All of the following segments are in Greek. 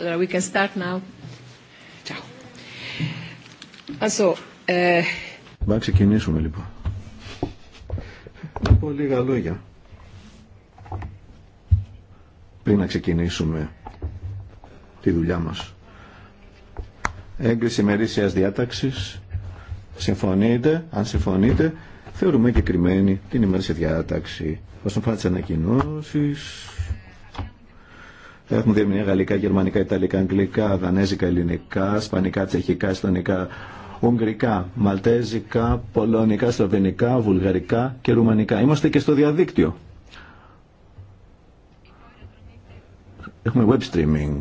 Allora, we can start now. Ciao. Να eh, ξεκινήσουμε λοιπόν. Να πω λίγα λόγια. Πριν να ξεκινήσουμε τη δουλειά μας. Έγκριση μερίσιας διάταξη. Συμφωνείτε, αν συμφωνείτε, θεωρούμε εγκεκριμένη την ημέρα σε διάταξη. Όσον αφορά τι ανακοινώσει, Έχουμε διερμηνία γαλλικά, γερμανικά, ιταλικά, αγγλικά, δανέζικα, ελληνικά, Σπανικά, τσεχικά, εστονικά, ουγγρικά, μαλτέζικα, πολωνικά, σλοβενικά, βουλγαρικά και ρουμανικά. Είμαστε και στο διαδίκτυο. Έχουμε web streaming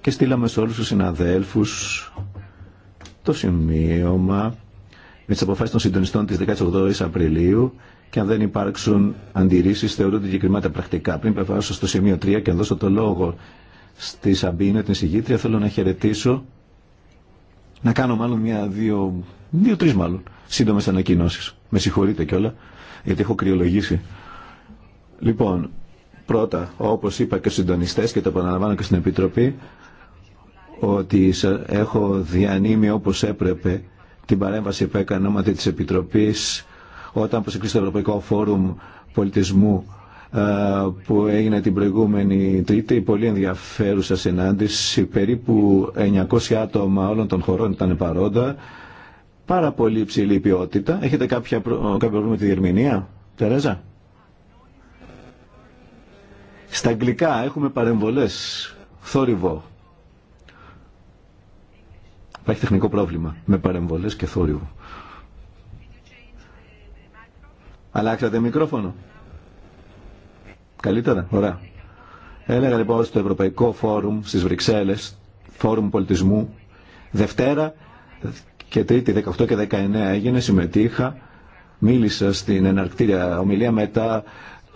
και στείλαμε σε όλους τους συναδέλφους το σημείωμα με τις αποφάσεις των συντονιστών της 18ης Απριλίου και αν δεν υπάρξουν αντιρρήσει, θεωρούνται εγκεκριμένα πρακτικά. Πριν περάσω στο σημείο 3 και δώσω το λόγο στη Σαμπίνα, την συγγήτρια, θέλω να χαιρετήσω, να κάνω μάλλον μια, δύο, δύο-τρει μάλλον σύντομε ανακοινώσει. Με συγχωρείτε κιόλα, γιατί έχω κρυολογήσει. Λοιπόν, πρώτα, όπω είπα και στου συντονιστέ και το επαναλαμβάνω και στην Επιτροπή, ότι έχω διανύμει όπως έπρεπε την παρέμβαση που έκανε όματι της Επιτροπής όταν προσεκλήσε το Ευρωπαϊκό Φόρουμ Πολιτισμού ε, που έγινε την προηγούμενη Τρίτη, πολύ ενδιαφέρουσα συνάντηση. Περίπου 900 άτομα όλων των χωρών ήταν παρόντα. Πάρα πολύ υψηλή ποιότητα. Έχετε κάποια, κάποιο πρόβλημα με τη διερμηνία, Τερέζα. Στα αγγλικά έχουμε παρεμβολές, θόρυβο. Υπάρχει τεχνικό πρόβλημα με παρεμβολές και θόρυβο. Αλλάξατε μικρόφωνο. Καλύτερα, ωραία. Έλεγα λοιπόν στο Ευρωπαϊκό Φόρουμ στις Βρυξέλλες, Φόρουμ Πολιτισμού, Δευτέρα και Τρίτη 18 και 19 έγινε, συμμετείχα, μίλησα στην εναρκτήρια ομιλία μετά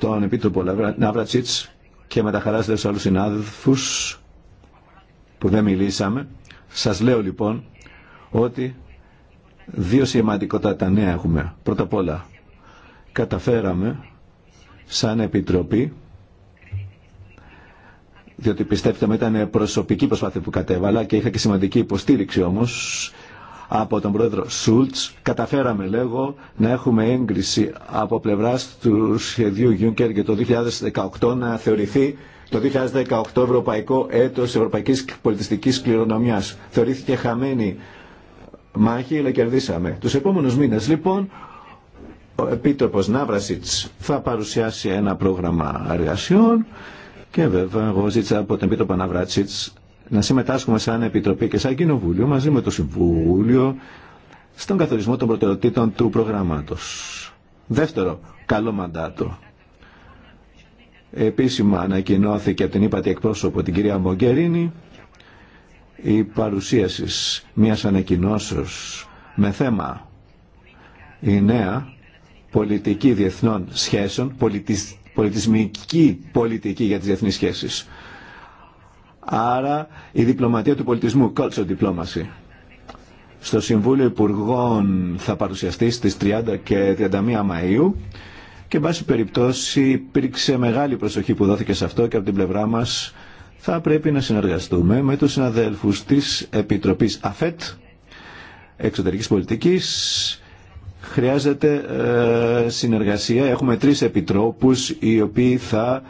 τον Επίτροπο Ναύρατσιτς και με τα χαράς συνάδελφους που δεν μιλήσαμε. Σας λέω λοιπόν ότι δύο σημαντικότατα νέα έχουμε. Πρώτα απ' όλα καταφέραμε σαν Επιτροπή διότι πιστέψτε με ήταν προσωπική προσπάθεια που κατέβαλα και είχα και σημαντική υποστήριξη όμως από τον πρόεδρο Σούλτς καταφέραμε λέγω να έχουμε έγκριση από πλευράς του σχεδίου Γιούνκερ για το 2018 να θεωρηθεί το 2018 Ευρωπαϊκό Έτος Ευρωπαϊκής Πολιτιστικής Κληρονομιάς. Θεωρήθηκε χαμένη μάχη αλλά κερδίσαμε. Τους επόμενους μήνες λοιπόν ο Επίτροπος Ναύρασιτς θα παρουσιάσει ένα πρόγραμμα εργασιών και βέβαια εγώ ζήτησα από τον Επίτροπο Ναύρασιτς να συμμετάσχουμε σαν Επιτροπή και σαν Κοινοβούλιο μαζί με το Συμβούλιο στον καθορισμό των προτεραιοτήτων του προγράμματος. Δεύτερο, καλό μαντάτο. Επίσημα ανακοινώθηκε από την ύπατη εκπρόσωπο την κυρία Μογκερίνη η παρουσίαση μιας ανακοινώσεως με θέμα η νέα πολιτική διεθνών σχέσεων, πολιτισμική πολιτική για τις διεθνείς σχέσεις. Άρα η διπλωματία του πολιτισμού, culture diplomacy. Στο Συμβούλιο Υπουργών θα παρουσιαστεί στις 30 και 31 Μαΐου και, εν πάση περιπτώσει, υπήρξε μεγάλη προσοχή που δόθηκε σε αυτό και από την πλευρά μας θα πρέπει να συνεργαστούμε με τους συναδέλφους της Επιτροπής ΑΦΕΤ, Εξωτερικής Πολιτικής, χρειάζεται ε, συνεργασία. Έχουμε τρεις επιτρόπους οι οποίοι θα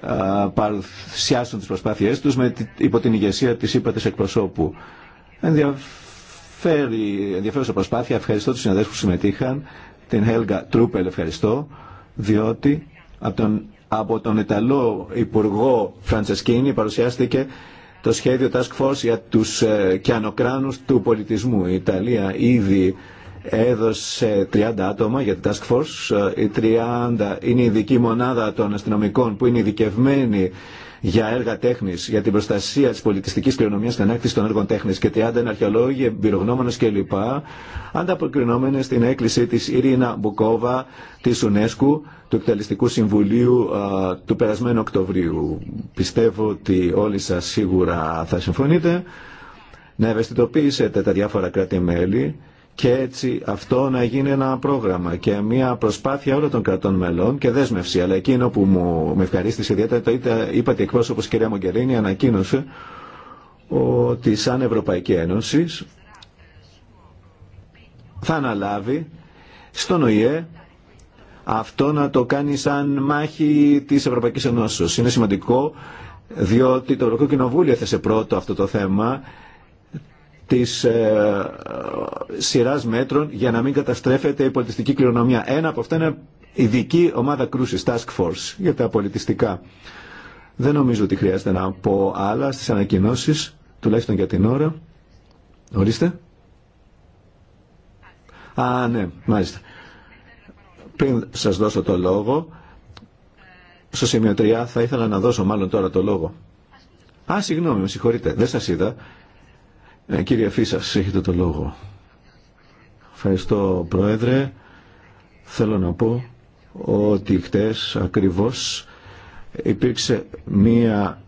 ε, παρουσιάσουν τις προσπάθειές τους με, υπό την ηγεσία της ύπατης εκπροσώπου. Ενδιαφέρει, ενδιαφέρουσα προσπάθεια. Ευχαριστώ τους συναδέλφους που συμμετείχαν. Την Helga Truppel ευχαριστώ, διότι από τον, από τον Ιταλό Υπουργό Φραντσεσκίνη παρουσιάστηκε το σχέδιο Task Force για τους ε, του πολιτισμού. Η Ιταλία ήδη έδωσε 30 άτομα για την Task Force. Ε, οι 30 είναι η ειδική μονάδα των αστυνομικών που είναι ειδικευμένη για έργα τέχνη, για την προστασία τη πολιτιστική κληρονομιά και ανάκτηση των έργων τέχνη και 30 είναι αρχαιολόγοι, εμπειρογνώμονε κλπ. Ανταποκρινόμενε στην έκκληση τη Ειρήνα Μπουκόβα τη UNESCO του Εκταλιστικού Συμβουλίου ε, του περασμένου Οκτωβρίου. Πιστεύω ότι όλοι σα σίγουρα θα συμφωνείτε να ευαισθητοποιήσετε τα διάφορα κράτη-μέλη και έτσι αυτό να γίνει ένα πρόγραμμα και μια προσπάθεια όλων των κρατών μελών και δέσμευση. Αλλά εκείνο που μου με ευχαρίστησε ιδιαίτερα το είπατε εκπρόσωπος η κυρία Μογκερίνη ανακοίνωσε ότι σαν Ευρωπαϊκή Ένωση θα αναλάβει στον ΟΗΕ αυτό να το κάνει σαν μάχη της Ευρωπαϊκής Ενώσεως. Είναι σημαντικό διότι το Ευρωπαϊκό Κοινοβούλιο έθεσε πρώτο αυτό το θέμα της ε, σειράς μέτρων για να μην καταστρέφεται η πολιτιστική κληρονομιά. Ένα από αυτά είναι ειδική ομάδα κρούσης, task force, για τα πολιτιστικά. Δεν νομίζω ότι χρειάζεται να πω άλλα στις ανακοινώσεις, τουλάχιστον για την ώρα. Ορίστε. Α, ναι, μάλιστα. Πριν σας δώσω το λόγο, στο σημείο 3 θα ήθελα να δώσω μάλλον τώρα το λόγο. Α, συγγνώμη, με συγχωρείτε, δεν σας είδα. Ε, κύριε Φίσας, έχετε το λόγο. Ευχαριστώ, Πρόεδρε. Θέλω να πω ότι χτες ακριβώς υπήρξε μία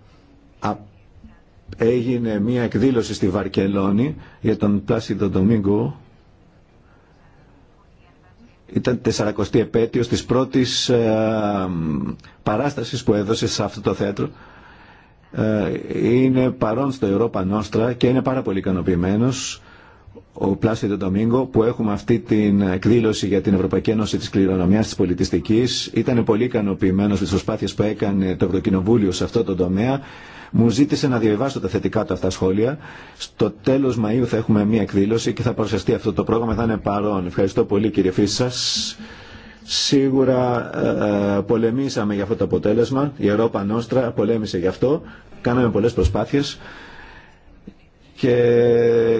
έγινε μία εκδήλωση στη Βαρκελόνη για τον Πλάσιντο Ντομίγκο ήταν 40η επέτειος της πρώτης ε, παράστασης που έδωσε σε αυτό το θέατρο ε, είναι παρόν στο Ευρώπα Nostra και είναι πάρα πολύ ικανοποιημένο ο Πλάσιντο Ντομίνγκο που έχουμε αυτή την εκδήλωση για την Ευρωπαϊκή Ένωση της Κληρονομιάς της Πολιτιστικής. Ήταν πολύ ικανοποιημένο με τις προσπάθειες που έκανε το Ευρωκοινοβούλιο σε αυτό το τομέα. Μου ζήτησε να διαβάσω τα θετικά του αυτά σχόλια. Στο τέλος Μαΐου θα έχουμε μία εκδήλωση και θα παρουσιαστεί αυτό το πρόγραμμα. Θα είναι παρόν. Ευχαριστώ πολύ κύριε Φίσας. Σίγουρα ε, ε, πολεμήσαμε για αυτό το αποτέλεσμα. Η Ευρώπα Νόστρα πολέμησε γι' αυτό. Κάναμε πολλές προσπάθειες και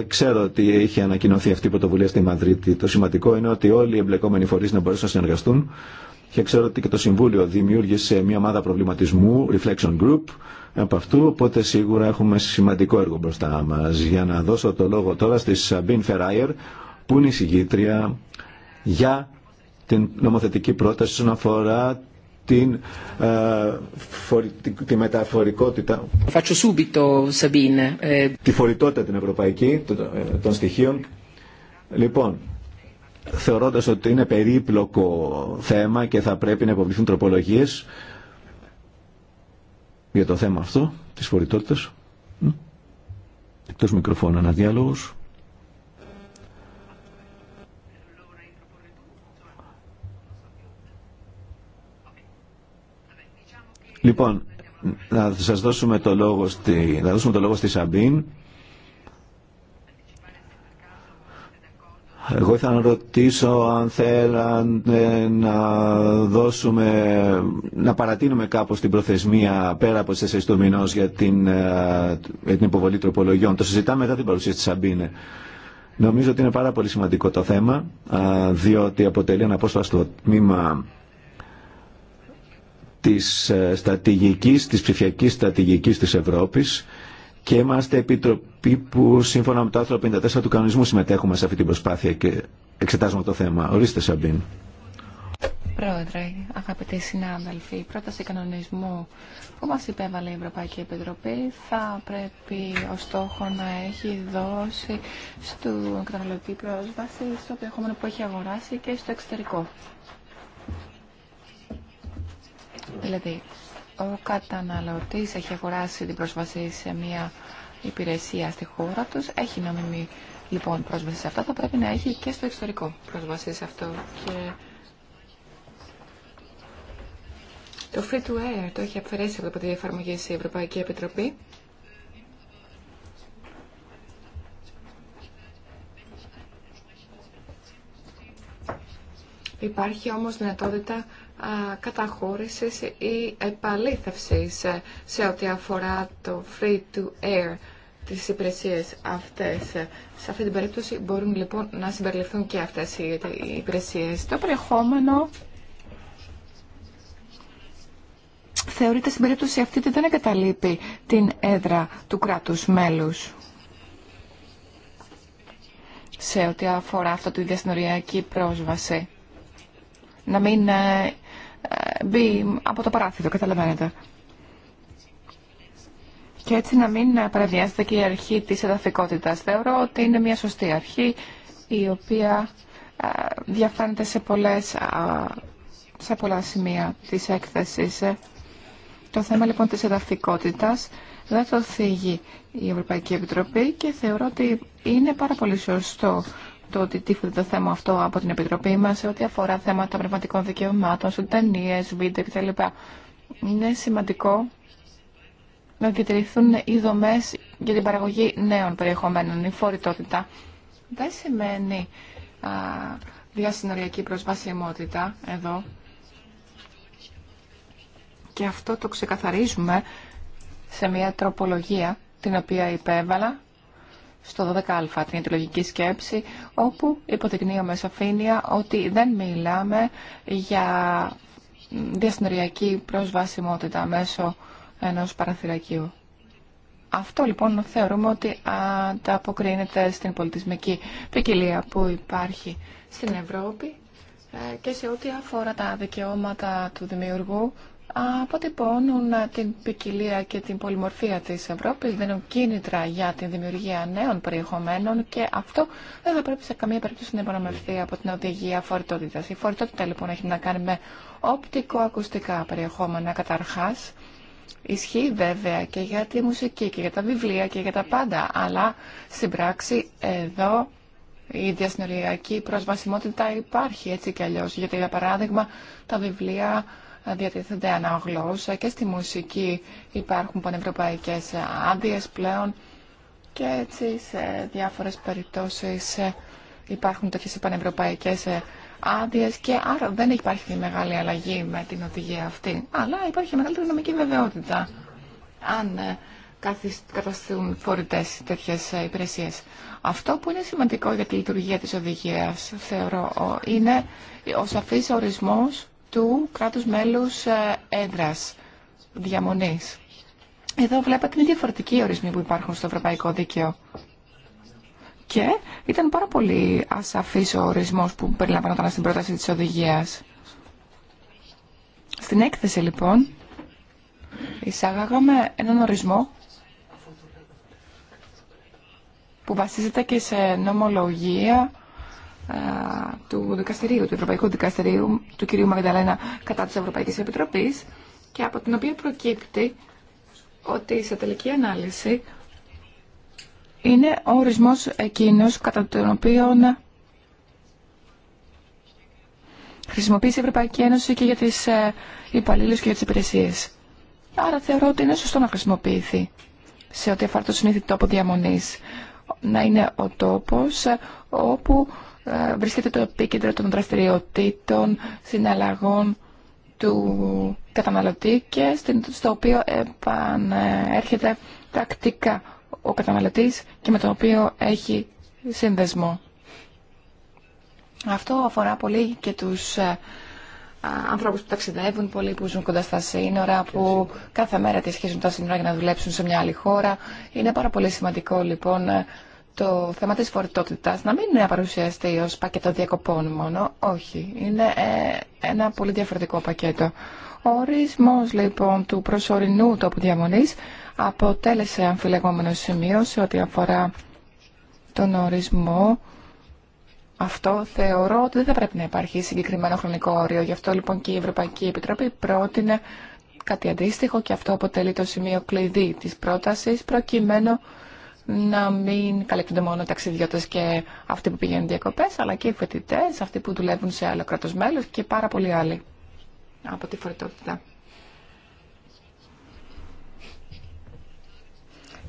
ξέρω ότι είχε ανακοινωθεί αυτή η πρωτοβουλία στη Μαδρίτη. Το σημαντικό είναι ότι όλοι οι εμπλεκόμενοι φορείς να μπορέσουν να συνεργαστούν και ξέρω ότι και το Συμβούλιο δημιούργησε μια ομάδα προβληματισμού, Reflection Group, από αυτού, οπότε σίγουρα έχουμε σημαντικό έργο μπροστά μας. Για να δώσω το λόγο τώρα στη Σαμπίν Φεράιερ, που είναι η συγγήτρια για την νομοθετική πρόταση όσον αφορά την, ε, τη, μεταφορικότητα. Subito, ε, τη φορητότητα την ευρωπαϊκή ε, των, στοιχείων. Λοιπόν, θεωρώντας ότι είναι περίπλοκο θέμα και θα πρέπει να υποβληθούν τροπολογίες για το θέμα αυτό της φορητότητας. Εκτός μικροφώνου ένα διάλογος. Λοιπόν, να σας δώσουμε το λόγο στη, να δώσουμε το λόγο στη Σαμπίν. Εγώ ήθελα να ρωτήσω αν θέλατε να δώσουμε, να παρατείνουμε κάπως την προθεσμία πέρα από τις 4 του μηνός για την, ε, για την υποβολή τροπολογιών. Το συζητάμε μετά την παρουσία της Σαμπίνε. Νομίζω ότι είναι πάρα πολύ σημαντικό το θέμα, διότι αποτελεί ένα απόσπαστο τμήμα της ε, στρατηγικής, της ψηφιακής στρατηγικής της Ευρώπης και είμαστε επιτροπή που σύμφωνα με το άρθρο 54 του κανονισμού συμμετέχουμε σε αυτή την προσπάθεια και εξετάζουμε το θέμα. Ορίστε Σαμπίν. Πρόεδρε, αγαπητοί συνάδελφοι, η πρόταση κανονισμού που μας υπέβαλε η Ευρωπαϊκή Επιτροπή θα πρέπει ο στόχο να έχει δώσει στον καταναλωτή πρόσβαση στο περιεχόμενο που έχει αγοράσει και στο εξωτερικό. Δηλαδή, ο καταναλωτής έχει αγοράσει την πρόσβαση σε μια υπηρεσία στη χώρα τους, έχει νόμιμη λοιπόν πρόσβαση σε αυτά, θα πρέπει να έχει και στο εξωτερικό πρόσβαση σε αυτό. Και το free to air το έχει αφαιρέσει από τη εφαρμογή η Ευρωπαϊκή Επιτροπή. Υπάρχει όμως δυνατότητα καταχώρησης ή επαλήθευσης σε ό,τι αφορά το free to air τις υπηρεσίες αυτές. Σε αυτή την περίπτωση μπορούν λοιπόν να συμπεριληφθούν και αυτές οι υπηρεσίες. Το περιεχόμενο θεωρείται στην περίπτωση αυτή ότι δεν εγκαταλείπει την έδρα του κράτους μέλους σε ό,τι αφορά αυτό τη διασυνοριακή πρόσβαση. Να μην ε, μπει από το παράθυρο, καταλαβαίνετε. Και έτσι να μην παραβιάζεται και η αρχή της εδαφικότητας. Θεωρώ ότι είναι μια σωστή αρχή η οποία διαφάνεται σε, πολλές, σε πολλά σημεία της έκθεσης. Το θέμα λοιπόν της εδαφικότητας δεν το θίγει η Ευρωπαϊκή Επιτροπή και θεωρώ ότι είναι πάρα πολύ σωστό το ότι τίθεται το θέμα αυτό από την Επιτροπή μας σε ό,τι αφορά θέματα πνευματικών δικαιωμάτων, σου ταινίε, βίντεο κτλ. Είναι σημαντικό να διατηρηθούν οι δομέ για την παραγωγή νέων περιεχομένων, η φορητότητα. Δεν σημαίνει α, διασυνοριακή προσβασιμότητα εδώ. Και αυτό το ξεκαθαρίζουμε σε μια τροπολογία την οποία υπέβαλα στο 12α, την αιτιολογική σκέψη, όπου υποδεικνύω με σαφήνεια ότι δεν μιλάμε για διασυνοριακή προσβασιμότητα μέσω ενός παραθυρακίου. Αυτό λοιπόν θεωρούμε ότι ανταποκρίνεται στην πολιτισμική ποικιλία που υπάρχει στην Ευρώπη ε, και σε ό,τι αφορά τα δικαιώματα του δημιουργού αποτυπώνουν την ποικιλία και την πολυμορφία της Ευρώπης, δίνουν κίνητρα για τη δημιουργία νέων περιεχομένων και αυτό δεν θα πρέπει σε καμία περίπτωση να υπονομευθεί από την οδηγία φορητότητας. Η φορητότητα λοιπόν έχει να κάνει με οπτικοακουστικά περιεχόμενα καταρχάς, Ισχύει βέβαια και για τη μουσική και για τα βιβλία και για τα πάντα, αλλά στην πράξη εδώ η διασυνοριακή προσβασιμότητα υπάρχει έτσι κι αλλιώς, γιατί για παράδειγμα τα βιβλία διατίθενται αναγλώσσα και στη μουσική υπάρχουν πανευρωπαϊκές άδειε πλέον και έτσι σε διάφορες περιπτώσεις υπάρχουν τέτοιες πανευρωπαϊκές άδειε και άρα δεν υπάρχει μεγάλη αλλαγή με την οδηγία αυτή, αλλά υπάρχει μεγάλη νομική βεβαιότητα αν ε, καταστούν φορητέ τέτοιε υπηρεσίε. Αυτό που είναι σημαντικό για τη λειτουργία της οδηγίας, θεωρώ, είναι ο σαφής ορισμός του κράτους μέλους ε, έδρας διαμονής. Εδώ βλέπετε είναι διαφορετικοί ορισμοί που υπάρχουν στο ευρωπαϊκό δίκαιο. Και ήταν πάρα πολύ ασαφής ο ορισμός που περιλαμβανόταν στην πρόταση της οδηγίας. Στην έκθεση λοιπόν εισάγαγαμε έναν ορισμό που βασίζεται και σε νομολογία ε, του δικαστηρίου, του Ευρωπαϊκού Δικαστηρίου, του κ. Μαγδαλένα κατά της Ευρωπαϊκής Επιτροπής και από την οποία προκύπτει ότι σε τελική ανάλυση είναι ο ορισμός εκείνος κατά τον οποίο χρησιμοποιήσει η Ευρωπαϊκή Ένωση και για τις ε, υπαλλήλου και για τις υπηρεσίες. Άρα θεωρώ ότι είναι σωστό να χρησιμοποιηθεί σε ό,τι αφορά το συνήθι τόπο διαμονής. Να είναι ο τόπος ε, όπου ε, βρίσκεται το επίκεντρο των δραστηριοτήτων, συναλλαγών του καταναλωτή και στο οποίο επανέρχεται τακτικά ο καταναλωτής και με τον οποίο έχει σύνδεσμο. Αυτό αφορά πολύ και τους ε, ανθρώπους που ταξιδεύουν, πολλοί που ζουν κοντά στα σύνορα, που κάθε μέρα τη σχέσουν τα σύνορα για να δουλέψουν σε μια άλλη χώρα. Είναι πάρα πολύ σημαντικό λοιπόν ε, το θέμα της φορητότητας να μην παρουσιαστεί ως πακέτο διακοπών μόνο. Όχι, είναι ε, ένα πολύ διαφορετικό πακέτο. Ο ορισμός λοιπόν του προσωρινού τόπου διαμονής αποτέλεσε αμφιλεγόμενο σημείο σε ό,τι αφορά τον ορισμό. Αυτό θεωρώ ότι δεν θα πρέπει να υπάρχει συγκεκριμένο χρονικό όριο. Γι' αυτό λοιπόν και η Ευρωπαϊκή Επιτροπή πρότεινε κάτι αντίστοιχο και αυτό αποτελεί το σημείο κλειδί της πρότασης προκειμένου να μην καλύπτονται μόνο ταξιδιώτε και αυτοί που πηγαίνουν διακοπέ, αλλά και οι φοιτητέ, αυτοί που δουλεύουν σε άλλο κράτο μέλο και πάρα πολλοί άλλοι από τη φορητότητα.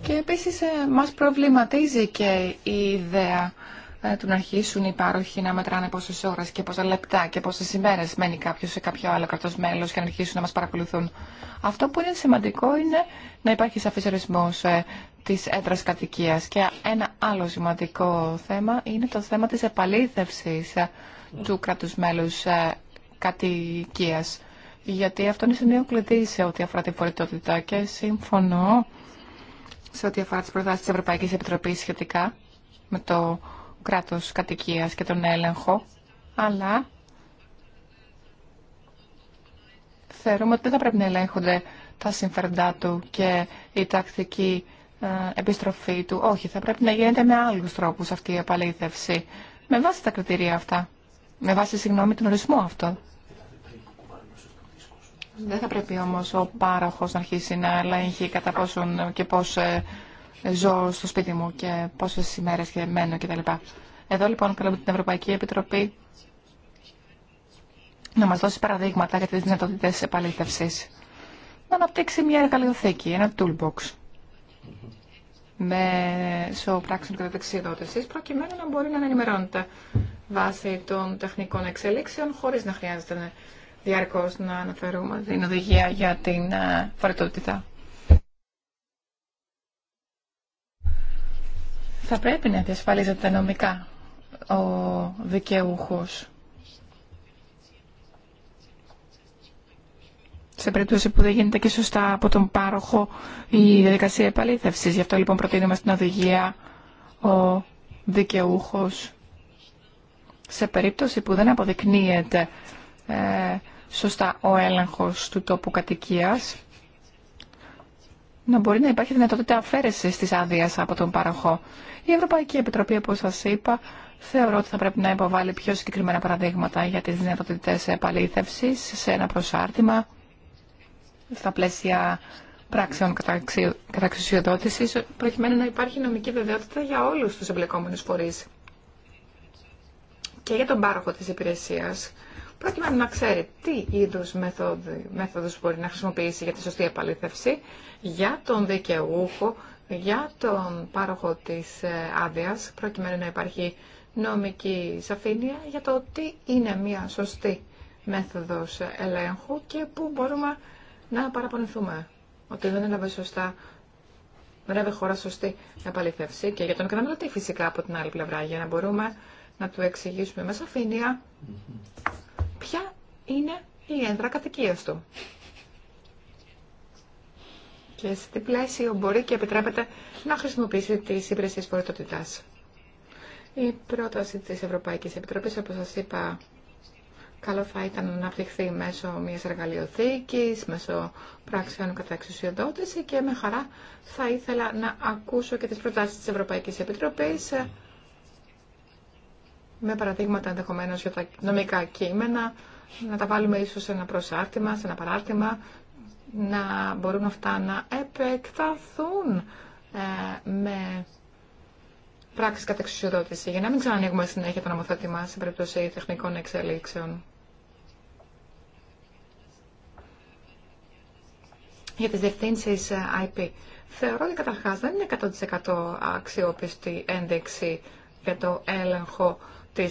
Και επίσης ε, μας προβληματίζει και η ιδέα ε, του να αρχίσουν οι πάροχοι να μετράνε πόσε ώρε και πόσα λεπτά και πόσε ημέρε μένει κάποιο σε κάποιο άλλο κρατό μέλο και να αρχίσουν να μα παρακολουθούν. Αυτό που είναι σημαντικό είναι να υπάρχει σαφή ορισμό ε, τη έδρα κατοικία. Και ένα άλλο σημαντικό θέμα είναι το θέμα τη επαλήθευση ε, του κράτου μέλου κατοικία. Γιατί αυτό είναι σημείο κλειδί σε ό,τι αφορά την φορητότητα και συμφωνώ σε ό,τι αφορά τι προτάσει τη Ευρωπαϊκή Επιτροπή σχετικά με το κράτος κατοικίας και τον έλεγχο, αλλά θεωρούμε ότι δεν θα πρέπει να ελέγχονται τα συμφέροντά του και η τακτική ε, επιστροφή του. Όχι, θα πρέπει να γίνεται με άλλους τρόπους αυτή η επαλήθευση, με βάση τα κριτήρια αυτά, με βάση, συγγνώμη, τον ορισμό αυτό. Δεν θα πρέπει όμως ο πάροχος να αρχίσει να ελέγχει κατά πόσον και πώς ε, ζω στο σπίτι μου και πόσε ημέρε και μένω κτλ. Εδώ λοιπόν καλούμε την Ευρωπαϊκή Επιτροπή να μα δώσει παραδείγματα για τι δυνατότητε επαλήθευσή, Να αναπτύξει μια εργαλειοθήκη, ένα toolbox σο πράξεων και δεξιδότηση, προκειμένου να μπορεί να ενημερώνεται βάσει των τεχνικών εξελίξεων, χωρί να χρειάζεται διαρκώ να αναφέρουμε την οδηγία για την ε, φορητότητα. θα πρέπει να διασφαλίζεται νομικά ο δικαιούχος. σε περίπτωση που δεν γίνεται και σωστά από τον πάροχο η διαδικασία επαλήθευσης. Γι' αυτό λοιπόν προτείνουμε στην οδηγία ο δικαιούχος σε περίπτωση που δεν αποδεικνύεται ε, σωστά ο έλεγχος του τόπου κατοικίας να μπορεί να υπάρχει δυνατότητα αφαίρεση τη άδεια από τον παροχό. Η Ευρωπαϊκή Επιτροπή, όπω σα είπα, θεωρώ ότι θα πρέπει να υποβάλει πιο συγκεκριμένα παραδείγματα για τι δυνατότητε επαλήθευση σε ένα προσάρτημα στα πλαίσια πράξεων καταξιοδότηση, προκειμένου να υπάρχει νομική βεβαιότητα για όλου του εμπλεκόμενου φορεί και για τον πάροχο τη υπηρεσία προκειμένου να ξέρει τι είδους μέθοδου, μέθοδος μπορεί να χρησιμοποιήσει για τη σωστή επαλήθευση, για τον δικαιούχο, για τον πάροχο της ε, άδειας, προκειμένου να υπάρχει νομική σαφήνεια για το τι είναι μια σωστή μέθοδος ελέγχου και πού μπορούμε να παραπονηθούμε ότι δεν έλαβε σωστά δεν χώρα σωστή επαληθεύση και για τον καταναλωτή φυσικά από την άλλη πλευρά για να μπορούμε να του εξηγήσουμε με σαφήνεια ποια είναι η ένδρα κατοικία του. Και σε τι πλαίσιο μπορεί και επιτρέπεται να χρησιμοποιήσει τις υπηρεσίες φορετότητα. Η πρόταση της Ευρωπαϊκή Επιτροπής, όπω σα είπα, καλό θα ήταν να αναπτυχθεί μέσω μιας εργαλειοθήκης, μέσω πράξεων κατά εξουσιοδότηση και με χαρά θα ήθελα να ακούσω και τις προτάσει της Ευρωπαϊκής Επιτροπής με παραδείγματα ενδεχομένω για τα νομικά κείμενα, να τα βάλουμε ίσω σε ένα προσάρτημα, σε ένα παράρτημα, να μπορούν αυτά να επεκταθούν ε, με πράξεις εξουσιοδότηση, για να μην ξανανοίγουμε συνέχεια το νομοθέτημα σε περίπτωση τεχνικών εξελίξεων. Για τις διευθύνσεις ε, IP. Θεωρώ ότι καταρχάς δεν είναι 100% αξιόπιστη ένδειξη για το έλεγχο τη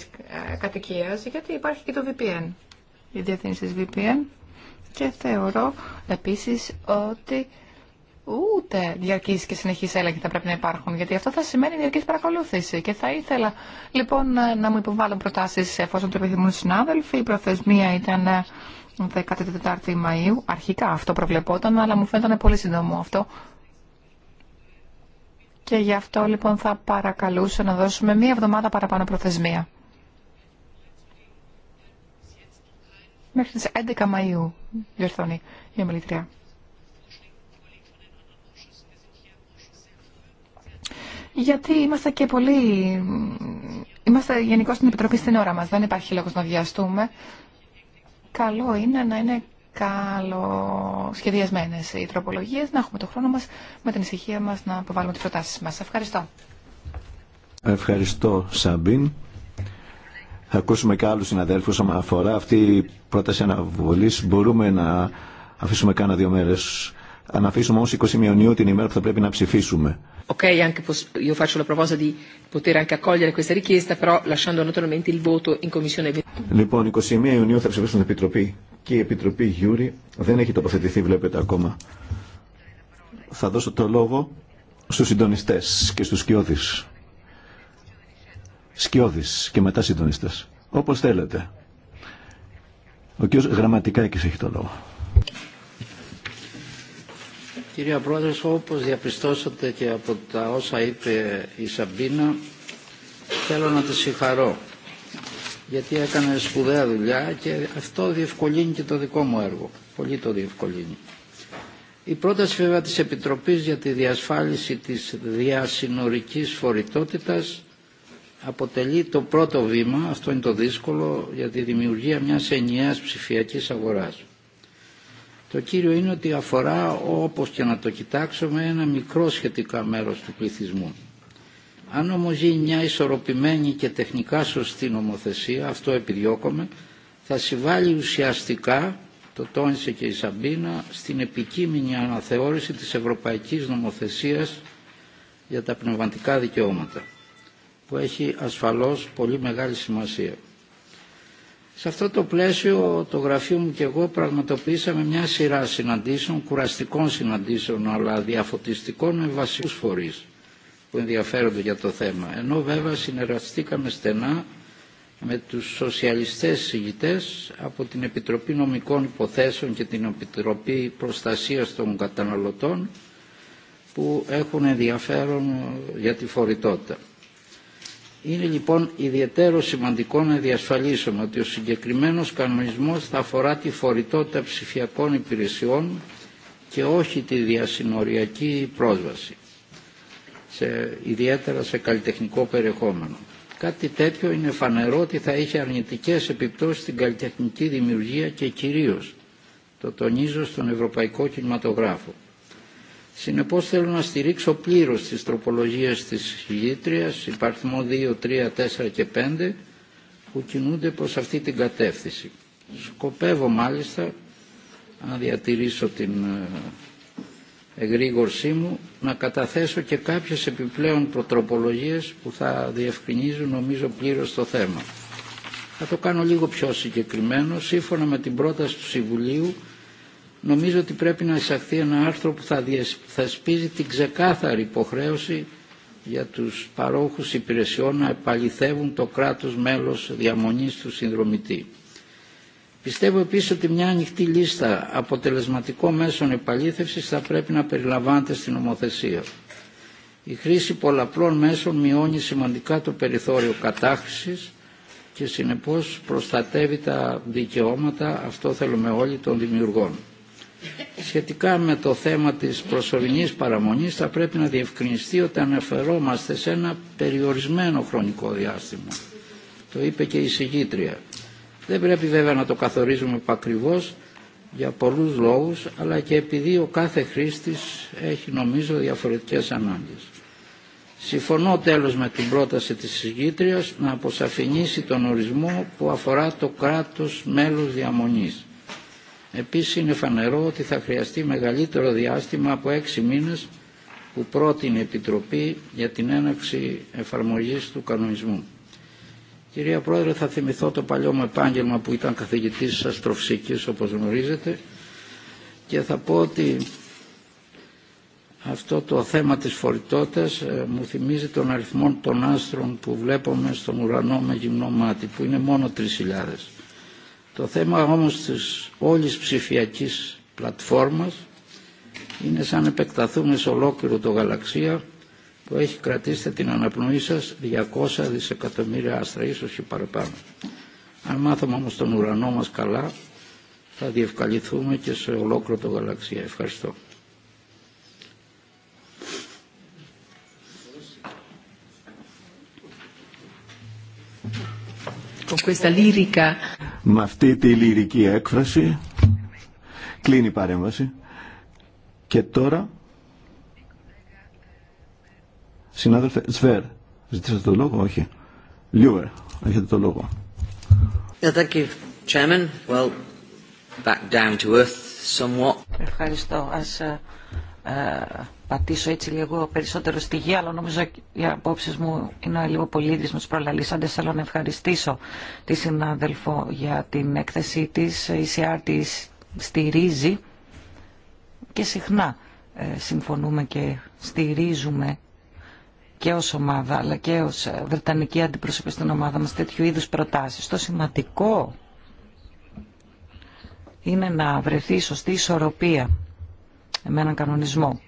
ε, κατοικία γιατί υπάρχει και το VPN, η διευθύνση VPN. Και θεωρώ επίση ότι ούτε διαρκή και συνεχή έλεγχη θα πρέπει να υπάρχουν, γιατί αυτό θα σημαίνει διαρκή παρακολούθηση. Και θα ήθελα λοιπόν να μου υποβάλουν προτάσει εφόσον το επιθυμούν συνάδελφοι. Η προθεσμία ήταν 14η ε, Μαου. Αρχικά αυτό προβλεπόταν, αλλά μου φαίνεται πολύ σύντομο αυτό. Και γι' αυτό λοιπόν θα παρακαλούσα να δώσουμε μία εβδομάδα παραπάνω προθεσμία. Μέχρι τις 11 Μαΐου διορθώνει η ομιλητρία. Γιατί είμαστε και πολύ... Είμαστε γενικώ στην Επιτροπή στην ώρα μας. Δεν υπάρχει λόγος να βιαστούμε. Καλό είναι να είναι καλοσχεδιασμένες οι τροπολογίε, να έχουμε το χρόνο μας με την ησυχία μας να αποβάλουμε τι προτάσει μας. Ευχαριστώ. Ευχαριστώ Σαμπίν. Θα ακούσουμε και άλλου συναδέλφου όσον αφορά αυτή η πρόταση αναβολή Μπορούμε να αφήσουμε κάνα δύο μέρε. Αν αφήσουμε όμω 20 Ιουνίου την ημέρα που θα πρέπει να ψηφίσουμε ok anche io faccio la proposta di poter anche accogliere questa richiesta però lasciando naturalmente il voto in commissione Λοιπόν, 21 Ιουνίου θα ψηφίσουν την Επιτροπή και η Επιτροπή Γιούρι δεν έχει τοποθετηθεί βλέπετε ακόμα. Θα δώσω το λόγο στους συντονιστές και στους σκιώδεις. Σκιώδεις και μετά συντονιστές. Όπως θέλετε. Ο κ. Γραμματικάκης έχει το λόγο. Κύριε Πρόεδρε, όπως διαπιστώσατε και από τα όσα είπε η Σαμπίνα, θέλω να τη συγχαρώ, γιατί έκανε σπουδαία δουλειά και αυτό διευκολύνει και το δικό μου έργο. Πολύ το διευκολύνει. Η πρόταση βέβαια της Επιτροπής για τη διασφάλιση της διασυνορικής φορητότητας αποτελεί το πρώτο βήμα, αυτό είναι το δύσκολο, για τη δημιουργία μιας ενιαίας ψηφιακής αγοράς. Το κύριο είναι ότι αφορά, όπως και να το κοιτάξουμε, ένα μικρό σχετικά μέρος του πληθυσμού. Αν όμως γίνει μια ισορροπημένη και τεχνικά σωστή νομοθεσία, αυτό επιδιώκομαι, θα συμβάλλει ουσιαστικά, το τόνισε και η Σαμπίνα, στην επικείμενη αναθεώρηση της ευρωπαϊκής νομοθεσίας για τα πνευματικά δικαιώματα, που έχει ασφαλώς πολύ μεγάλη σημασία. Σε αυτό το πλαίσιο το γραφείο μου και εγώ πραγματοποιήσαμε μια σειρά συναντήσεων, κουραστικών συναντήσεων αλλά διαφωτιστικών με βασικούς φορείς που ενδιαφέρονται για το θέμα. Ενώ βέβαια συνεργαστήκαμε στενά με τους σοσιαλιστές συγητές από την Επιτροπή Νομικών Υποθέσεων και την Επιτροπή Προστασίας των Καταναλωτών που έχουν ενδιαφέρον για τη φορητότητα. Είναι λοιπόν ιδιαίτερο σημαντικό να διασφαλίσουμε ότι ο συγκεκριμένος κανονισμός θα αφορά τη φορητότητα ψηφιακών υπηρεσιών και όχι τη διασυνοριακή πρόσβαση, σε, ιδιαίτερα σε καλλιτεχνικό περιεχόμενο. Κάτι τέτοιο είναι φανερό ότι θα έχει αρνητικές επιπτώσεις στην καλλιτεχνική δημιουργία και κυρίως, το τονίζω, στον ευρωπαϊκό κινηματογράφο. Συνεπώς θέλω να στηρίξω πλήρως τις τροπολογίες της γήτριας υπαρθμό 2, 3, 4 και 5 που κινούνται προς αυτή την κατεύθυνση. Σκοπεύω μάλιστα αν διατηρήσω την ε, εγρήγορσή μου να καταθέσω και κάποιες επιπλέον προτροπολογίες που θα διευκρινίζουν νομίζω πλήρως το θέμα. Θα το κάνω λίγο πιο συγκεκριμένο σύμφωνα με την πρόταση του Συμβουλίου νομίζω ότι πρέπει να εισαχθεί ένα άρθρο που θα σπίζει την ξεκάθαρη υποχρέωση για τους παρόχους υπηρεσιών να επαληθεύουν το κράτος μέλος διαμονής του συνδρομητή. Πιστεύω επίσης ότι μια ανοιχτή λίστα αποτελεσματικών μέσων επαλήθευσης θα πρέπει να περιλαμβάνεται στην νομοθεσία. Η χρήση πολλαπλών μέσων μειώνει σημαντικά το περιθώριο κατάχρησης και συνεπώς προστατεύει τα δικαιώματα, αυτό θέλουμε όλοι, των δημιουργών σχετικά με το θέμα της προσωρινής παραμονής θα πρέπει να διευκρινιστεί ότι αναφερόμαστε σε ένα περιορισμένο χρονικό διάστημα. Το είπε και η συγκήτρια. Δεν πρέπει βέβαια να το καθορίζουμε επακριβώς για πολλούς λόγους αλλά και επειδή ο κάθε χρήστης έχει νομίζω διαφορετικές ανάγκες. Συμφωνώ τέλος με την πρόταση της συγγήτριας να αποσαφηνίσει τον ορισμό που αφορά το κράτος μέλος διαμονής Επίσης είναι φανερό ότι θα χρειαστεί μεγαλύτερο διάστημα από έξι μήνες που πρότεινε η Επιτροπή για την έναρξη εφαρμογής του κανονισμού. Κυρία Πρόεδρε, θα θυμηθώ το παλιό μου επάγγελμα που ήταν καθηγητής αστροφυσικής, όπως γνωρίζετε, και θα πω ότι αυτό το θέμα της φορητότητας ε, μου θυμίζει τον αριθμό των άστρων που βλέπουμε στον ουρανό με γυμνό μάτι, που είναι μόνο 3.000. Το θέμα όμως της όλης ψηφιακής πλατφόρμας είναι σαν επεκταθούμε σε ολόκληρο το γαλαξία που έχει κρατήσει την αναπνοή σας 200 δισεκατομμύρια άστρα, ίσως και παραπάνω. Αν μάθουμε όμως τον ουρανό μας καλά, θα διευκαλυθούμε και σε ολόκληρο το γαλαξία. Ευχαριστώ. Με αυτή τη λυρική έκφραση κλείνει η παρέμβαση. Και τώρα, συνάδελφε Σβέρ, ζητήσατε το λόγο, όχι. Λιούερ, έχετε το λόγο. Yeah, Ευχαριστώ. Ας ε, ε, πατήσω έτσι λίγο περισσότερο στη γη, αλλά νομίζω οι απόψεις μου είναι λίγο πολύ ίδιε με του προλαλήσαντες. Θέλω να ευχαριστήσω τη συνάδελφο για την έκθεσή της. Η ΣΥΑΡ τη στηρίζει και συχνά ε, συμφωνούμε και στηρίζουμε και ως ομάδα αλλά και ως ε, Βρετανική αντιπροσωπή στην ομάδα μας τέτοιου είδους προτάσεις. Το σημαντικό είναι να βρεθεί σωστή ισορροπία με έναν κανονισμό.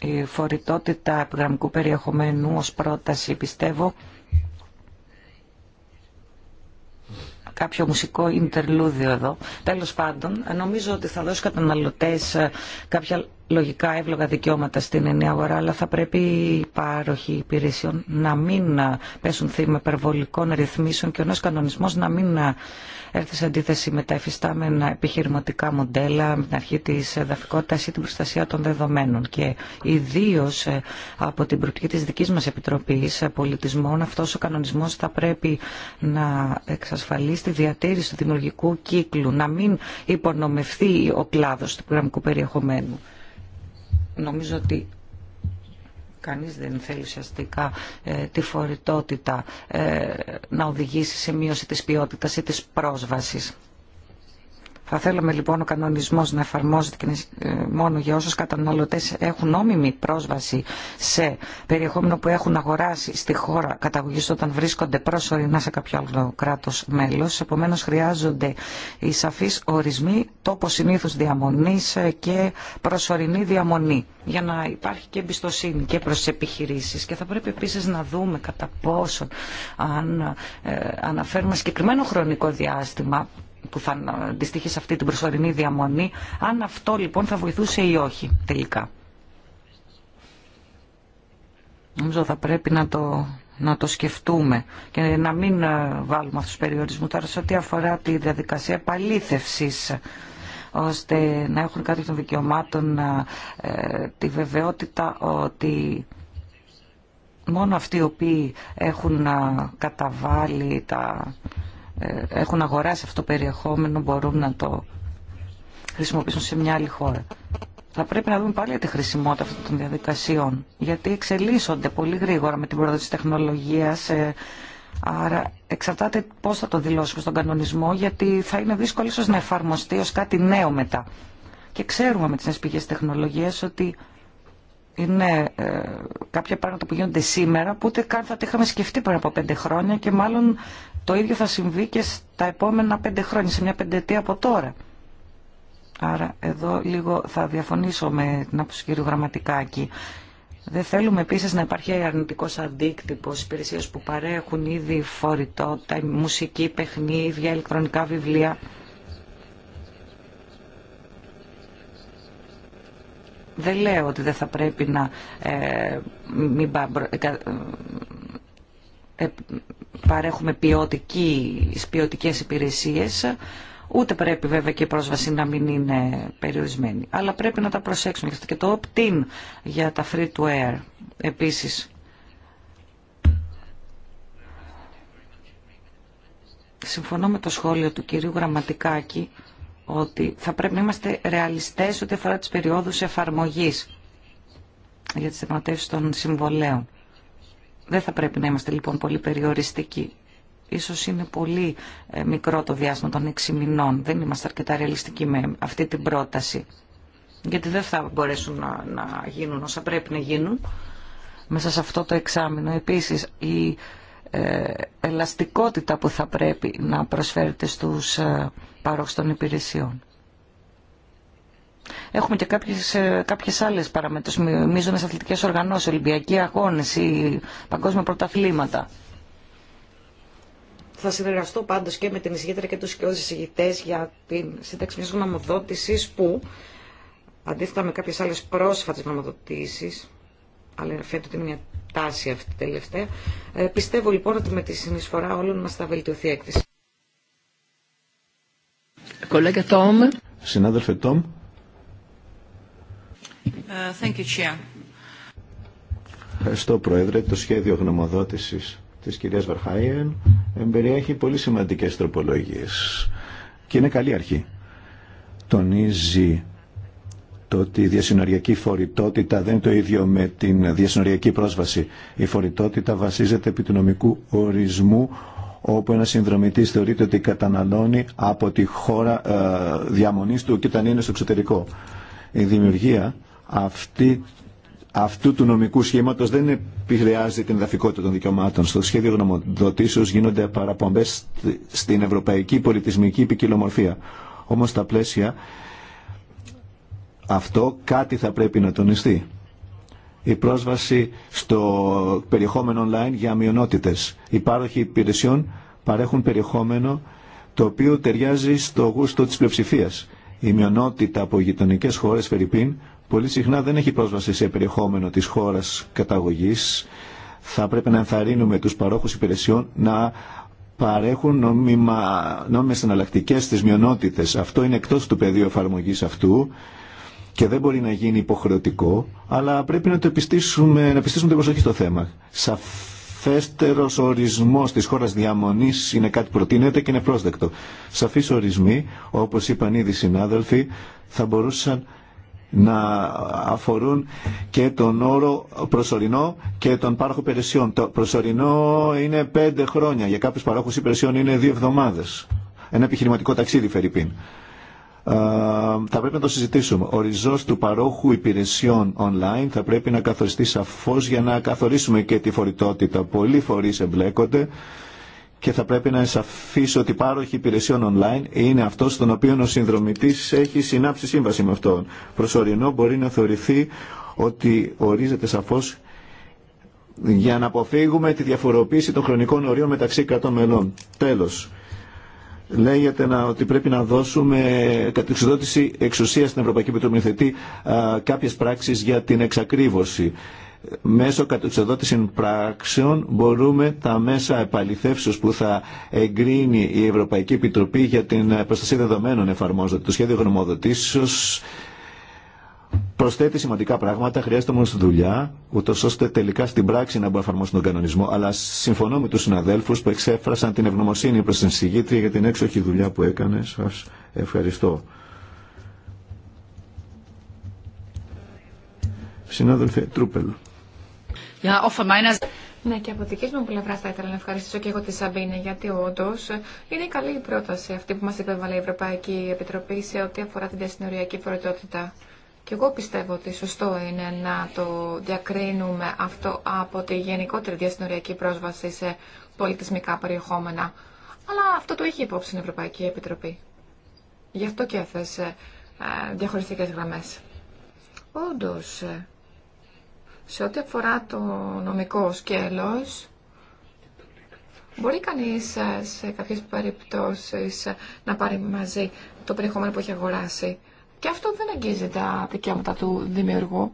Η φορητότητα επιγραμμικού περιεχομένου ως πρόταση πιστεύω κάποιο μουσικό ιντερλούδιο εδώ. Τέλος πάντων, νομίζω ότι θα δώσει καταναλωτές ε, κάποια λογικά εύλογα δικαιώματα στην ενιαία αγορά, αλλά θα πρέπει οι πάροχοι υπηρεσιών να μην πέσουν θύμα υπερβολικών ρυθμίσεων και ο νέος κανονισμός να μην έρθει σε αντίθεση με τα εφιστάμενα επιχειρηματικά μοντέλα, με την αρχή της εδαφικότητας ή την προστασία των δεδομένων. Και ιδίω ε, από την προοπτική της δικής μας Επιτροπής ε, Πολιτισμών, αυτός ο κανονισμός θα πρέπει να εξασφαλίσει τη διατήρηση του δημιουργικού κύκλου, να μην υπονομευθεί ο κλάδος του περιεχομένου. Νομίζω ότι κανείς δεν θέλει ουσιαστικά ε, τη φορητότητα ε, να οδηγήσει σε μείωση της ποιότητας ή της πρόσβασης. Θα θέλαμε λοιπόν ο κανονισμό να εφαρμόζεται ε, μόνο για όσου καταναλωτέ έχουν νόμιμη πρόσβαση σε περιεχόμενο που έχουν αγοράσει στη χώρα καταγωγή όταν βρίσκονται προσωρινά σε κάποιο άλλο κράτο μέλο. Επομένω, χρειάζονται οι σαφεί ορισμοί τόπο συνήθους διαμονή ε, και προσωρινή διαμονή για να υπάρχει και εμπιστοσύνη και προς τι επιχειρήσεις. Και θα πρέπει επίσης να δούμε κατά πόσο αν ε, αναφέρουμε συγκεκριμένο χρονικό διάστημα που θα αντιστοιχεί σε αυτή την προσωρινή διαμονή, αν αυτό λοιπόν θα βοηθούσε ή όχι τελικά. Νομίζω θα πρέπει να το, να το σκεφτούμε και να μην ε, βάλουμε αυτούς τους περιορισμούς τώρα σε ό,τι αφορά τη διαδικασία επαλήθευσης ώστε να έχουν κάτι των δικαιωμάτων ε, τη βεβαιότητα ότι μόνο αυτοί οι οποίοι έχουν ε, καταβάλει τα ε, έχουν αγοράσει αυτό το περιεχόμενο μπορούν να το χρησιμοποιήσουν σε μια άλλη χώρα. Θα πρέπει να δούμε πάλι τη χρησιμότητα αυτών των διαδικασιών, γιατί εξελίσσονται πολύ γρήγορα με την πρόοδο της τεχνολογίας, ε, άρα εξαρτάται πώς θα το δηλώσουμε στον κανονισμό, γιατί θα είναι δύσκολο ίσως να εφαρμοστεί ως κάτι νέο μετά. Και ξέρουμε με τις πηγές τεχνολογίας ότι είναι ε, κάποια πράγματα που γίνονται σήμερα που ούτε καν θα τα είχαμε σκεφτεί πριν από πέντε χρόνια και μάλλον το ίδιο θα συμβεί και στα επόμενα πέντε χρόνια, σε μια πεντετία από τώρα. Άρα εδώ λίγο θα διαφωνήσω με την άποψη κύριου Γραμματικάκη. Δεν θέλουμε επίση να υπάρχει αρνητικό αντίκτυπο υπηρεσίε που παρέχουν ήδη φορητότητα, μουσική, παιχνίδια, ηλεκτρονικά βιβλία. Δεν λέω ότι δεν θα πρέπει να ε, μην ε, παρέχουμε ποιοτικές υπηρεσίες, ούτε πρέπει βέβαια και η πρόσβαση να μην είναι περιορισμένη. Αλλά πρέπει να τα προσέξουμε. Και το opt-in για τα free-to-air επίσης. Συμφωνώ με το σχόλιο του κυρίου Γραμματικάκη ότι θα πρέπει να είμαστε ρεαλιστές ό,τι αφορά τις περιόδους εφαρμογής για τις θεματεύσεις των συμβολέων. Δεν θα πρέπει να είμαστε λοιπόν πολύ περιοριστικοί. Ίσως είναι πολύ ε, μικρό το διάστημα των 6 μηνών. Δεν είμαστε αρκετά ρεαλιστικοί με αυτή την πρόταση. Γιατί δεν θα μπορέσουν να, γίνουν όσα πρέπει να γίνουν μέσα σε αυτό το εξάμεινο. Επίσης, η ε, ελαστικότητα που θα πρέπει να προσφέρεται στους ε, παρόχους των υπηρεσιών. Έχουμε και κάποιες, ε, κάποιες άλλες παραμέτρους, σε αθλητικές οργανώσεις, Ολυμπιακοί αγώνες ή παγκόσμια πρωταθλήματα. Θα συνεργαστώ πάντως και με την εισηγήτρια και τους σκιώδεις εισηγητές για την σύνταξη μιας γνωμοδότησης που, αντίθετα με κάποιες άλλες πρόσφατες γνωμοδοτήσεις, αλλά φαίνεται ότι είναι μια τάση αυτή τελευταία, ε, πιστεύω λοιπόν ότι με τη συνεισφορά όλων μας θα βελτιωθεί η έκθεση. Συνάδελφε Τόμ, Uh, thank Ευχαριστώ, Πρόεδρε. Το σχέδιο γνωμοδότησης της κυρίας Βαρχάιεν εμπεριέχει πολύ σημαντικές τροπολογίες και είναι καλή αρχή. Τονίζει το ότι η διασυνοριακή φορητότητα δεν είναι το ίδιο με την διασυνοριακή πρόσβαση. Η φορητότητα βασίζεται επί του νομικού ορισμού όπου ένας συνδρομητής θεωρείται ότι καταναλώνει από τη χώρα ε, του και όταν είναι στο εξωτερικό. Η δημιουργία αυτή, αυτού του νομικού σχήματος δεν επηρεάζει την εδαφικότητα των δικαιωμάτων. Στο σχέδιο γνωμοδοτήσεως γίνονται παραπομπές στην ευρωπαϊκή πολιτισμική ποικιλομορφία. Όμως τα πλαίσια αυτό κάτι θα πρέπει να τονιστεί. Η πρόσβαση στο περιεχόμενο online για μειονότητες. Οι πάροχοι υπηρεσιών παρέχουν περιεχόμενο το οποίο ταιριάζει στο γούστο της πλειοψηφία. Η μειονότητα από γειτονικέ χώρες Φερρυπίν πολύ συχνά δεν έχει πρόσβαση σε περιεχόμενο της χώρας καταγωγής. Θα πρέπει να ενθαρρύνουμε τους παρόχους υπηρεσιών να παρέχουν νόμιμα, νόμιμες εναλλακτικές στις μειονότητες. Αυτό είναι εκτός του πεδίου εφαρμογή αυτού και δεν μπορεί να γίνει υποχρεωτικό, αλλά πρέπει να το επιστήσουμε, να επιστήσουμε την προσοχή στο θέμα. Σαφέστερος ορισμός της χώρας διαμονής είναι κάτι που προτείνεται και είναι πρόσδεκτο. Σαφείς ορισμοί, όπως είπαν ήδη οι συνάδελφοι, θα μπορούσαν να αφορούν και τον όρο προσωρινό και τον πάροχο υπηρεσιών. Το προσωρινό είναι πέντε χρόνια, για κάποιους παρόχους υπηρεσιών είναι δύο εβδομάδες. Ένα επιχειρηματικό ταξίδι, Φερρυπίν. Ε, θα πρέπει να το συζητήσουμε. Ο ριζός του παρόχου υπηρεσιών online θα πρέπει να καθοριστεί σαφώς για να καθορίσουμε και τη φορητότητα. Πολλοί φορείς εμπλέκονται και θα πρέπει να εσαφίσω ότι πάροχη υπηρεσιών online είναι αυτό στον οποίο ο συνδρομητή έχει συνάψει σύμβαση με αυτόν. Προσωρινό μπορεί να θεωρηθεί ότι ορίζεται σαφώ για να αποφύγουμε τη διαφοροποίηση των χρονικών ορίων μεταξύ κρατών μελών. Τέλο. Λέγεται να, ότι πρέπει να δώσουμε κατ' εξουσία στην Ευρωπαϊκή Επιτροπή κάποιε πράξει για την εξακρίβωση μέσω εξοδότηση πράξεων μπορούμε τα μέσα επαληθεύσεως που θα εγκρίνει η Ευρωπαϊκή Επιτροπή για την προστασία δεδομένων εφαρμόζεται. Το σχέδιο γνωμοδοτήσεως προσθέτει σημαντικά πράγματα, χρειάζεται όμω δουλειά, ούτω ώστε τελικά στην πράξη να μπορεί να εφαρμόσουν τον κανονισμό. Αλλά συμφωνώ με του συναδέλφου που εξέφρασαν την ευγνωμοσύνη προ την συγγήτρια για την έξοχη δουλειά που έκανε. Σα ευχαριστώ. Συνάδελφε Τρούπελ. Ναι, και από δική μου πλευρά θα ήθελα να ευχαριστήσω και εγώ τη Σαμπίνε, γιατί όντω ε, είναι η καλή πρόταση αυτή που μα υπέβαλε η Ευρωπαϊκή Επιτροπή σε ό,τι αφορά την διασυνοριακή προτεραιότητα. Και εγώ πιστεύω ότι σωστό είναι να το διακρίνουμε αυτό από τη γενικότερη διασυνοριακή πρόσβαση σε πολιτισμικά περιεχόμενα. Αλλά αυτό το έχει υπόψη η Ευρωπαϊκή Επιτροπή. Γι' αυτό και έθεσε ε, διαχωριστικέ γραμμέ. Όντω, ε, σε ό,τι αφορά το νομικό σκέλος, μπορεί κανείς ε, σε κάποιες περιπτώσεις ε, να πάρει μαζί το περιεχόμενο που έχει αγοράσει. Και αυτό δεν αγγίζει τα δικαιώματα του δημιουργού.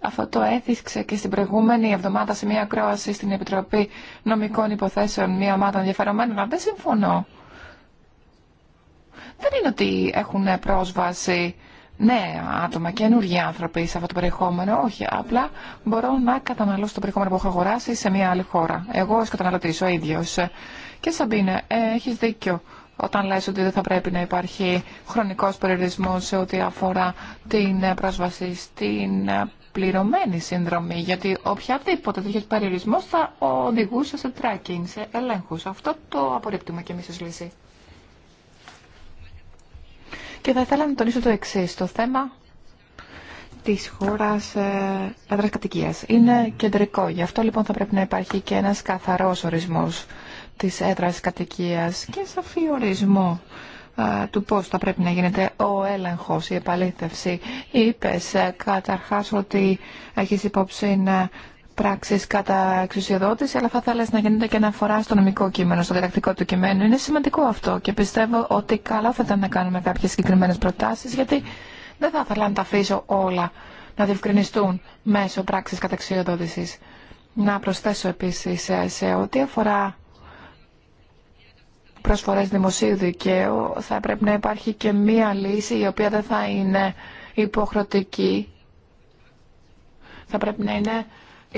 Αυτό το έθιξε και στην προηγούμενη εβδομάδα σε μια ακρόαση στην Επιτροπή Νομικών Υποθέσεων μια ομάδα ενδιαφερομένων, αλλά δεν συμφωνώ. Δεν είναι ότι έχουν πρόσβαση νέα άτομα, καινούργιοι άνθρωποι σε αυτό το περιεχόμενο. Όχι, απλά μπορώ να καταναλώσω το περιεχόμενο που έχω αγοράσει σε μια άλλη χώρα. Εγώ ω καταναλωτή ο ίδιο. Και Σαμπίνε, ε, έχεις δίκιο όταν λες ότι δεν θα πρέπει να υπάρχει χρονικός περιορισμός σε ό,τι αφορά την πρόσβαση στην πληρωμένη συνδρομή, γιατί οποιαδήποτε τέτοιο περιορισμό θα οδηγούσε σε tracking, σε ελέγχους. Αυτό το απορρίπτουμε και εμείς ως λύση. Και θα ήθελα να τονίσω το εξή. Το θέμα τη χώρα ε, έδρα κατοικία είναι κεντρικό. Γι' αυτό λοιπόν θα πρέπει να υπάρχει και ένα καθαρό ορισμό τη έδρα κατοικία και σαφή ορισμό ε, του πώ θα πρέπει να γίνεται ο έλεγχο, η επαλήθευση. Είπες ε, καταρχά ότι έχει υπόψη να πράξει κατά εξουσιοδότηση, αλλά θα ήθελα να γίνεται και αναφορά στο νομικό κείμενο, στο διδακτικό του κειμένου. Είναι σημαντικό αυτό και πιστεύω ότι καλό θα ήταν να κάνουμε κάποιε συγκεκριμένε προτάσει γιατί δεν θα ήθελα να τα αφήσω όλα να διευκρινιστούν μέσω πράξη κατά εξουσιοδότηση. Να προσθέσω επίση σε, σε ό,τι αφορά προσφορέ δημοσίου δικαίου, θα πρέπει να υπάρχει και μία λύση η οποία δεν θα είναι υποχρεωτική θα πρέπει να είναι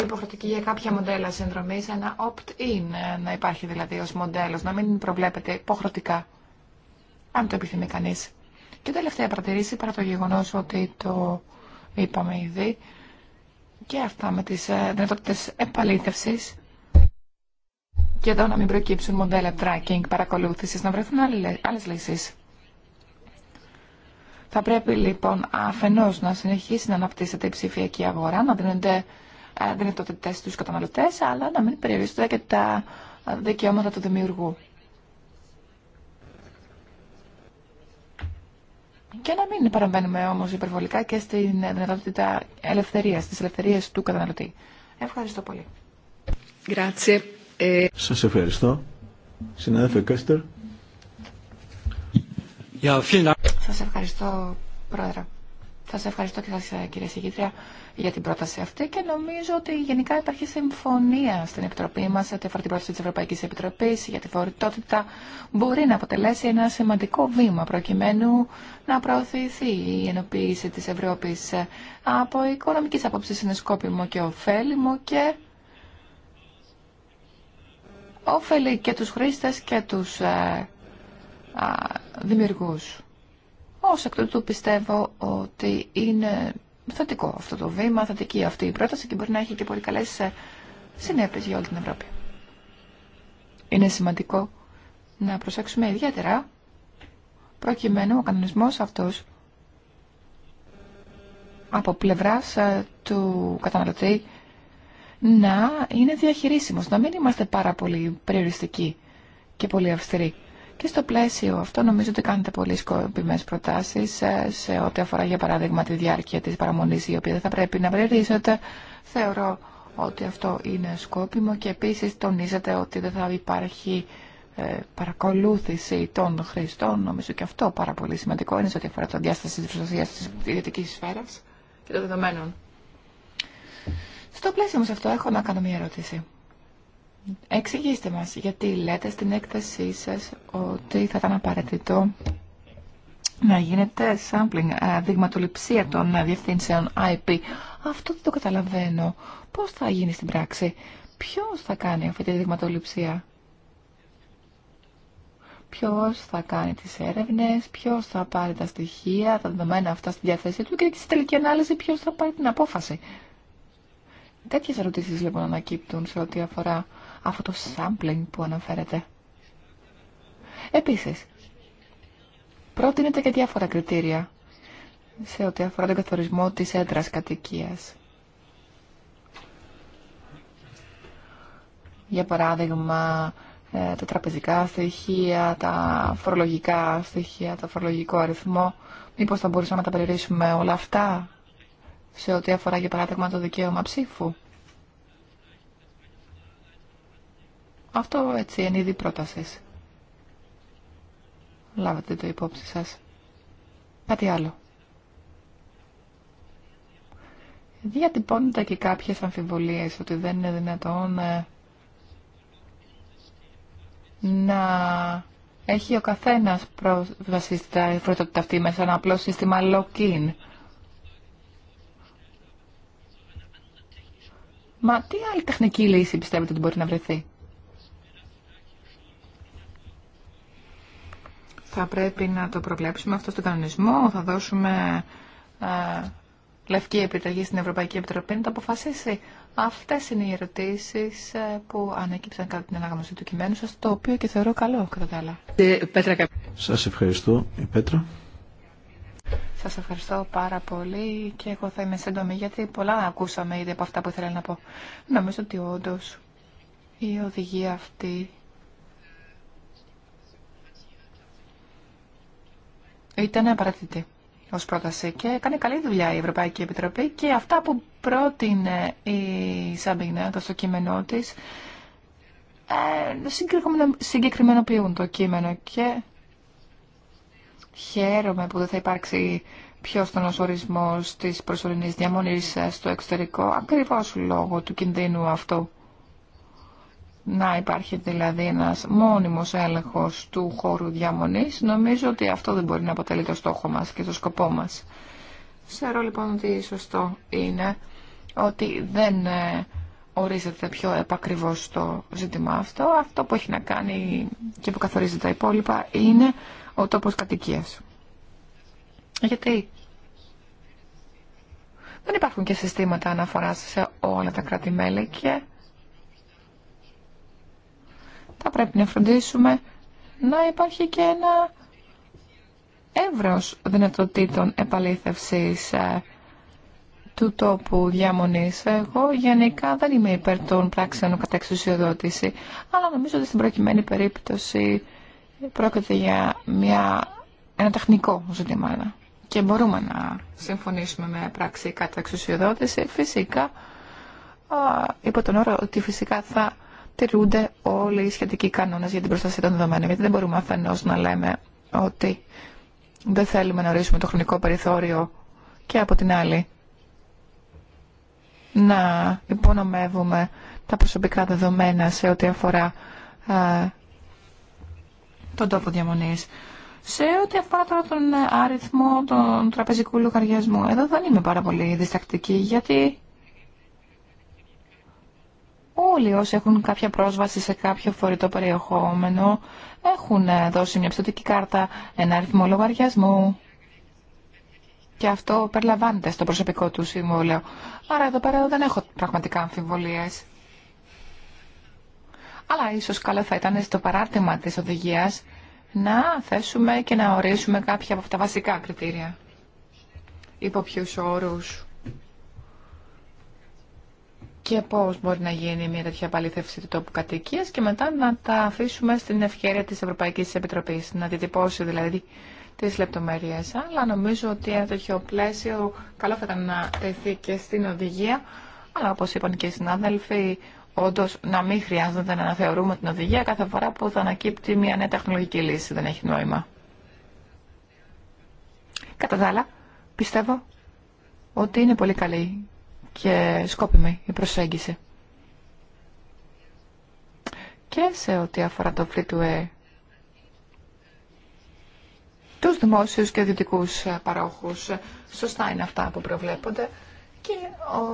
υποχρεωτική για κάποια μοντέλα συνδρομής, ένα opt-in ε, να υπάρχει δηλαδή ως μοντέλο, να μην προβλέπεται υποχρεωτικά, αν το επιθυμεί κανεί. Και τελευταία παρατηρήση παρά το γεγονό ότι το είπαμε ήδη και αυτά με τι ε, δυνατότητε επαλήθευση. και εδώ να μην προκύψουν μοντέλα tracking, παρακολούθηση, να βρεθούν άλλε λύσεις. Θα πρέπει λοιπόν αφενός να συνεχίσει να αναπτύσσεται η ψηφιακή αγορά, να δίνονται ε, δυνατότητε στου καταναλωτέ, αλλά να μην περιορίζονται και τα ε, δικαιώματα του δημιουργού. Και να μην παραμένουμε όμω υπερβολικά και στην δυνατότητα ελευθερία, της ελευθερίας του καταναλωτή. Ευχαριστώ πολύ. Ε, Σα ευχαριστώ. Συνάδελφε Κέστερ. Σας ευχαριστώ, Πρόεδρε. Σας ευχαριστώ και σας ε, κύριε Συγκήτρια για την πρόταση αυτή και νομίζω ότι γενικά υπάρχει συμφωνία στην Επιτροπή μας ότι αφορά την πρόταση της Ευρωπαϊκής Επιτροπής για τη φορητότητα μπορεί να αποτελέσει ένα σημαντικό βήμα προκειμένου να προωθηθεί η ενοποίηση της Ευρώπης ε, από οικονομικής απόψης είναι σκόπιμο και ωφέλιμο και ωφέλει και τους χρήστες και τους ε, δημιουργούς. Ως εκ τούτου πιστεύω ότι είναι θετικό αυτό το βήμα, θετική αυτή η πρόταση και μπορεί να έχει και πολύ καλές ε, συνέπειες για όλη την Ευρώπη. Είναι σημαντικό να προσέξουμε ιδιαίτερα προκειμένου ο κανονισμός αυτός από πλευράς ε, του καταναλωτή να είναι διαχειρίσιμος, να μην είμαστε πάρα πολύ περιοριστικοί και πολύ αυστηροί. Και στο πλαίσιο αυτό νομίζω ότι κάνετε πολύ σκοπιμές προτάσεις ε, σε ό,τι αφορά για παράδειγμα τη διάρκεια της παραμονής η οποία δεν θα πρέπει να περιορίζεται. Θεωρώ ότι αυτό είναι σκόπιμο και επίσης τονίζεται ότι δεν θα υπάρχει ε, παρακολούθηση των χρηστών. Νομίζω και αυτό πάρα πολύ σημαντικό είναι σε ό,τι αφορά το διάσταση της προστασίας της ιδιωτικής σφαίρας και των δεδομένων. Στο πλαίσιο μας αυτό έχω να κάνω μια ερώτηση. Εξηγήστε μας γιατί λέτε στην έκθεσή σας ότι θα ήταν απαραίτητο να γίνεται sampling, ε, δειγματοληψία των διευθύνσεων IP. Αυτό δεν το καταλαβαίνω. Πώς θα γίνει στην πράξη. Ποιος θα κάνει αυτή τη δειγματοληψία. Ποιος θα κάνει τις έρευνες, ποιος θα πάρει τα στοιχεία, τα δεδομένα αυτά στη διάθεσή του και στη τελική ανάλυση ποιος θα πάρει την απόφαση. Τέτοιες ερωτήσεις λοιπόν ανακύπτουν σε ό,τι αφορά αυτό το sampling που αναφέρεται. Επίσης, πρότεινεται και διάφορα κριτήρια σε ό,τι αφορά τον καθορισμό της έντρας κατοικίας. Για παράδειγμα, ε, τα τραπεζικά στοιχεία, τα φορολογικά στοιχεία, το φορολογικό αριθμό. Μήπως θα μπορούσαμε να τα περιορίσουμε όλα αυτά σε ό,τι αφορά για παράδειγμα το δικαίωμα ψήφου. Αυτό έτσι εν είδη πρότασης. Λάβατε το υπόψη σας. Κάτι άλλο. Διατυπώνεται και κάποιες αμφιβολίες ότι δεν είναι δυνατόν ε, να έχει ο καθένας πρόσβαση στα φροντίδα αυτή μέσα σε ένα απλό σύστημα lock-in. Μα τι άλλη τεχνική λύση πιστεύετε ότι μπορεί να βρεθεί. Θα πρέπει να το προβλέψουμε αυτό στον κανονισμό, θα δώσουμε ε, λευκή επιταγή στην Ευρωπαϊκή Επιτροπή να το αποφασίσει. Αυτές είναι οι ερωτήσεις ε, που ανέκυψαν κατά την ανάγνωση του κειμένου σας, το οποίο και θεωρώ καλό κατά τα άλλα. Ε, σας ευχαριστώ, η Πέτρα. Σας ευχαριστώ πάρα πολύ και εγώ θα είμαι σύντομη γιατί πολλά ακούσαμε ήδη από αυτά που ήθελα να πω. Νομίζω ότι όντω η οδηγία αυτή ήταν απαραίτητη ω πρόταση και κάνει καλή δουλειά η Ευρωπαϊκή Επιτροπή και αυτά που πρότεινε η Σαμπίνα το στο κείμενό τη ε, συγκεκριμενοποιούν το κείμενο και χαίρομαι που δεν θα υπάρξει πιο στον ορισμό της προσωρινής διαμονής στο εξωτερικό ακριβώς λόγω του κινδύνου αυτού να υπάρχει δηλαδή ένας μόνιμος έλεγχος του χώρου διαμονής, νομίζω ότι αυτό δεν μπορεί να αποτελεί το στόχο μας και το σκοπό μας. Ξέρω λοιπόν ότι σωστό είναι ότι δεν ε, ορίζεται πιο επακριβώς το ζήτημα αυτό. Αυτό που έχει να κάνει και που καθορίζει τα υπόλοιπα είναι ο τόπος κατοικίας. Γιατί δεν υπάρχουν και συστήματα αναφοράς σε όλα τα κρατη και θα πρέπει να φροντίσουμε να υπάρχει και ένα εύρος δυνατοτήτων επαλήθευσης ε, του τόπου διαμονής. Εγώ γενικά δεν είμαι υπέρ των πράξεων κατά εξουσιοδότηση, αλλά νομίζω ότι στην προκειμένη περίπτωση πρόκειται για μια, ένα τεχνικό ζήτημα και μπορούμε να συμφωνήσουμε με πράξη κατά εξουσιοδότηση φυσικά υπό τον όρο ότι φυσικά θα τηρούνται όλοι οι σχετικοί κανόνε για την προστασία των δεδομένων. Γιατί δεν μπορούμε αφενό να λέμε ότι δεν θέλουμε να ορίσουμε το χρονικό περιθώριο και από την άλλη να υπονομεύουμε τα προσωπικά δεδομένα σε ό,τι αφορά τον τόπο διαμονής. Σε ό,τι αφορά τον ε, αριθμό των τραπεζικού λογαριασμού, εδώ δεν είμαι πάρα πολύ διστακτική, γιατί όλοι όσοι έχουν κάποια πρόσβαση σε κάποιο φορητό περιεχόμενο έχουν δώσει μια πιστοτική κάρτα, ένα αριθμό λογαριασμού και αυτό περιλαμβάνεται στο προσωπικό του συμβόλαιο. Άρα εδώ πέρα δεν έχω πραγματικά αμφιβολίες. Αλλά ίσως καλό θα ήταν στο παράρτημα της οδηγίας να θέσουμε και να ορίσουμε κάποια από αυτά τα βασικά κριτήρια. Υπό ποιους όρους και πώς μπορεί να γίνει μια τέτοια επαλήθευση του τόπου κατοικίας και μετά να τα αφήσουμε στην ευχαίρεια της Ευρωπαϊκής Επιτροπής, να διτυπώσει δηλαδή τις λεπτομέρειες. Αλλά νομίζω ότι ένα τέτοιο πλαίσιο καλό θα ήταν να τεθεί και στην οδηγία, αλλά όπως είπαν και οι συνάδελφοι, Όντω, να μην χρειάζεται να αναθεωρούμε την οδηγία κάθε φορά που θα ανακύπτει μια νέα τεχνολογική λύση. Δεν έχει νόημα. Κατά τα άλλα, πιστεύω ότι είναι πολύ καλή και σκόπιμη η προσέγγιση. Και σε ό,τι αφορά το free to air, τους δημόσιους και δυτικούς παρόχους, σωστά είναι αυτά που προβλέπονται και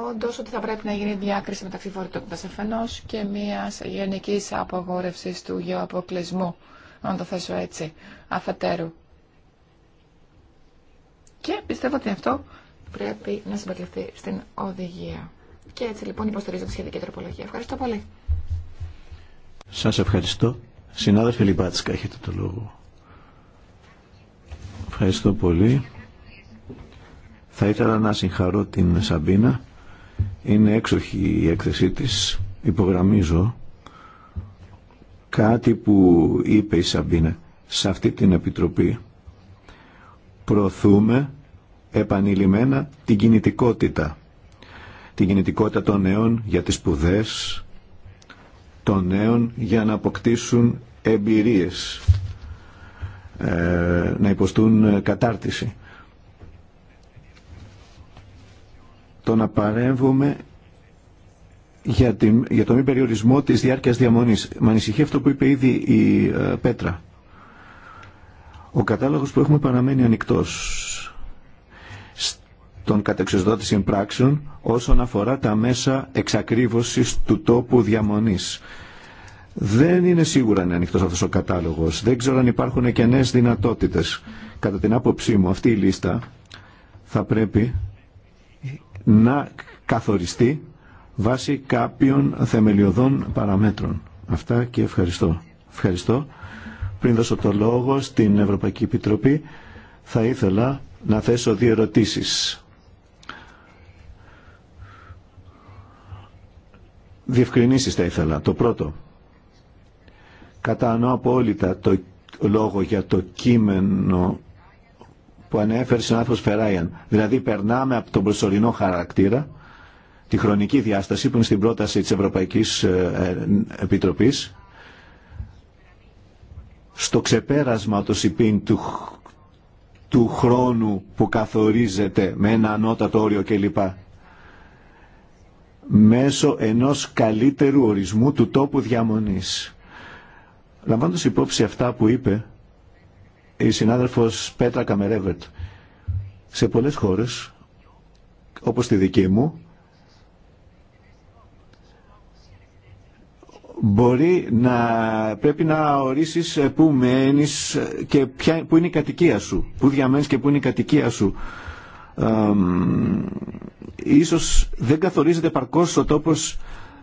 όντως ότι θα πρέπει να γίνει διάκριση μεταξύ φορητότητας αφενός και μιας γενικής απογόρευση του γεωαποκλεισμού, αν το θέσω έτσι, αφετέρου. Και πιστεύω ότι αυτό πρέπει να συμπεριληφθεί στην οδηγία. Και έτσι λοιπόν υποστηρίζω τη σχετική τροπολογία. Ευχαριστώ πολύ. Σα ευχαριστώ. Συνάδελφε Λιμπάτσικα, έχετε το λόγο. Ευχαριστώ πολύ. Θα ήθελα να συγχαρώ την Σαμπίνα. Είναι έξοχη η έκθεσή της. Υπογραμμίζω κάτι που είπε η Σαμπίνα σε αυτή την Επιτροπή. Προωθούμε επανειλημμένα την κινητικότητα. Την κινητικότητα των νέων για τις σπουδέ, των νέων για να αποκτήσουν εμπειρίες, ε, να υποστούν ε, κατάρτιση. Το να παρέμβουμε για, την, για το μη περιορισμό της διάρκειας διαμονής. Με ανησυχεί αυτό που είπε ήδη η ε, Πέτρα. Ο κατάλογος που έχουμε παραμένει ανοιχτός των κατεξοδότησης πράξεων όσον αφορά τα μέσα εξακρίβωσης του τόπου διαμονής. Δεν είναι σίγουρα είναι ανοιχτός αυτός ο κατάλογος. Δεν ξέρω αν υπάρχουν και νέες δυνατότητες. Κατά την άποψή μου αυτή η λίστα θα πρέπει να καθοριστεί βάσει κάποιων θεμελιωδών παραμέτρων. Αυτά και ευχαριστώ. Ευχαριστώ. Πριν δώσω το λόγο στην Ευρωπαϊκή Επιτροπή, θα ήθελα να θέσω δύο ερωτήσεις. διευκρινήσεις θα ήθελα. Το πρώτο, κατανοώ απόλυτα το λόγο για το κείμενο που ανέφερε άνθρωπος Φεράιαν. Δηλαδή περνάμε από τον προσωρινό χαρακτήρα, τη χρονική διάσταση που είναι στην πρόταση της Ευρωπαϊκής ε, ε, Επιτροπής, στο ξεπέρασμα το σιπίν του, του χρόνου που καθορίζεται με ένα ανώτατο όριο κλπ μέσω ενός καλύτερου ορισμού του τόπου διαμονής. Λαμβάνοντας υπόψη αυτά που είπε η συνάδελφος Πέτρα Καμερέβερτ, σε πολλές χώρες, όπως τη δική μου, μπορεί να πρέπει να ορίσεις πού μένεις και πού είναι η κατοικία σου, πού διαμένεις και πού είναι η κατοικία σου ίσως δεν καθορίζεται παρκώς ο τόπος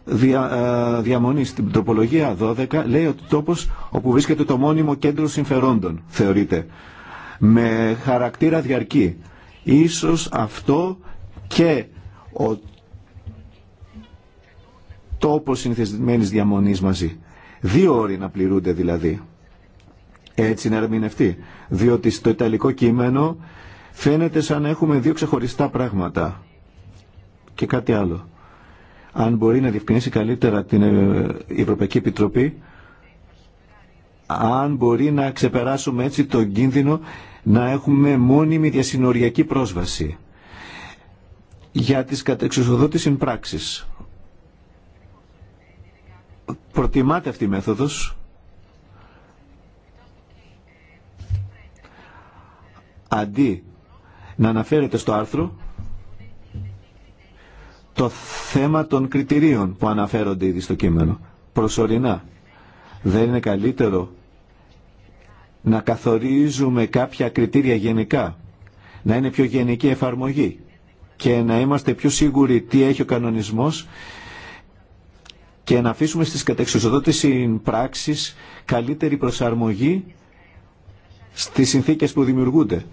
δια, ε, διαμονής. Στην τροπολογία 12 λέει ότι τόπος όπου βρίσκεται το μόνιμο κέντρο συμφερόντων θεωρείται με χαρακτήρα διαρκή. Ίσως αυτό και ο τόπος συνηθισμένης διαμονής μαζί. Δύο όροι να πληρούνται δηλαδή. Έτσι να ερμηνευτεί. Διότι στο ιταλικό κείμενο Φαίνεται σαν να έχουμε δύο ξεχωριστά πράγματα. Και κάτι άλλο. Αν μπορεί να διευκρινίσει καλύτερα την ε, Ευρωπαϊκή Επιτροπή, αν μπορεί να ξεπεράσουμε έτσι τον κίνδυνο να έχουμε μόνιμη διασυνοριακή πρόσβαση για τις κατεξουσοδότηση πράξεις. Προτιμάται αυτή η μέθοδος αντί να αναφέρεται στο άρθρο το θέμα των κριτηρίων που αναφέρονται ήδη στο κείμενο. Προσωρινά. Δεν είναι καλύτερο να καθορίζουμε κάποια κριτήρια γενικά, να είναι πιο γενική εφαρμογή και να είμαστε πιο σίγουροι τι έχει ο κανονισμός και να αφήσουμε στις κατεξουσοδότηση πράξεις καλύτερη προσαρμογή στις συνθήκες που δημιουργούνται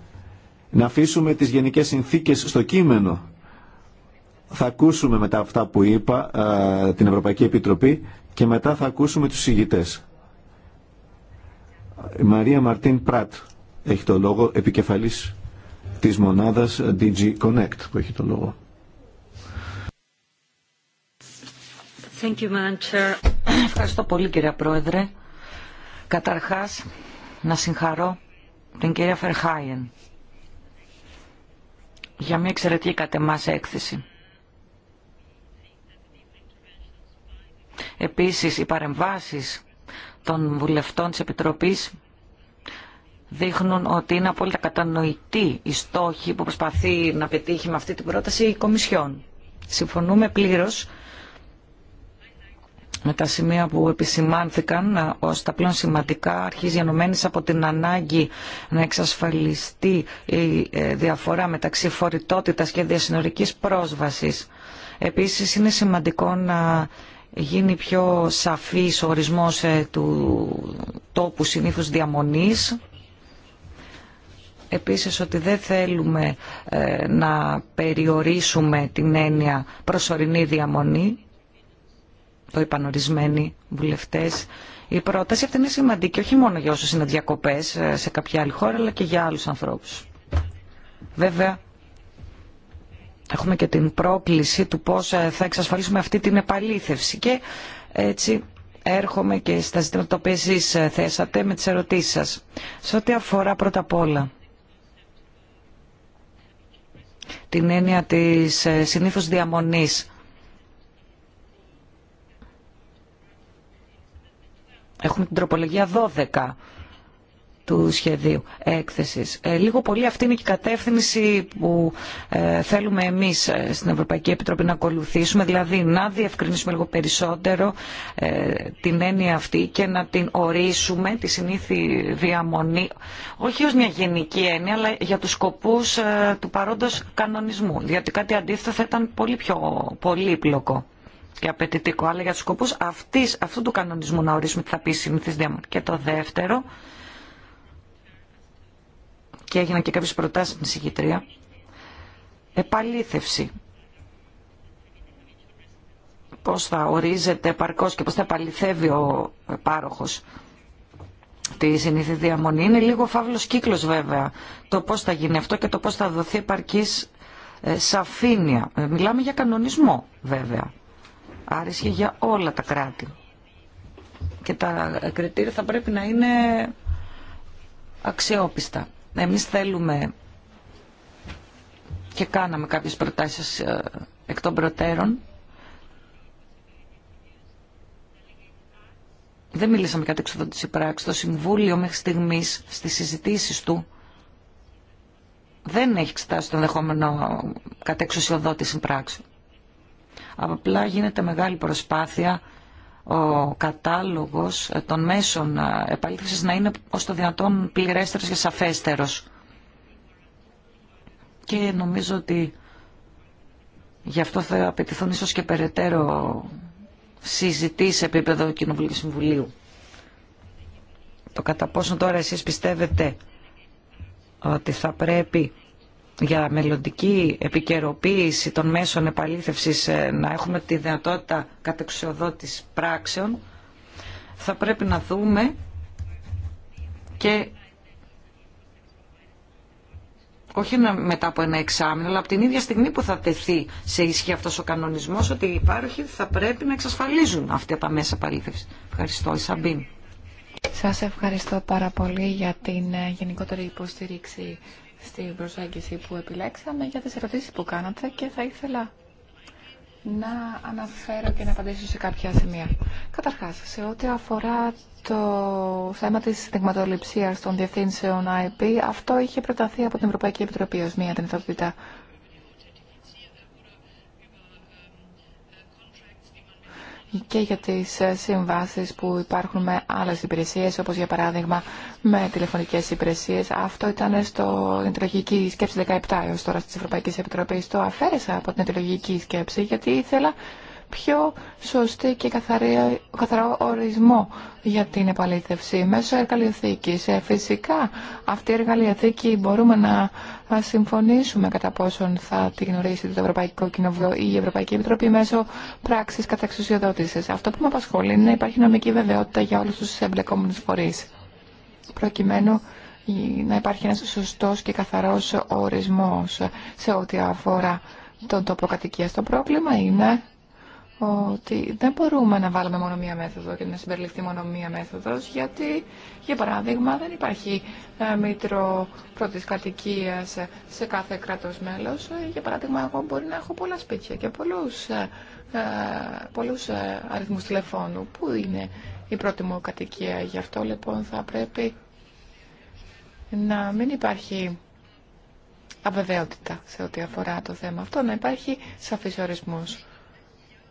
να αφήσουμε τις γενικές συνθήκες στο κείμενο. Θα ακούσουμε μετά αυτά που είπα την Ευρωπαϊκή Επιτροπή και μετά θα ακούσουμε τους συγητές. Η Μαρία Μαρτίν Πράτ έχει το λόγο, επικεφαλής της μονάδας DG Connect που έχει το λόγο. Thank you, Ευχαριστώ πολύ κύριε Πρόεδρε. Καταρχάς να συγχαρώ την κυρία Φερχάιεν για μια εξαιρετική κατεμάς έκθεση. Επίσης, οι παρεμβάσεις των βουλευτών της Επιτροπής δείχνουν ότι είναι απόλυτα κατανοητή η στόχη που προσπαθεί να πετύχει με αυτή την πρόταση η Κομισιόν. Συμφωνούμε πλήρως με τα σημεία που επισημάνθηκαν ε, ως τα πλέον σημαντικά αρχίζει ενωμένης από την ανάγκη να εξασφαλιστεί η ε, διαφορά μεταξύ φορητότητας και διασυνορικής πρόσβασης. Επίσης είναι σημαντικό να γίνει πιο σαφής ο ορισμός ε, του τόπου συνήθους διαμονής επίσης ότι δεν θέλουμε να περιορίσουμε την έννοια προσωρινή διαμονή το είπαν ορισμένοι βουλευτέ. Η πρόταση αυτή είναι σημαντική όχι μόνο για όσου είναι διακοπέ ε, σε κάποια άλλη χώρα, αλλά και για άλλου ανθρώπου. Βέβαια, έχουμε και την πρόκληση του πώς ε, θα εξασφαλίσουμε αυτή την επαλήθευση. Και έτσι έρχομαι και στα ζητήματα τα οποία εσείς ε, θέσατε με τις ερωτήσεις σας. Σε ό,τι αφορά πρώτα απ' όλα την έννοια της συνήθως διαμονής Έχουμε την τροπολογία 12 του σχεδίου έκθεσης. Ε, λίγο πολύ αυτή είναι και η κατεύθυνση που ε, θέλουμε εμείς ε, στην Ευρωπαϊκή Επιτροπή να ακολουθήσουμε, δηλαδή να διευκρινίσουμε λίγο περισσότερο την έννοια αυτή και να την ορίσουμε, τη συνήθη διαμονή, όχι ως μια γενική έννοια, αλλά για τους σκοπούς του παρόντος κανονισμού, Διότι κάτι αντίθετο θα ήταν πολύ πιο πολύπλοκο και απαιτητικό, αλλά για τους σκοπούς αυτής, αυτού του κανονισμού να ορίσουμε τι θα πει συνηθής διαμονή. Και το δεύτερο, και έγιναν και κάποιες προτάσεις στην συγκητρία, επαλήθευση. Πώς θα ορίζεται επαρκώς και πώς θα επαληθεύει ο πάροχος τη συνήθη διαμονή. Είναι λίγο φαύλος κύκλος βέβαια το πώς θα γίνει αυτό και το πώς θα δοθεί επαρκής ε, σαφήνεια. Ε, μιλάμε για κανονισμό βέβαια. Άρα για όλα τα κράτη. Και τα κριτήρια θα πρέπει να είναι αξιόπιστα. Εμείς θέλουμε και κάναμε κάποιες προτάσεις ε, εκ των προτέρων. Δεν μιλήσαμε κατά της πράξη. Το Συμβούλιο μέχρι στιγμής στις συζητήσεις του δεν έχει εξετάσει το ενδεχόμενο της πράξη. Απλά γίνεται μεγάλη προσπάθεια ο κατάλογος των μέσων ε, επαλήθευσης να είναι ως το δυνατόν πληρέστερος και σαφέστερος. Και νομίζω ότι γι' αυτό θα απαιτηθούν ίσως και περαιτέρω συζητήσεις σε επίπεδο Κοινοβουλίου και Συμβουλίου. Το κατά πόσο τώρα εσείς πιστεύετε ότι θα πρέπει για μελλοντική επικαιροποίηση των μέσων επαλήθευσης ε, να έχουμε τη δυνατότητα κατεξοδότης πράξεων, θα πρέπει να δούμε και όχι μετά από ένα εξάμεινο, αλλά από την ίδια στιγμή που θα τεθεί σε ισχύ αυτός ο κανονισμός, ότι οι υπάρχοι θα πρέπει να εξασφαλίζουν αυτά τα μέσα παλήθευση. Ευχαριστώ, Ισαμπίν. Σας ευχαριστώ πάρα πολύ για την ε, γενικότερη υποστήριξη στην προσέγγιση που επιλέξαμε για τις ερωτήσεις που κάνατε και θα ήθελα να αναφέρω και να απαντήσω σε κάποια σημεία. Καταρχάς, σε ό,τι αφορά το θέμα της δειγματοληψίας των διευθύνσεων IP, αυτό είχε προταθεί από την Ευρωπαϊκή Επιτροπή ως μια δυνατότητα και για τις ε, συμβάσεις που υπάρχουν με άλλες υπηρεσίες, όπως για παράδειγμα με τηλεφωνικές υπηρεσίες. Αυτό ήταν στο εντελογική σκέψη 17 έως τώρα της Ευρωπαϊκής Επιτροπής. Το αφαίρεσα από την εντελογική σκέψη γιατί ήθελα πιο σωστή και καθαρή, καθαρό ορισμό για την επαλήθευση μέσω εργαλειοθήκης. Ε, φυσικά αυτή η εργαλειοθήκη μπορούμε να θα συμφωνήσουμε κατά πόσον θα τη γνωρίσει το Ευρωπαϊκό Κοινοβούλιο ή η Ευρωπαϊκή Επιτροπή μέσω πράξη κατά Αυτό που με απασχολεί είναι να υπάρχει νομική βεβαιότητα για όλου του εμπλεκόμενου φορεί. Προκειμένου να υπάρχει ένας σωστό και καθαρός ορισμός σε ό,τι αφορά τον τόπο κατοικία. Το πρόβλημα είναι ότι δεν μπορούμε να βάλουμε μόνο μία μέθοδο και να συμπεριληφθεί μόνο μία μέθοδος, γιατί, για παράδειγμα, δεν υπάρχει ε, μήτρο πρώτης κατοικία σε κάθε κράτος μέλος. Ε, για παράδειγμα, εγώ μπορεί να έχω πολλά σπίτια και πολλούς, ε, πολλούς αριθμούς τηλεφώνου. Πού είναι η πρώτη μου κατοικία. Γι' αυτό, λοιπόν, θα πρέπει να μην υπάρχει αβεβαιότητα σε ό,τι αφορά το θέμα αυτό, να υπάρχει σαφής ορισμός.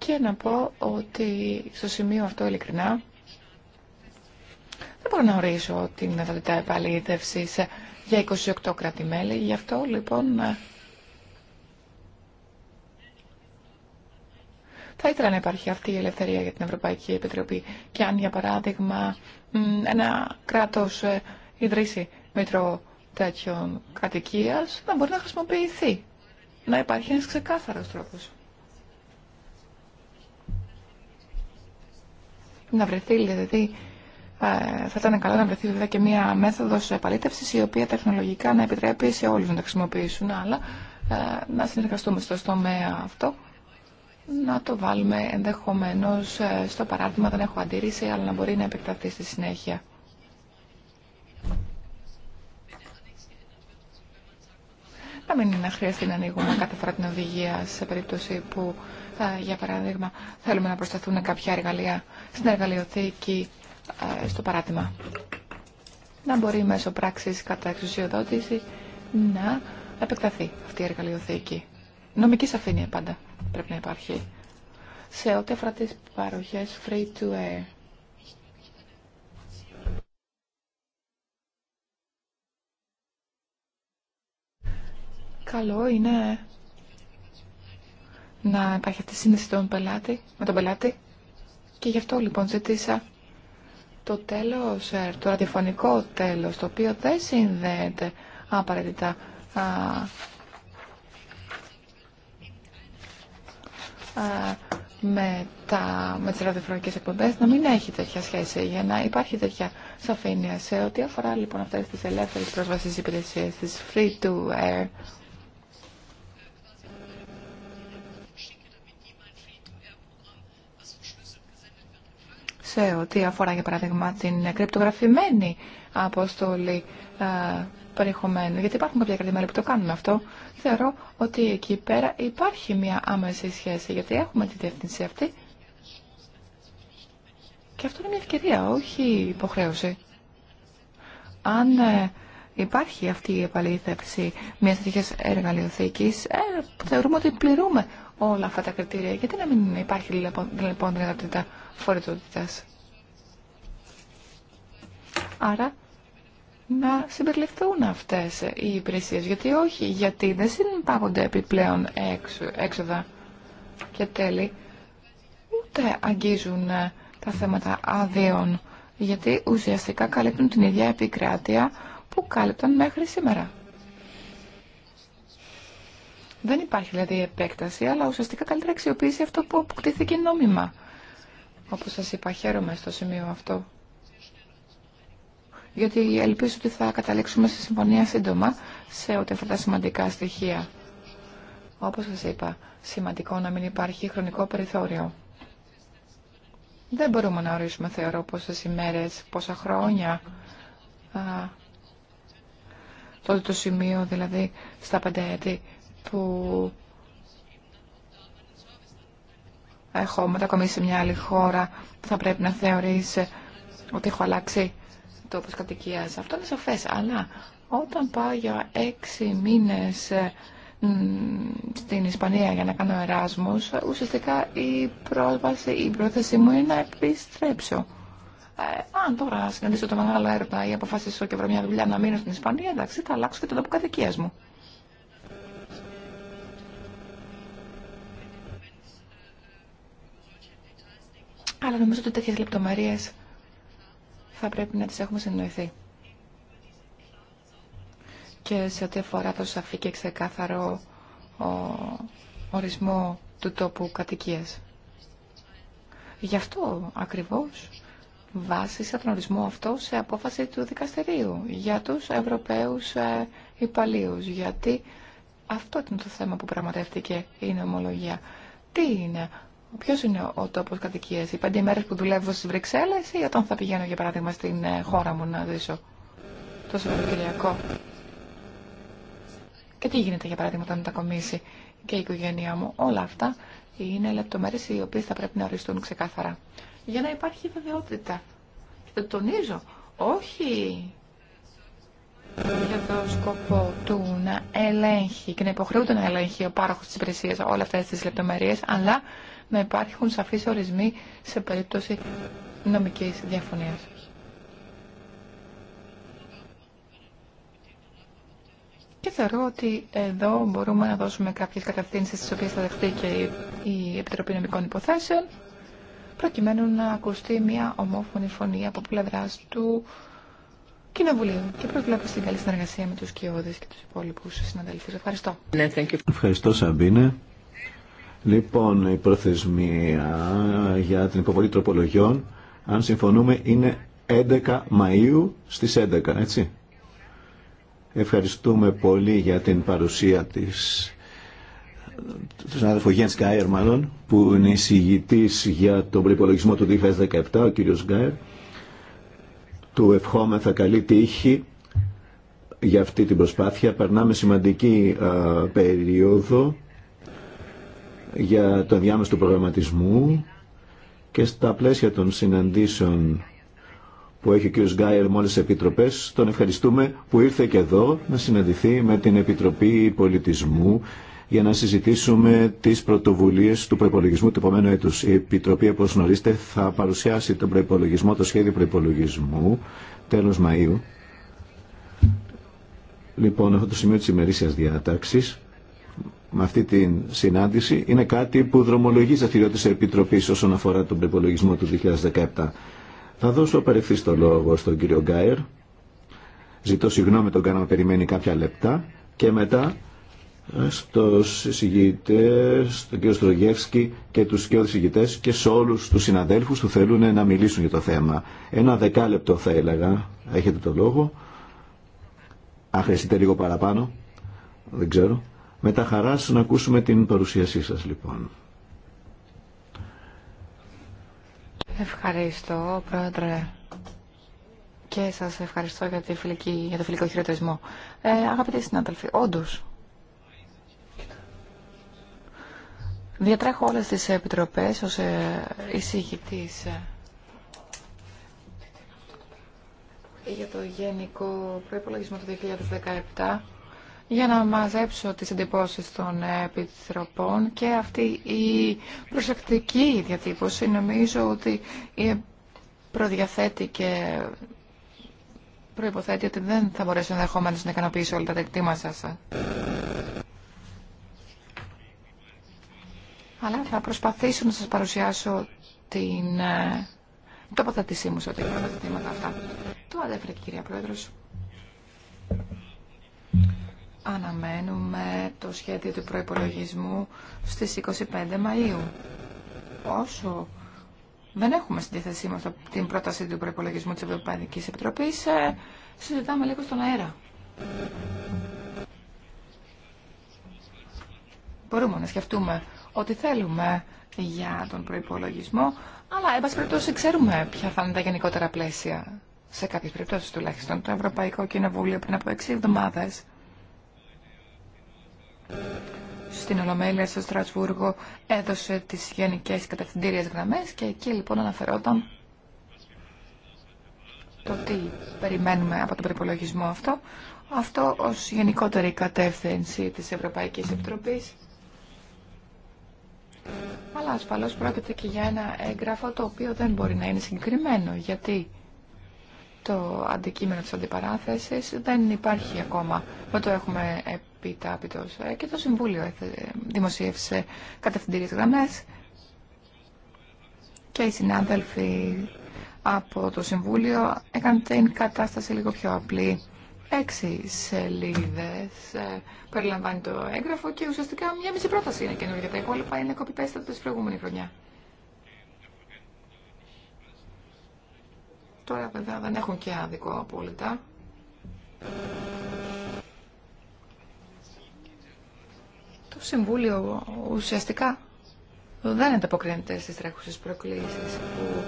Και να πω ότι στο σημείο αυτό ειλικρινά δεν μπορώ να ορίσω την δυνατότητα επαλήθευση για 28 κράτη-μέλη. Γι' αυτό λοιπόν θα ήθελα να υπάρχει αυτή η ελευθερία για την Ευρωπαϊκή Επιτροπή. Και αν για παράδειγμα ένα κράτος ε, ιδρύσει μήτρο τέτοιων κατοικίας, να μπορεί να χρησιμοποιηθεί. Να υπάρχει ένας ξεκάθαρος τρόπο. να βρεθεί δηλαδή ε, θα ήταν καλό να βρεθεί βέβαια και μια μέθοδο επαλήτευση η οποία τεχνολογικά να επιτρέπει σε όλου να τα χρησιμοποιήσουν, αλλά ε, να συνεργαστούμε στο τομέα αυτό. Να το βάλουμε ενδεχομένω ε, στο παράδειγμα, δεν έχω αντίρρηση, αλλά να μπορεί να επεκταθεί στη συνέχεια. Να μην είναι χρειαστεί να ανοίγουμε κάθε φορά την οδηγία σε περίπτωση που, για παράδειγμα, θέλουμε να προσταθούν κάποια εργαλεία στην εργαλειοθήκη ε, στο παράδειγμα. Να μπορεί μέσω πράξης κατά εξουσιοδότηση να επεκταθεί αυτή η εργαλειοθήκη. Νομική σαφήνεια πάντα πρέπει να υπάρχει. Σε ό,τι αφορά τις παροχές free to air. Καλό είναι να υπάρχει αυτή η σύνδεση με τον πελάτη και γι' αυτό λοιπόν ζήτησα το τέλος, ε, το ραδιοφωνικό τέλος, το οποίο δεν συνδέεται απαραίτητα α, με, τα, με τις ραδιοφωνικές εκπομπές, να μην έχει τέτοια σχέση για να υπάρχει τέτοια σαφήνεια σε ό,τι αφορά λοιπόν αυτές τις ελεύθερες πρόσβασης υπηρεσίες, τις free to air. σε ό,τι αφορά για παράδειγμα την κρυπτογραφημένη αποστολή ε, περιεχομένου, γιατί υπάρχουν κάποια κρατημέρια που το κάνουν αυτό, θεωρώ ότι εκεί πέρα υπάρχει μια άμεση σχέση, γιατί έχουμε τη διεύθυνση αυτή. Και αυτό είναι μια ευκαιρία, όχι υποχρέωση. Αν ε, υπάρχει αυτή η επαλήθευση μια τέτοια εργαλειοθήκη, ε, θεωρούμε ότι πληρούμε όλα αυτά τα κριτήρια. Γιατί να μην υπάρχει λοιπόν, λοιπόν δυνατότητα φορητότητα. Άρα να συμπεριληφθούν αυτές οι υπηρεσίες. Γιατί όχι, γιατί δεν συνεπάγονται επιπλέον έξοδα και τέλη. Ούτε αγγίζουν ε, τα θέματα αδειών. Γιατί ουσιαστικά καλύπτουν την ίδια επικράτεια που κάλυπταν μέχρι σήμερα. Δεν υπάρχει δηλαδή επέκταση, αλλά ουσιαστικά καλύτερα αξιοποιήσει αυτό που αποκτήθηκε νόμιμα. Όπως σας είπα, χαίρομαι στο σημείο αυτό. Γιατί ελπίζω ότι θα καταλήξουμε στη συμφωνία σύντομα σε ό,τι αυτά τα σημαντικά στοιχεία. Όπως σας είπα, σημαντικό να μην υπάρχει χρονικό περιθώριο. Δεν μπορούμε να ορίσουμε, θεωρώ, πόσες ημέρες, πόσα χρόνια. Α, τότε το σημείο, δηλαδή, στα πέντε που έχω μετακομίσει σε μια άλλη χώρα που θα πρέπει να θεωρείς ότι έχω αλλάξει τόπος κατοικίας. Αυτό είναι σαφές, αλλά όταν πάω για έξι μήνες ε, στην Ισπανία για να κάνω εράσμους, ουσιαστικά η πρόσβαση, η πρόθεσή μου είναι να επιστρέψω. Ε, αν τώρα συναντήσω το μεγάλο έρωτα ή αποφασίσω και βρω μια δουλειά να μείνω στην Ισπανία, εντάξει, θα αλλάξω και το τόπο κατοικίας μου. Αλλά νομίζω ότι τέτοιες λεπτομέρειες θα πρέπει να τις έχουμε συνοηθεί. Και σε ό,τι αφορά το σαφή και ξεκάθαρο ορισμό του τόπου κατοικίας. Γι' αυτό ακριβώς βάσισα τον ορισμό αυτό σε απόφαση του δικαστηρίου για τους Ευρωπαίους ε, υπαλλήλους. Γιατί αυτό ήταν το θέμα που πραγματεύτηκε η νομολογία. Τι είναι Ποιο είναι ο τόπο κατοικία, οι πέντε μέρε που δουλεύω στι Βρυξέλλε ή όταν θα πηγαίνω για παράδειγμα στην ε, χώρα μου να ζήσω το Σαββατοκυριακό. Και τι γίνεται για παράδειγμα όταν μετακομίσει και η οικογένειά μου. Όλα αυτά είναι λεπτομέρειε οι οποίε θα πρέπει να οριστούν ξεκάθαρα. Για να υπάρχει βεβαιότητα. Και το τονίζω, όχι για το σκοπό του να ελέγχει και να υποχρεούνται να ελέγχει ο πάροχος της υπηρεσίας όλα αυτές τις λεπτομέρειες, αλλά να υπάρχουν σαφείς ορισμοί σε περίπτωση νομικής διαφωνίας. Και θεωρώ ότι εδώ μπορούμε να δώσουμε κάποιες κατευθύνσεις στις οποίες θα δεχτεί και η Επιτροπή Νομικών Υποθέσεων προκειμένου να ακουστεί μια ομόφωνη φωνή από πλευρά του Κοινοβουλίου και προβλέπω στην καλή συνεργασία με τους Κιώδες και τους υπόλοιπους συναδελφούς. Ευχαριστώ. Ναι, Ευχαριστώ Σαμπίνε. Λοιπόν, η προθεσμία για την υποβολή τροπολογιών, αν συμφωνούμε, είναι 11 Μαΐου στις 11, έτσι. Ευχαριστούμε πολύ για την παρουσία της του συνάδελφου Γιάννη Γκάιερ, μάλλον, που είναι εισηγητή για τον προπολογισμό του 2017, ο κύριος Γκάιερ. Του ευχόμεθα καλή τύχη για αυτή την προσπάθεια. Περνάμε σημαντική ε, περίοδο για το διάμεσο του προγραμματισμού και στα πλαίσια των συναντήσεων που έχει ο κ. Γκάιερ με όλες τις επιτροπές. Τον ευχαριστούμε που ήρθε και εδώ να συναντηθεί με την Επιτροπή Πολιτισμού για να συζητήσουμε τις πρωτοβουλίες του προϋπολογισμού του επόμενου έτους. Η Επιτροπή, όπως γνωρίζετε, θα παρουσιάσει τον το σχέδιο προϋπολογισμού τέλος Μαΐου. Λοιπόν, αυτό το σημείο της ημερήσιας διάταξης με αυτή την συνάντηση είναι κάτι που δρομολογεί της Επιτροπή όσον αφορά τον προπολογισμό του 2017. Θα δώσω απαραίτητη το λόγο στον κύριο Γκάιερ. Ζητώ συγγνώμη, τον κάναμε περιμένει κάποια λεπτά. Και μετά ε, στους συγγητές, τον κύριο Στρογεύσκη και τους και συγγητές και σε όλους τους συναδέλφους που θέλουν να μιλήσουν για το θέμα. Ένα δεκάλεπτο θα έλεγα, έχετε το λόγο. Αν χρειαστείτε λίγο παραπάνω, δεν ξέρω. Με τα χαράς να ακούσουμε την παρουσίασή σας λοιπόν. Ευχαριστώ πρόεδρε και σας ευχαριστώ για, φιλική, για το φιλικό χειροτερισμό. Ε, αγαπητοί συνάδελφοι, όντως διατρέχω όλες τις επιτροπές ως ε, εισηγητής ε, για το Γενικό Προϋπολογισμό του 2017 για να μαζέψω τις εντυπώσεις των επιτροπών και αυτή η προσεκτική διατύπωση νομίζω ότι προδιαθέτει και προϋποθέτει ότι δεν θα μπορέσω ενδεχομένω να ικανοποιήσω όλα τα δεκτήμα σας. Αλλά θα προσπαθήσω να σας παρουσιάσω την ε, τοποθετησή μου σε ό,τι αφορά τα ζητήματα αυτά. Το η κυρία Πρόεδρος αναμένουμε το σχέδιο του προϋπολογισμού στις 25 Μαΐου. Όσο δεν έχουμε στη διάθεσή μας την πρόταση του προϋπολογισμού της Ευρωπαϊκής Επιτροπής, ε, συζητάμε λίγο στον αέρα. Μπορούμε να σκεφτούμε ό,τι θέλουμε για τον προϋπολογισμό, αλλά εν πάση περιπτώσει ξέρουμε ποια θα είναι τα γενικότερα πλαίσια. Σε κάποιες περιπτώσεις τουλάχιστον, το Ευρωπαϊκό Κοινοβούλιο πριν από 6 εβδομάδες στην Ολομέλεια στο Στρασβούργο έδωσε τις γενικές κατευθυντήριες γραμμές και εκεί λοιπόν αναφερόταν το τι περιμένουμε από τον προπολογισμό αυτό. Αυτό ως γενικότερη κατεύθυνση της Ευρωπαϊκής Επιτροπής. Αλλά ασφαλώς πρόκειται και για ένα έγγραφο το οποίο δεν μπορεί να είναι συγκεκριμένο γιατί το αντικείμενο της αντιπαράθεσης δεν υπάρχει ακόμα. Δεν το έχουμε ε, Και το Συμβούλιο δημοσίευσε κατευθυντήριες γραμμές και οι συνάδελφοι από το Συμβούλιο έκανε την κατάσταση λίγο πιο απλή. Έξι σελίδες ε, περιλαμβάνει το έγγραφο και ουσιαστικά μια μισή πρόταση είναι καινούργια. Τα υπόλοιπα είναι κοπιπέστα από προηγούμενη χρονιά. Τώρα βέβαια δεν έχουν και άδικο απόλυτα. Συμβούλιο ουσιαστικά δεν ανταποκρίνεται στις τρέχουσες προκλήσεις που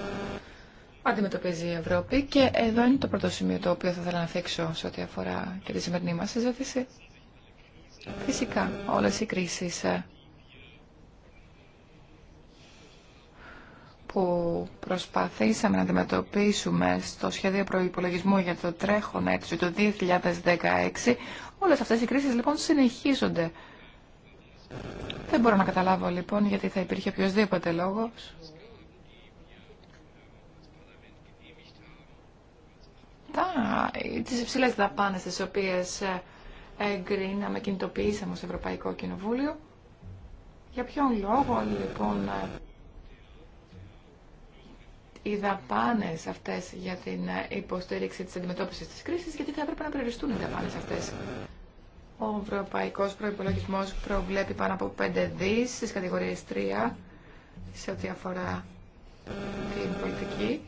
αντιμετωπίζει η Ευρώπη και εδώ είναι το πρώτο σημείο το οποίο θα ήθελα να θέξω σε ό,τι αφορά και τη σημερινή μας συζήτηση. Φυσικά, όλες οι κρίσεις ε, που προσπαθήσαμε να αντιμετωπίσουμε στο σχέδιο προϋπολογισμού για το τρέχον έτος, το 2016, όλες αυτές οι κρίσεις λοιπόν συνεχίζονται δεν μπορώ να καταλάβω λοιπόν γιατί θα υπήρχε οποιοδήποτε λόγος. Τα, τις υψηλές δαπάνες τις οποίες ε, εγκρίναμε, κινητοποιήσαμε ως Ευρωπαϊκό Κοινοβούλιο. Για ποιον λόγο λοιπόν ε, οι δαπάνες αυτές για την ε, υποστήριξη της αντιμετώπισης της κρίσης, γιατί θα έπρεπε να περιοριστούν οι δαπάνες αυτές ο ευρωπαϊκός προϋπολογισμός προβλέπει πάνω από 5 δις στις κατηγορίες 3 σε ό,τι αφορά ε, την πολιτική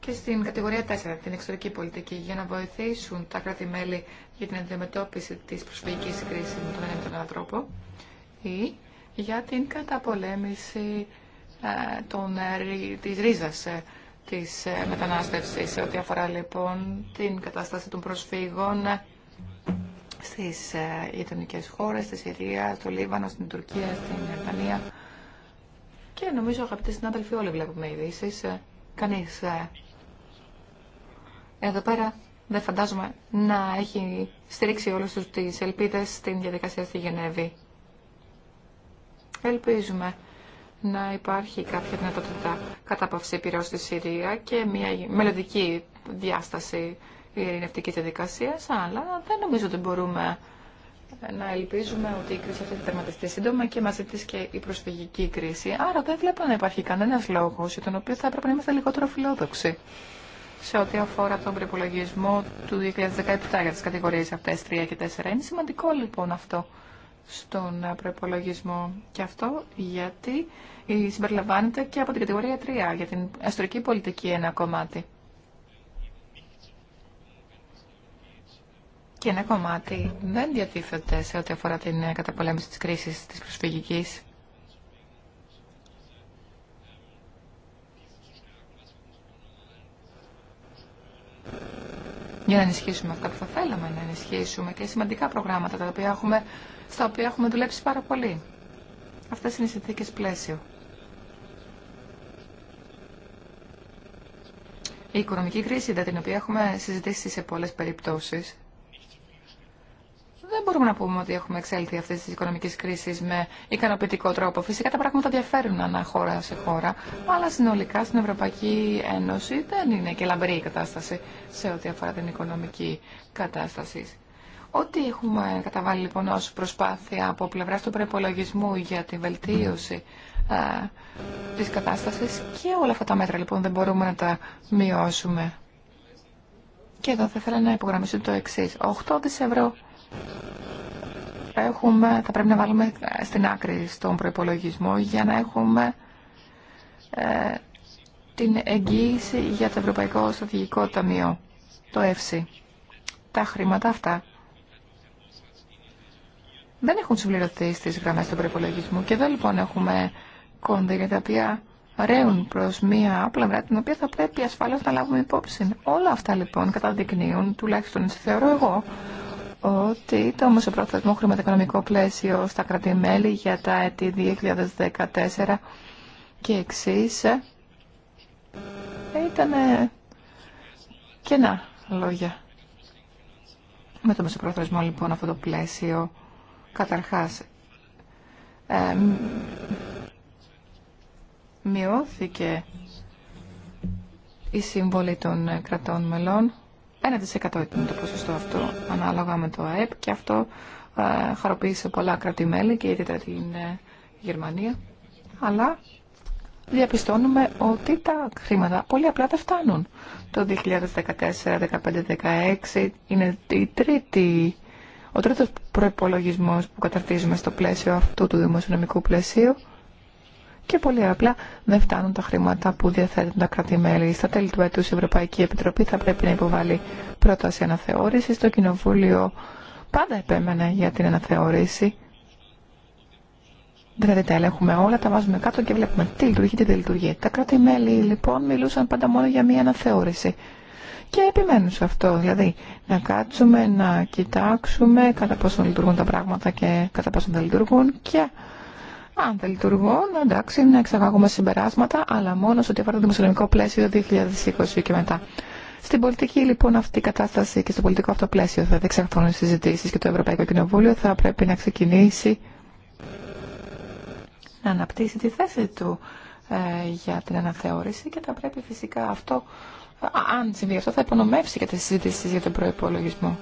και στην κατηγορία 4, την εξωτερική πολιτική, για να βοηθήσουν τα κράτη-μέλη για την αντιμετώπιση της προσφυγικής κρίσης με τον ένα τρόπο ή για την καταπολέμηση ε, των, ε, της ρίζας ε, της ε, μετανάστευσης, ό,τι αφορά λοιπόν την κατάσταση των προσφύγων στις ε, γειτονικέ χώρες, στη Συρία, στο Λίβανο, στην Τουρκία, στην Ιρλανδία. Και νομίζω αγαπητοί συνάδελφοι όλοι βλέπουμε ειδήσει. Ε, κανείς ε, εδώ πέρα δεν φαντάζομαι να έχει στηρίξει όλους τους τις ελπίδες στην διαδικασία στη Γενέβη. Ελπίζουμε να υπάρχει κάποια δυνατότητα κατάπαυση πυρός στη Συρία και μια μελλοντική διάσταση ειρηνευτική διαδικασία, αλλά δεν νομίζω ότι μπορούμε να ελπίζουμε ότι η κρίση αυτή θα τερματιστεί σύντομα και μαζί τη και η προσφυγική κρίση. Άρα δεν βλέπω να υπάρχει κανένα λόγο για τον οποίο θα έπρεπε να είμαστε λιγότερο φιλόδοξοι σε ό,τι αφορά τον προπολογισμό του 2017 για τι κατηγορίε αυτέ 3 και 4. Είναι σημαντικό λοιπόν αυτό στον προπολογισμό και αυτό γιατί συμπεριλαμβάνεται και από την κατηγορία 3 για την αστρική πολιτική ένα κομμάτι. Και ένα κομμάτι δεν διατίθεται σε ό,τι αφορά την ε, καταπολέμηση της κρίσης της προσφυγικής. Για να ενισχύσουμε αυτά που θα θέλαμε να ενισχύσουμε και σημαντικά προγράμματα τα οποία έχουμε, στα οποία έχουμε δουλέψει πάρα πολύ. Αυτές είναι οι συνθήκε πλαίσιο. Η οικονομική κρίση, την οποία έχουμε συζητήσει σε πολλές περιπτώσεις, δεν μπορούμε να πούμε ότι έχουμε εξέλθει αυτή τη οικονομική κρίση με ικανοποιητικό τρόπο. Φυσικά τα πράγματα διαφέρουν ανά χώρα σε χώρα, αλλά συνολικά στην Ευρωπαϊκή Ένωση δεν είναι και λαμπρή η κατάσταση σε ό,τι αφορά την οικονομική κατάσταση. Ό,τι έχουμε καταβάλει λοιπόν ω προσπάθεια από πλευρά του προπολογισμού για τη βελτίωση τη ε, της κατάστασης και όλα αυτά τα μέτρα λοιπόν δεν μπορούμε να τα μειώσουμε. Και εδώ θα ήθελα να υπογραμμίσω το εξή. 8 ευρώ έχουμε, θα πρέπει να βάλουμε στην άκρη στον προϋπολογισμό για να έχουμε ε, την εγγύηση για το Ευρωπαϊκό Στρατηγικό Ταμείο, το ΕΦΣΥ. Τα χρήματα αυτά δεν έχουν συμπληρωθεί στις γραμμές του προϋπολογισμού και εδώ λοιπόν έχουμε για τα οποία ρέουν προς μία πλευρά την οποία θα πρέπει ασφαλώς να λάβουμε υπόψη. Όλα αυτά λοιπόν καταδεικνύουν, τουλάχιστον θεωρώ εγώ, ότι το μεσοπρόθεσμο χρηματοοικονομικό πλαίσιο στα κρατημέλη για τα έτη 2014 και εξή ήταν ε, κενά λόγια. Με το μεσοπρόθεσμο λοιπόν αυτό το πλαίσιο καταρχάς μειώθηκε η σύμβολη των κρατών μελών 1% ήταν το ποσοστό αυτό ανάλογα με το ΑΕΠ και αυτό ε, χαροποίησε πολλά κράτη-μέλη και ιδιαίτερα την ε, Γερμανία. Αλλά διαπιστώνουμε ότι τα χρήματα πολύ απλά δεν φτάνουν. Το 2014, 2015 2016 είναι η τρίτη, ο τρίτος προπολογισμό που καταρτίζουμε στο πλαίσιο αυτού του δημοσιονομικού πλαισίου και πολύ απλά δεν φτάνουν τα χρήματα που διαθέτουν τα κράτη-μέλη. Στα τέλη του έτους η Ευρωπαϊκή Επιτροπή θα πρέπει να υποβάλει πρόταση αναθεώρησης. Το Κοινοβούλιο πάντα επέμενε για την αναθεώρηση. Δηλαδή τα ελέγχουμε όλα, τα βάζουμε κάτω και βλέπουμε τι λειτουργεί, τι δεν λειτουργεί. Τα κράτη-μέλη λοιπόν μιλούσαν πάντα μόνο για μία αναθεώρηση. Και επιμένουν σε αυτό, δηλαδή να κάτσουμε, να κοιτάξουμε κατά πόσο λειτουργούν τα πράγματα και κατά πόσο δεν λειτουργούν και αν δεν λειτουργούν, εντάξει, να εξαγάγουμε συμπεράσματα, αλλά μόνο σε ό,τι αφορά το δημοσιονομικό πλαίσιο 2020 και μετά. Στην πολιτική λοιπόν αυτή η κατάσταση και στο πολιτικό αυτό πλαίσιο θα διεξαχθούν οι συζητήσει και το Ευρωπαϊκό Κοινοβούλιο θα πρέπει να ξεκινήσει να αναπτύσσει τη θέση του ε, για την αναθεώρηση και θα πρέπει φυσικά αυτό, αν συμβεί αυτό, θα υπονομεύσει και τι συζητήσει για τον προπολογισμό.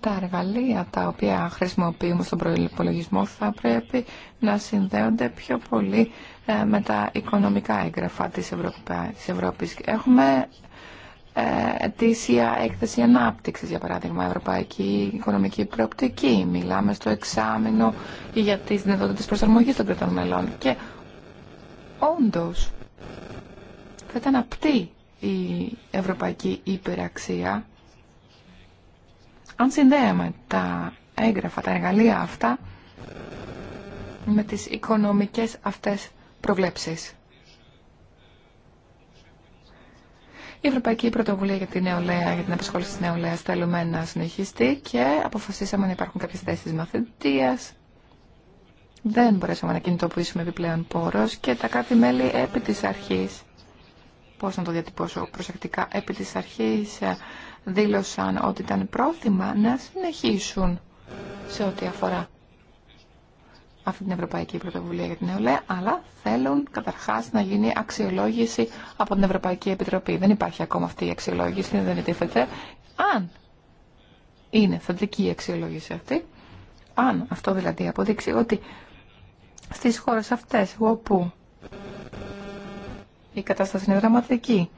τα εργαλεία τα οποία χρησιμοποιούμε στον προϋπολογισμό θα πρέπει να συνδέονται πιο πολύ ε, με τα οικονομικά έγγραφα της, της Ευρώπης. Έχουμε ε, ετήσια έκθεση ανάπτυξης, για παράδειγμα, ευρωπαϊκή οικονομική προοπτική. Μιλάμε στο εξάμεινο για τις δυνατότητες προσαρμογής των κρατών μελών. Και όντως θα ήταν απτή η ευρωπαϊκή υπεραξία αν συνδέαμε τα έγγραφα, τα εργαλεία αυτά με τις οικονομικές αυτές προβλέψεις. Η Ευρωπαϊκή Πρωτοβουλία για την Νεολαία, για την απασχόληση της νεολαίας θέλουμε να συνεχιστεί και αποφασίσαμε να υπάρχουν κάποιες θέσεις μαθητείας. Δεν μπορέσαμε να κινητοποιήσουμε επιπλέον πόρος και τα κάτι μελη επί της αρχής. Πώς να το διατυπώσω προσεκτικά, επί της αρχής δήλωσαν ότι ήταν πρόθυμα να συνεχίσουν σε ό,τι αφορά αυτή την Ευρωπαϊκή Πρωτοβουλία για την Νεολαία, αλλά θέλουν καταρχάς να γίνει αξιολόγηση από την Ευρωπαϊκή Επιτροπή. Δεν υπάρχει ακόμα αυτή η αξιολόγηση, δεν τίθεται. Αν είναι θετική η αξιολόγηση αυτή, αν αυτό δηλαδή αποδείξει ότι στις χώρες αυτές όπου η κατάσταση είναι δραματική,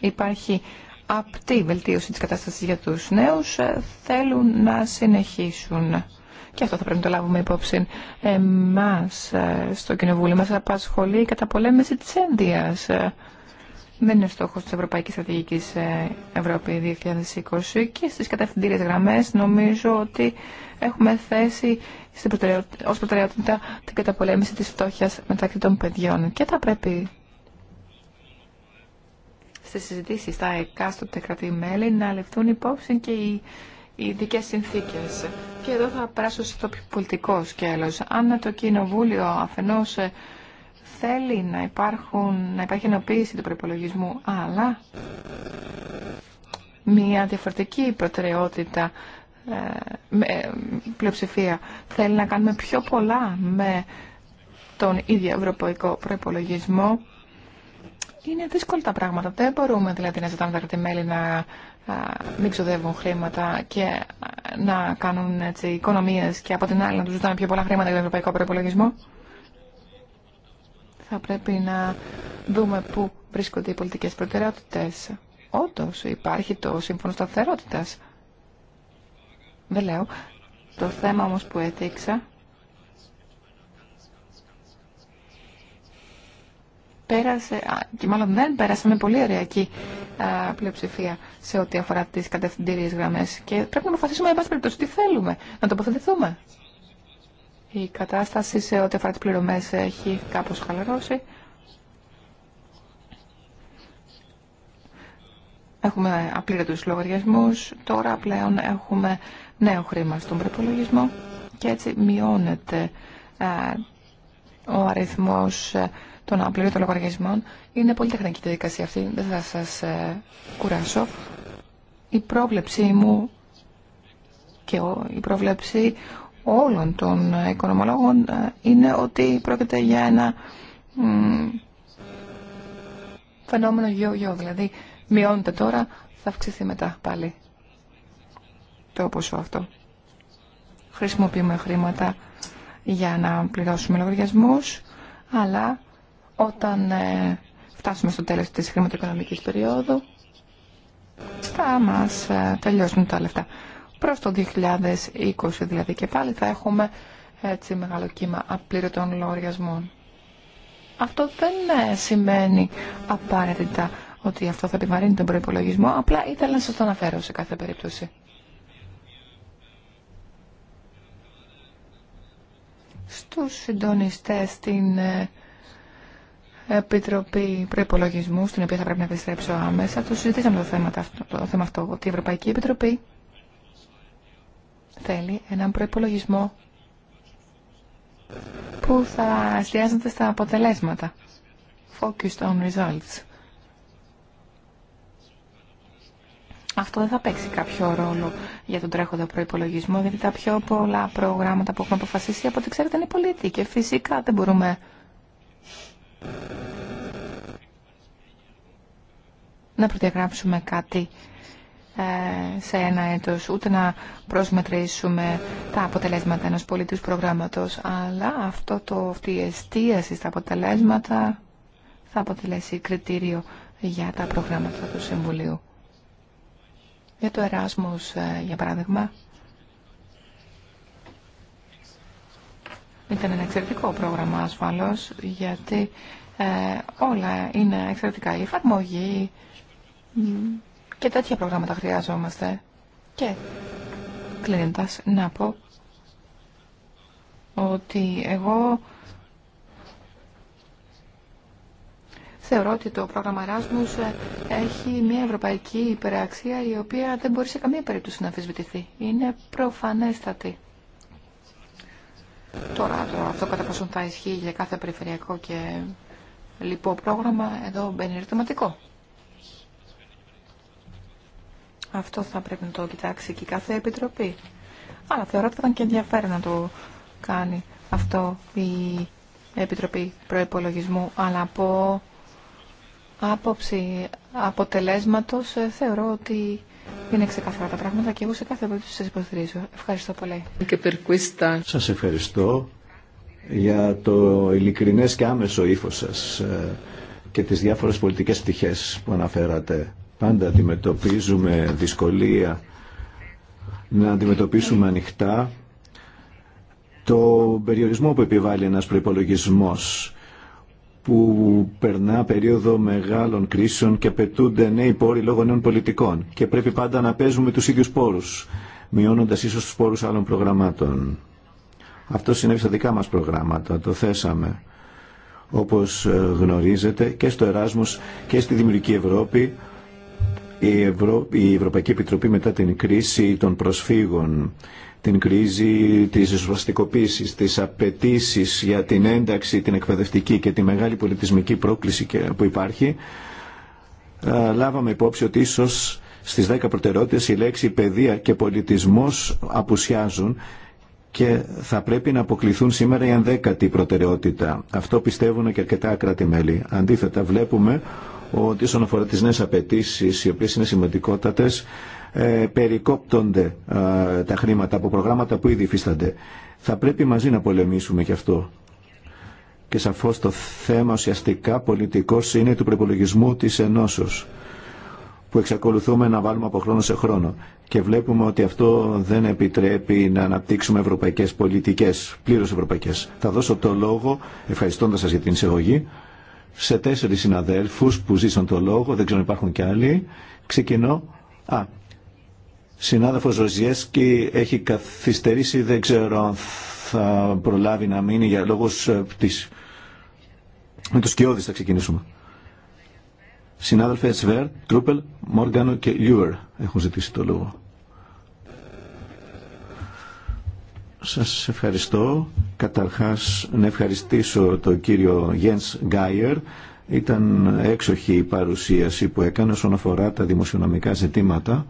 υπάρχει απτή βελτίωση της κατάστασης για τους νέους ε, θέλουν να συνεχίσουν. Και αυτό θα πρέπει να το λάβουμε υπόψη. Εμάς ε, στο Κοινοβούλιο μας απασχολεί η καταπολέμηση της ένδυας. Ε, δεν είναι στόχος της Ευρωπαϊκής Στρατηγικής Ευρώπη 2020 και στις κατευθυντήριες γραμμές νομίζω ότι έχουμε θέσει προτεραιότητα, ως προτεραιότητα την καταπολέμηση της φτώχειας μεταξύ των παιδιών και θα πρέπει στις συζητήσεις στα εκάστοτε κρατή-μέλη να λεφτούν υπόψη και οι ειδικέ συνθήκες. Και εδώ θα περάσω στο πολιτικό σκέλο. Αν το Κοινοβούλιο αφενό ε, θέλει να, υπάρχουν, να υπάρχει ενοποίηση του προπολογισμού, αλλά μια διαφορετική προτεραιότητα ε, με ε, πλειοψηφία θέλει να κάνουμε πιο πολλά με τον ίδιο ευρωπαϊκό προπολογισμό είναι δύσκολα τα πράγματα. Δεν μπορούμε δηλαδή να ζητάμε τα κρατημέλη να μην ξοδεύουν χρήματα και να κάνουν έτσι, οικονομίες και από την άλλη να τους ζητάμε πιο πολλά χρήματα για τον ευρωπαϊκό προπολογισμό. Θα πρέπει να δούμε πού βρίσκονται οι πολιτικές προτεραιότητες. Όντως υπάρχει το σύμφωνο σταθερότητας. Δεν λέω. Το θέμα όμως που έθιξα πέρασε, και μάλλον δεν πέρασε με πολύ ωριακή πλειοψηφία σε ό,τι αφορά τι κατευθυντήριε γραμμέ. Και πρέπει να αποφασίσουμε, εν πάση περιπτώσει, τι θέλουμε, να τοποθετηθούμε. Η κατάσταση σε ό,τι αφορά τι πληρωμέ έχει κάπω χαλαρώσει. Έχουμε απλήρωτους λογαριασμούς, τώρα πλέον έχουμε νέο χρήμα στον προπολογισμό και έτσι μειώνεται ο αριθμός των απλήρωτων λογαριασμών. Είναι πολύ τεχνική τη δικασία αυτή, δεν θα σας ε, κουράσω. Η πρόβλεψή μου και η πρόβλεψη όλων των οικονομολόγων ε, είναι ότι πρόκειται για ένα φαινόμενο γιο-γιο, δηλαδή μειώνεται τώρα, θα αυξηθεί μετά πάλι το ποσό αυτό. Χρησιμοποιούμε χρήματα για να πληρώσουμε λογαριασμού, αλλά όταν ε, φτάσουμε στο τέλος της χρηματοοικονομικής περίοδου θα μας ε, τελειώσουν τα λεφτά. Προς το 2020 δηλαδή και πάλι θα έχουμε έτσι μεγάλο κύμα απλήρωτων λογαριασμών. Αυτό δεν ε, σημαίνει απαραίτητα ότι αυτό θα επιβαρύνει τον προϋπολογισμό, απλά ήθελα να σας το αναφέρω σε κάθε περίπτωση. Στους συντονιστές στην Επιτροπή Προπολογισμού, στην οποία θα πρέπει να επιστρέψω άμεσα, το συζητήσαμε το θέμα, αυτό, το θέμα αυτό, ότι η Ευρωπαϊκή Επιτροπή θέλει έναν προπολογισμό που θα εστιάζεται στα αποτελέσματα. Focused on results. Αυτό δεν θα παίξει κάποιο ρόλο για τον τρέχοντα προπολογισμό, γιατί τα πιο πολλά προγράμματα που έχουμε αποφασίσει από ό,τι ξέρετε είναι πολίτη και φυσικά δεν μπορούμε να προδιαγράψουμε κάτι ε, σε ένα έτος, ούτε να προσμετρήσουμε τα αποτελέσματα ενός πολιτικού προγράμματος, αλλά αυτό το, αυτή η εστίαση στα αποτελέσματα θα αποτελέσει κριτήριο για τα προγράμματα του Συμβουλίου. Για το Εράσμος, ε, για παράδειγμα, Ήταν ένα εξαιρετικό πρόγραμμα ασφαλώς, γιατί ε, όλα είναι εξαιρετικά. Η εφαρμογή και τέτοια προγράμματα χρειάζομαστε. Και κλείνοντας να πω ότι εγώ θεωρώ ότι το πρόγραμμα Erasmus ε, έχει μια ευρωπαϊκή υπεραξία η οποία δεν μπορεί σε καμία περίπτωση να αμφισβητηθεί. Είναι προφανέστατη. Τώρα αυτό κατά πόσο θα ισχύει για κάθε περιφερειακό και λοιπό πρόγραμμα, εδώ μπαίνει ερωτηματικό. Αυτό θα πρέπει να το κοιτάξει και κάθε επιτροπή. Αλλά θεωρώ ότι ήταν και ενδιαφέρον να το κάνει αυτό η Επιτροπή Προϋπολογισμού. Αλλά από άποψη αποτελέσματος ε, θεωρώ ότι είναι ξεκαθαρά τα πράγματα και εγώ σε κάθε περίπτωση σα υποστηρίζω. Ευχαριστώ πολύ. σα ευχαριστώ για το ειλικρινές και άμεσο ύφο σα ε, και τι διάφορε πολιτικέ πτυχέ που αναφέρατε. Πάντα αντιμετωπίζουμε δυσκολία να αντιμετωπίσουμε ανοιχτά το περιορισμό που επιβάλλει ένας προϋπολογισμός που περνά περίοδο μεγάλων κρίσεων και πετούνται νέοι πόροι λόγω νέων πολιτικών και πρέπει πάντα να παίζουμε τους ίδιους πόρους, μειώνοντας ίσως τους πόρους άλλων προγραμμάτων. Αυτό συνέβη στα δικά μας προγράμματα, το θέσαμε όπως ε, γνωρίζετε και στο Εράσμος και στη Δημιουργική Ευρώπη η, η Ευρωπαϊκή Επιτροπή μετά την κρίση των προσφύγων την κρίση της ζωσβαστικοποίησης, της απαιτήσει για την ένταξη, την εκπαιδευτική και τη μεγάλη πολιτισμική πρόκληση που υπάρχει, ε, λάβαμε υπόψη ότι ίσως στις 10 προτεραιότητες η λέξη παιδεία και πολιτισμός απουσιάζουν και θα πρέπει να αποκληθούν σήμερα η ανδέκατη προτεραιότητα. Αυτό πιστεύουν και αρκετά κράτη-μέλη. Αντίθετα, βλέπουμε ότι όσον αφορά τις νέες απαιτήσει, οι οποίες είναι σημαντικότατες, ε, περικόπτονται τα χρήματα από προγράμματα που ήδη υφίστανται. Θα πρέπει μαζί να πολεμήσουμε και αυτό. Και σαφώς το θέμα ουσιαστικά πολιτικό είναι του προπολογισμού της ενώσεως που εξακολουθούμε να βάλουμε από χρόνο σε χρόνο. Και βλέπουμε ότι αυτό δεν επιτρέπει να αναπτύξουμε ευρωπαϊκές πολιτικές, πλήρως ευρωπαϊκές. Θα δώσω το λόγο, ευχαριστώντας σας για την εισαγωγή, σε τέσσερις συναδέλφους που ζήσαν το λόγο, δεν ξέρω αν υπάρχουν κι άλλοι. Ξεκινώ. Α, συνάδελφος Ροζιέσκη έχει καθυστερήσει, δεν ξέρω αν θα προλάβει να μείνει για λόγους ε, της... Με τους Κιώδης θα ξεκινήσουμε. Συνάδελφε Σβέρ, Τρούπελ, Μόργανο και Λιούερ έχουν ζητήσει το λόγο. Σας ευχαριστώ. Καταρχάς να ευχαριστήσω τον κύριο Γιένς Γκάιερ. Ήταν έξοχη η παρουσίαση που έκανε όσον αφορά τα δημοσιονομικά ζητήματα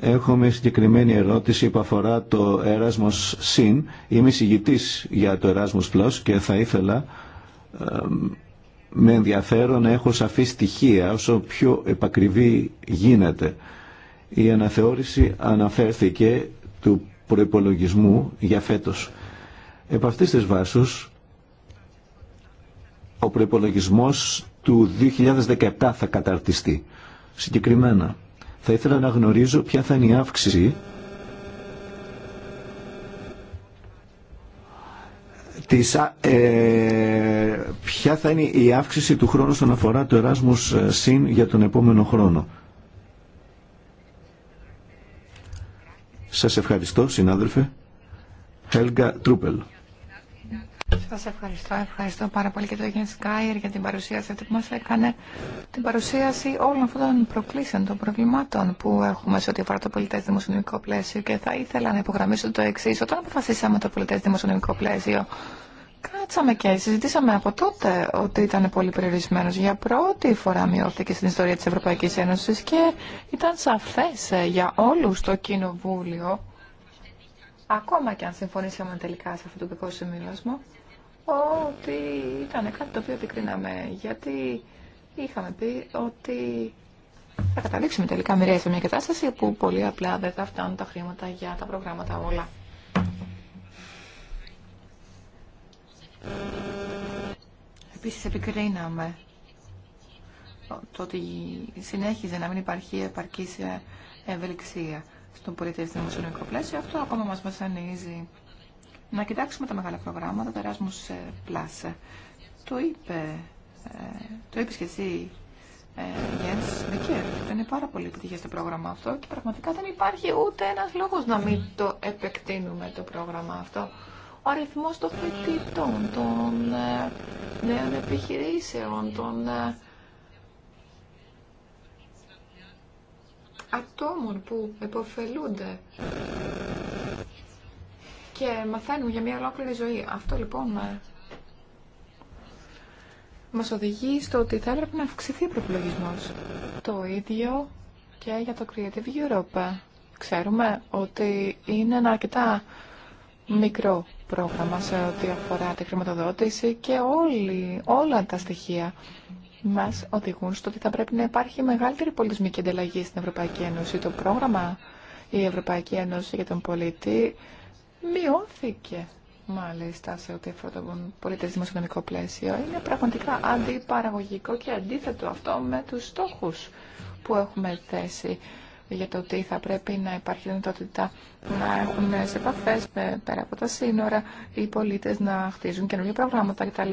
Έχουμε συγκεκριμένη ερώτηση που αφορά το Erasmus Συν. Είμαι συγητή για το Erasmus Plus και θα ήθελα με ενδιαφέρον να έχω σαφή στοιχεία όσο πιο επακριβή γίνεται. Η αναθεώρηση αναφέρθηκε του προϋπολογισμού για φέτος. Επ' αυτής της ο προϋπολογισμός του 2017 θα καταρτιστεί. Συγκεκριμένα, θα ήθελα να γνωρίζω ποια θα είναι η αύξηση ε, ποια θα είναι η αύξηση του χρόνου στον αφορά το Erasmus ε, Συν για τον επόμενο χρόνο. Σας ευχαριστώ, συνάδελφε. Helga Truppel. Σα ευχαριστώ. Ευχαριστώ πάρα πολύ και το Γιάννη Σκάιερ για την παρουσίαση αυτή που μα έκανε. Την παρουσίαση όλων αυτών των προκλήσεων, των προβλημάτων που έχουμε σε ό,τι αφορά το πολιτέ δημοσιονομικό πλαίσιο. Και θα ήθελα να υπογραμμίσω το εξή. Όταν αποφασίσαμε το πολιτέ δημοσιονομικό πλαίσιο, κάτσαμε και συζητήσαμε από τότε ότι ήταν πολύ περιορισμένο. Για πρώτη φορά μειώθηκε στην ιστορία τη Ευρωπαϊκή Ένωση και ήταν σαφέ ε, για όλου το Κοινοβούλιο. Ακόμα και αν συμφωνήσαμε τελικά σε αυτό το κακό σημείωμα ότι ήταν κάτι το οποίο επικρίναμε, γιατί είχαμε πει ότι θα καταλήξουμε τελικά μοιραία σε μια κατάσταση που πολύ απλά δεν θα φτάνουν τα χρήματα για τα προγράμματα όλα. Επίσης επικρίναμε το ότι συνέχιζε να μην υπάρχει επαρκή ευελιξία στον πολιτισμό δημοσιονομικό πλαίσιο. Αυτό ακόμα μας βασανίζει. Να κοιτάξουμε τα μεγάλα προγράμματα, το Erasmus ε, Plus. Το είπε, ε, το είπε και εσύ, Γιάννης ε, Ήταν πάρα πολύ επιτυχία το πρόγραμμα αυτό και πραγματικά δεν υπάρχει ούτε ένας λόγος να μην το επεκτείνουμε το πρόγραμμα αυτό. Ο αριθμός των φοιτητών, των νέων επιχειρήσεων, των ατόμων που επωφελούνται και μαθαίνουν για μια ολόκληρη ζωή. Αυτό λοιπόν ε, μα οδηγεί στο ότι θα έπρεπε να αυξηθεί ο προπολογισμό. Το ίδιο και για το Creative Europe. Ξέρουμε ότι είναι ένα αρκετά μικρό πρόγραμμα σε ό,τι αφορά τη χρηματοδότηση και όλοι, όλα τα στοιχεία μας οδηγούν στο ότι θα πρέπει να υπάρχει μεγαλύτερη πολιτισμική ανταλλαγή στην Ευρωπαϊκή Ένωση. Το πρόγραμμα η Ευρωπαϊκή Ένωση για τον Πολίτη μειώθηκε μάλιστα σε ό,τι αφορά το πολίτες πλαίσιο. Είναι πραγματικά αντιπαραγωγικό και αντίθετο αυτό με τους στόχους που έχουμε θέσει για το ότι θα πρέπει να υπάρχει δυνατότητα να έχουν σε επαφέ πέρα από τα σύνορα οι πολίτες να χτίζουν καινούργια προγράμματα κτλ.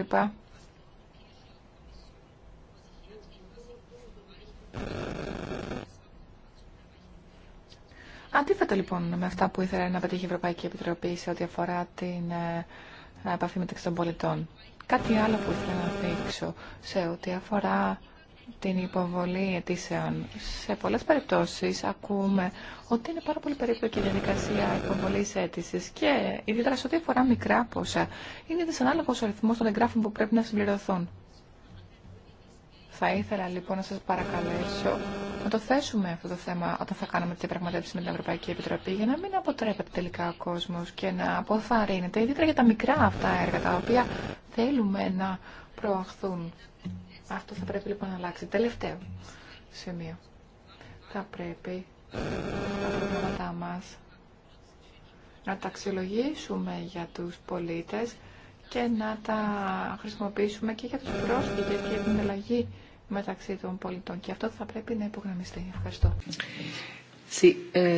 Αντίθετα λοιπόν με αυτά που ήθελε να πετύχει η Ευρωπαϊκή Επιτροπή σε ό,τι αφορά την ε, επαφή μεταξύ των πολιτών. Κάτι άλλο που ήθελα να δείξω σε ό,τι αφορά την υποβολή αιτήσεων. Σε πολλές περιπτώσεις ακούμε ότι είναι πάρα πολύ περίπλοκη η διαδικασία υποβολη αίτηση και ιδιαίτερα σε ό,τι αφορά μικρά ποσά. Είναι δυσανάλογο ο αριθμο των εγγράφων που πρέπει να συμπληρωθούν. Θα ήθελα λοιπόν να σα παρακαλέσω να το θέσουμε αυτό το θέμα όταν θα κάνουμε τη διαπραγματεύση με την Ευρωπαϊκή Επιτροπή για να μην αποτρέπεται τελικά ο κόσμο και να αποθαρρύνεται, ιδιαίτερα για τα μικρά αυτά έργα τα οποία θέλουμε να προαχθούν. Αυτό θα πρέπει λοιπόν να αλλάξει. Τελευταίο σημείο. Θα πρέπει τα προγράμματά μα να τα αξιολογήσουμε για τους πολίτες και να τα χρησιμοποιήσουμε και για τους πρόσφυγες και για την αλλαγή μεταξύ των πολιτών. Και αυτό θα πρέπει να υπογραμμιστεί. Ευχαριστώ. Ε,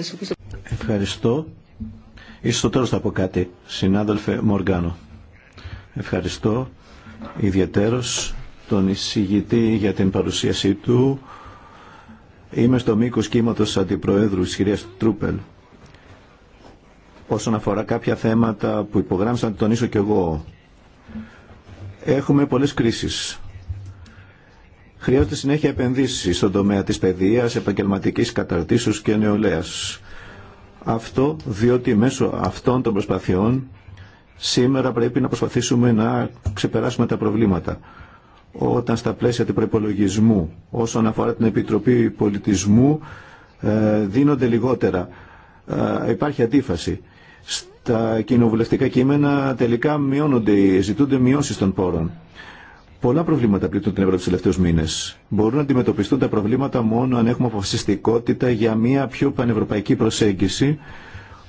ευχαριστώ. Ίσως στο τέλος θα πω κάτι, συνάδελφε Μοργάνο. Ευχαριστώ ιδιαίτερος τον εισηγητή για την παρουσίασή του. Είμαι στο μήκο κύματο αντιπροέδρου της κυρίας Τρούπελ. Όσον αφορά κάποια θέματα που υπογράμμισα να τονίσω και εγώ. Έχουμε πολλές κρίσεις Χρειάζεται συνέχεια επενδύσει στον τομέα της παιδείας, επαγγελματική καταρτήσεω και νεολαία. Αυτό διότι μέσω αυτών των προσπαθειών σήμερα πρέπει να προσπαθήσουμε να ξεπεράσουμε τα προβλήματα. Όταν στα πλαίσια του προπολογισμού, όσον αφορά την Επιτροπή Πολιτισμού, ε, δίνονται λιγότερα. Ε, υπάρχει αντίφαση. Στα κοινοβουλευτικά κείμενα τελικά μειώνονται, ζητούνται μειώσεις των πόρων. Πολλά προβλήματα πλήττουν την Ευρώπη του τελευταίου μήνε. Μπορούν να αντιμετωπιστούν τα προβλήματα μόνο αν έχουμε αποφασιστικότητα για μια πιο πανευρωπαϊκή προσέγγιση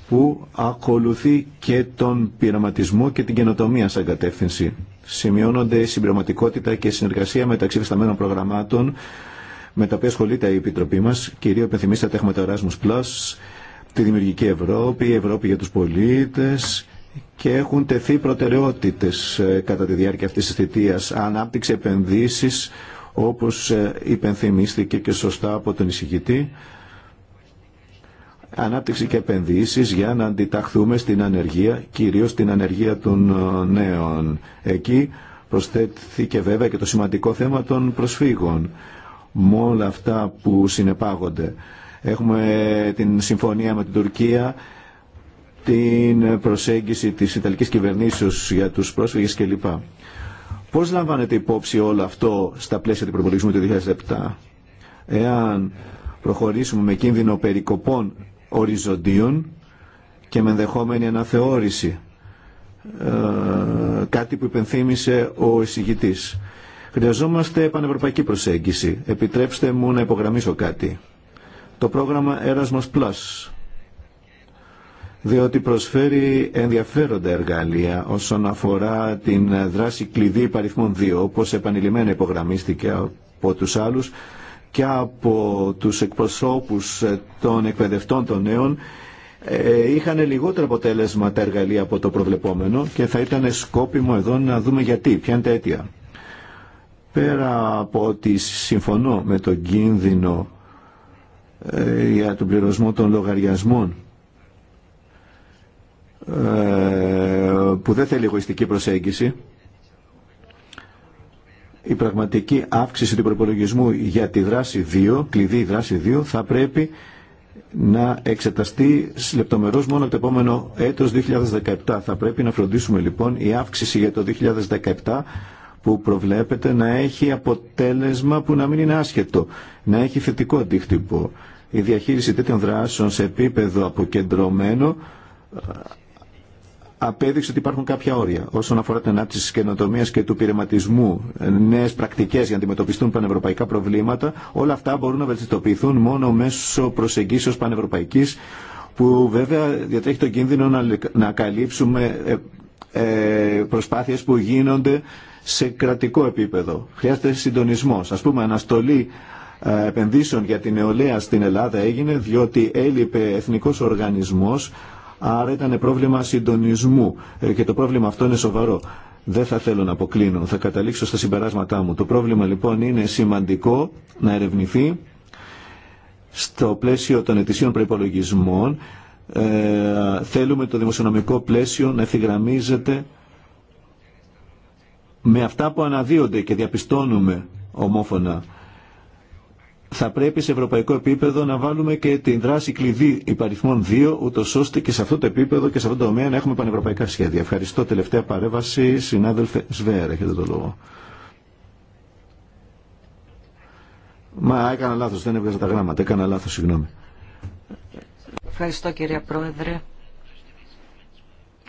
που ακολουθεί και τον πειραματισμό και την καινοτομία σαν κατεύθυνση. Σημειώνονται η συμπληρωματικότητα και η συνεργασία μεταξύ φεσταμένων προγραμμάτων με τα οποία ασχολείται η Επιτροπή μα. Κυρίω τα έχουμε το Erasmus Plus, τη Δημιουργική Ευρώπη, η Ευρώπη για του πολίτε, και έχουν τεθεί προτεραιότητες ε, κατά τη διάρκεια αυτής της θητείας. Ανάπτυξη επενδύσεις όπως ε, υπενθυμίστηκε και σωστά από τον εισηγητή. Ανάπτυξη και επενδύσεις για να αντιταχθούμε στην ανεργία, κυρίως στην ανεργία των ε, νέων. Εκεί προσθέθηκε βέβαια και το σημαντικό θέμα των προσφύγων με όλα αυτά που συνεπάγονται. Έχουμε την συμφωνία με την Τουρκία την προσέγγιση της Ιταλικής κυβερνήσεως για τους πρόσφυγες κλπ. Πώς λαμβάνεται υπόψη όλο αυτό στα πλαίσια του προπολογισμού του 2007 εάν προχωρήσουμε με κίνδυνο περικοπών οριζοντίων και με ενδεχόμενη αναθεώρηση ε, κάτι που υπενθύμησε ο εισηγητής. Χρειαζόμαστε πανευρωπαϊκή προσέγγιση. Επιτρέψτε μου να υπογραμμίσω κάτι. Το πρόγραμμα Erasmus Plus διότι προσφέρει ενδιαφέροντα εργαλεία όσον αφορά την δράση κλειδί υπαριθμών 2, όπως επανειλημμένα υπογραμμίστηκε από τους άλλους και από τους εκπροσώπους των εκπαιδευτών των νέων, ε, είχαν λιγότερο αποτέλεσμα τα εργαλεία από το προβλεπόμενο και θα ήταν σκόπιμο εδώ να δούμε γιατί, ποια είναι τα αίτια. Πέρα από ότι συμφωνώ με τον κίνδυνο ε, για τον πληρωσμό των λογαριασμών ε, που δεν θέλει εγωιστική προσέγγιση. Η πραγματική αύξηση του προπολογισμού για τη δράση 2, κλειδί δράση 2, θα πρέπει να εξεταστεί λεπτομερώς μόνο το επόμενο έτος 2017. Θα πρέπει να φροντίσουμε λοιπόν η αύξηση για το 2017 που προβλέπεται να έχει αποτέλεσμα που να μην είναι άσχετο, να έχει θετικό αντίκτυπο. Η διαχείριση τέτοιων δράσεων σε επίπεδο αποκεντρωμένο απέδειξε ότι υπάρχουν κάποια όρια όσον αφορά την ανάπτυξη τη καινοτομία και του πειραματισμού, νέε πρακτικέ για να αντιμετωπιστούν πανευρωπαϊκά προβλήματα. Όλα αυτά μπορούν να βελτιστοποιηθούν μόνο μέσω προσεγγίσεω πανευρωπαϊκή, που βέβαια διατρέχει τον κίνδυνο να, καλύψουμε ε, ε, προσπάθειες που γίνονται σε κρατικό επίπεδο. Χρειάζεται συντονισμό. Α πούμε, αναστολή ε, επενδύσεων για την νεολαία στην Ελλάδα έγινε διότι έλειπε εθνικός οργανισμός Άρα ήταν πρόβλημα συντονισμού ε, και το πρόβλημα αυτό είναι σοβαρό. Δεν θα θέλω να αποκλίνω, θα καταλήξω στα συμπεράσματά μου. Το πρόβλημα λοιπόν είναι σημαντικό να ερευνηθεί στο πλαίσιο των ετησίων προϋπολογισμών. Ε, θέλουμε το δημοσιονομικό πλαίσιο να εφηγραμμίζεται με αυτά που αναδύονται και διαπιστώνουμε ομόφωνα θα πρέπει σε ευρωπαϊκό επίπεδο να βάλουμε και την δράση κλειδί υπαριθμών 2, ούτω ώστε και σε αυτό το επίπεδο και σε αυτό το τομέα να έχουμε πανευρωπαϊκά σχέδια. Ευχαριστώ. Τελευταία παρέμβαση, συνάδελφε Σβέρ, έχετε το λόγο. Μα έκανα λάθο, δεν έβγαζα τα γράμματα, έκανα λάθο, συγγνώμη. Ευχαριστώ κύριε Πρόεδρε.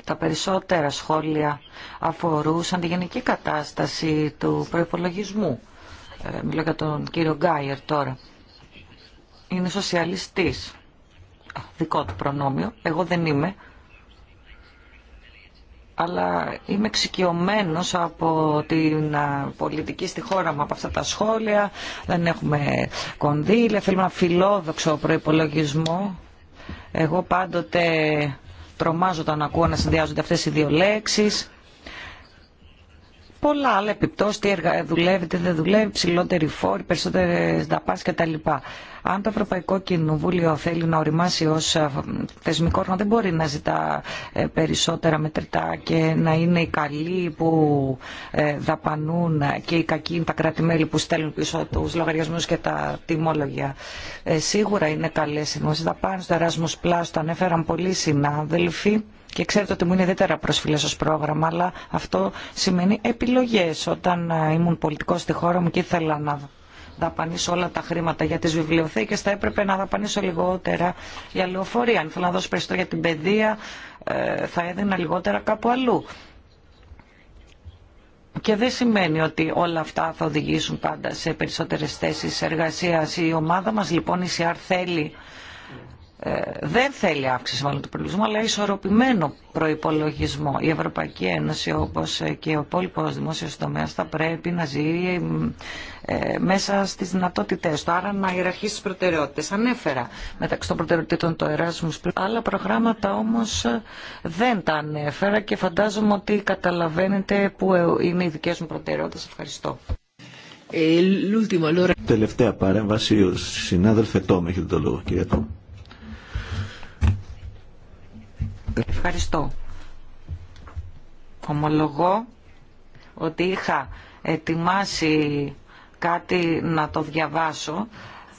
Τα περισσότερα σχόλια αφορούσαν τη γενική κατάσταση του προπολογισμού. Ε, μιλώ για τον κύριο Γκάιερ τώρα, είναι σοσιαλιστής. δικό του προνόμιο, εγώ δεν είμαι. Αλλά είμαι εξοικειωμένο από την πολιτική στη χώρα μου, από αυτά τα σχόλια. Δεν έχουμε κονδύλια, θέλουμε ένα φιλόδοξο προπολογισμό. Εγώ πάντοτε τρομάζω όταν ακούω να συνδυάζονται αυτές οι δύο λέξεις πολλά άλλα επιπτώσει, τι εργα... δουλεύει, τι δεν δουλεύει, ψηλότεροι φόροι, περισσότερε δαπάνε κτλ. Αν το Ευρωπαϊκό Κοινοβούλιο θέλει να οριμάσει ω θεσμικό όργανο, δεν μπορεί να ζητά ε, περισσότερα μετρητά και να είναι οι καλοί που ε, δαπανούν και οι κακοί είναι τα κράτη-μέλη που στέλνουν πίσω του λογαριασμού και τα τιμόλογια. Ε, σίγουρα είναι καλέ οι δαπάνε. Το Erasmus Plus το ανέφεραν πολλοί συνάδελφοι και ξέρετε ότι μου είναι ιδιαίτερα προσφυλές ως πρόγραμμα, αλλά αυτό σημαίνει επιλογές. Όταν ε, ήμουν πολιτικός στη χώρα μου και ήθελα να δαπανίσω όλα τα χρήματα για τις βιβλιοθήκε, θα έπρεπε να δαπανίσω λιγότερα για λεωφορεία. Αν ήθελα να δώσω περισσότερο για την παιδεία, ε, θα έδινα λιγότερα κάπου αλλού. Και δεν σημαίνει ότι όλα αυτά θα οδηγήσουν πάντα σε περισσότερες θέσεις εργασίας. Η ομάδα μας λοιπόν η ΣΥΑΡ θέλει δεν θέλει αύξηση μόνο του προπολογισμού, αλλά ισορροπημένο προϋπολογισμό Η Ευρωπαϊκή Ένωση, όπως και ο υπόλοιπο δημόσιο τομέα, θα πρέπει να ζει μέσα στις δυνατότητες του. Άρα να ιεραρχήσει τι προτεραιότητε. Ανέφερα μεταξύ των προτεραιοτήτων το Erasmus. Άλλα προγράμματα όμως δεν τα ανέφερα και φαντάζομαι ότι καταλαβαίνετε που είναι οι δικέ μου προτεραιότητες Ευχαριστώ. Τελευταία παρέμβαση, ο συνάδελφε Τόμ, έχετε το λόγο, κύριε Τόμ. Ευχαριστώ. Ομολογώ ότι είχα ετοιμάσει κάτι να το διαβάσω,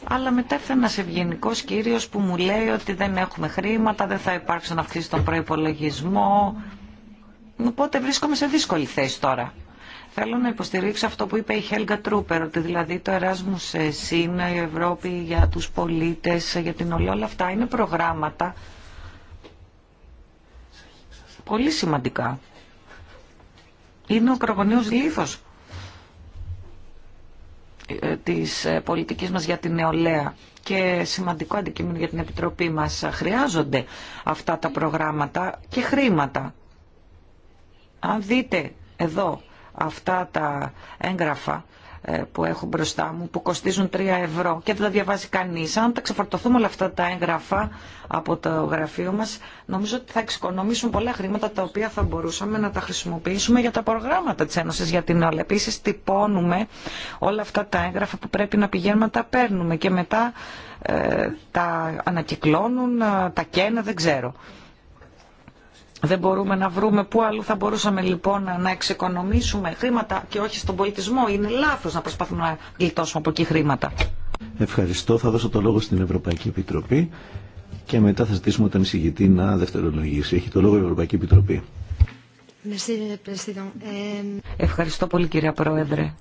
αλλά μετά σε ένας ευγενικός κύριος που μου λέει ότι δεν έχουμε χρήματα, δεν θα υπάρξουν αυξήσει στον προϋπολογισμό. Οπότε βρίσκομαι σε δύσκολη θέση τώρα. Θέλω να υποστηρίξω αυτό που είπε η Χέλγα Τρούπερ, ότι δηλαδή το Erasmus ε, ΣΥΝ, η ε, Ευρώπη για τους πολίτες, ε, για την Ολή, όλα αυτά είναι προγράμματα πολύ σημαντικά. Είναι ο κραγωνίος λίθος ε, της ε, πολιτικής μας για την νεολαία και σημαντικό αντικείμενο για την Επιτροπή μας. Χρειάζονται αυτά τα προγράμματα και χρήματα. Αν δείτε εδώ αυτά τα έγγραφα ε, που έχω μπροστά μου, που κοστίζουν 3 ευρώ και δεν τα διαβάζει κανείς. Αν τα ξεφορτωθούμε όλα αυτά τα έγγραφα από το γραφείο μας, νομίζω ότι θα εξοικονομήσουν πολλά χρήματα τα οποία θα μπορούσαμε να τα χρησιμοποιήσουμε για τα προγράμματα τη Ένωση, για την Όλα. Επίση τυπώνουμε όλα αυτά τα έγγραφα που πρέπει να πηγαίνουμε να τα παίρνουμε και μετά ε, τα ανακυκλώνουν, ε, τα κένα, δεν ξέρω. Δεν μπορούμε να βρούμε πού αλλού θα μπορούσαμε λοιπόν να εξοικονομήσουμε χρήματα και όχι στον πολιτισμό. Είναι λάθος να προσπαθούμε να γλιτώσουμε από εκεί χρήματα. Ευχαριστώ. Θα δώσω το λόγο στην Ευρωπαϊκή Επιτροπή και μετά θα ζητήσουμε τον εισηγητή να δευτερολογήσει. Έχει το λόγο η Ευρωπαϊκή Επιτροπή. Ε, Ευχαριστώ πολύ κυρία Πρόεδρε.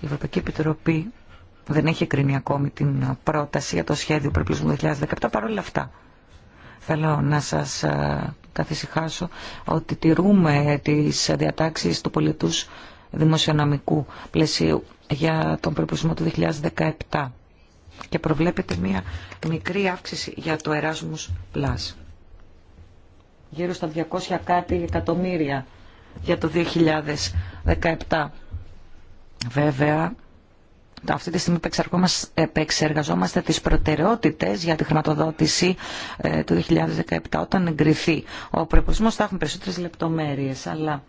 Η Ευρωπαϊκή Επιτροπή δεν έχει κρίνει ακόμη την πρόταση για το σχέδιο προπλήσμου 2017. παρόλα αυτά, Θέλω να σας ε, καθησυχάσω ότι τηρούμε τις διατάξεις του πολιτούς δημοσιονομικού πλαισίου για τον προπλησμό του 2017 και προβλέπεται μία μικρή αύξηση για το Erasmus Plus. Γύρω στα 200 κάτι εκατομμύρια για το 2017. Βέβαια, αυτή τη στιγμή επεξεργαζόμαστε τις προτεραιότητες για τη χρηματοδότηση ε, του 2017 όταν εγκριθεί. Ο προϋπολογισμός θα έχουν περισσότερες λεπτομέρειες, αλλά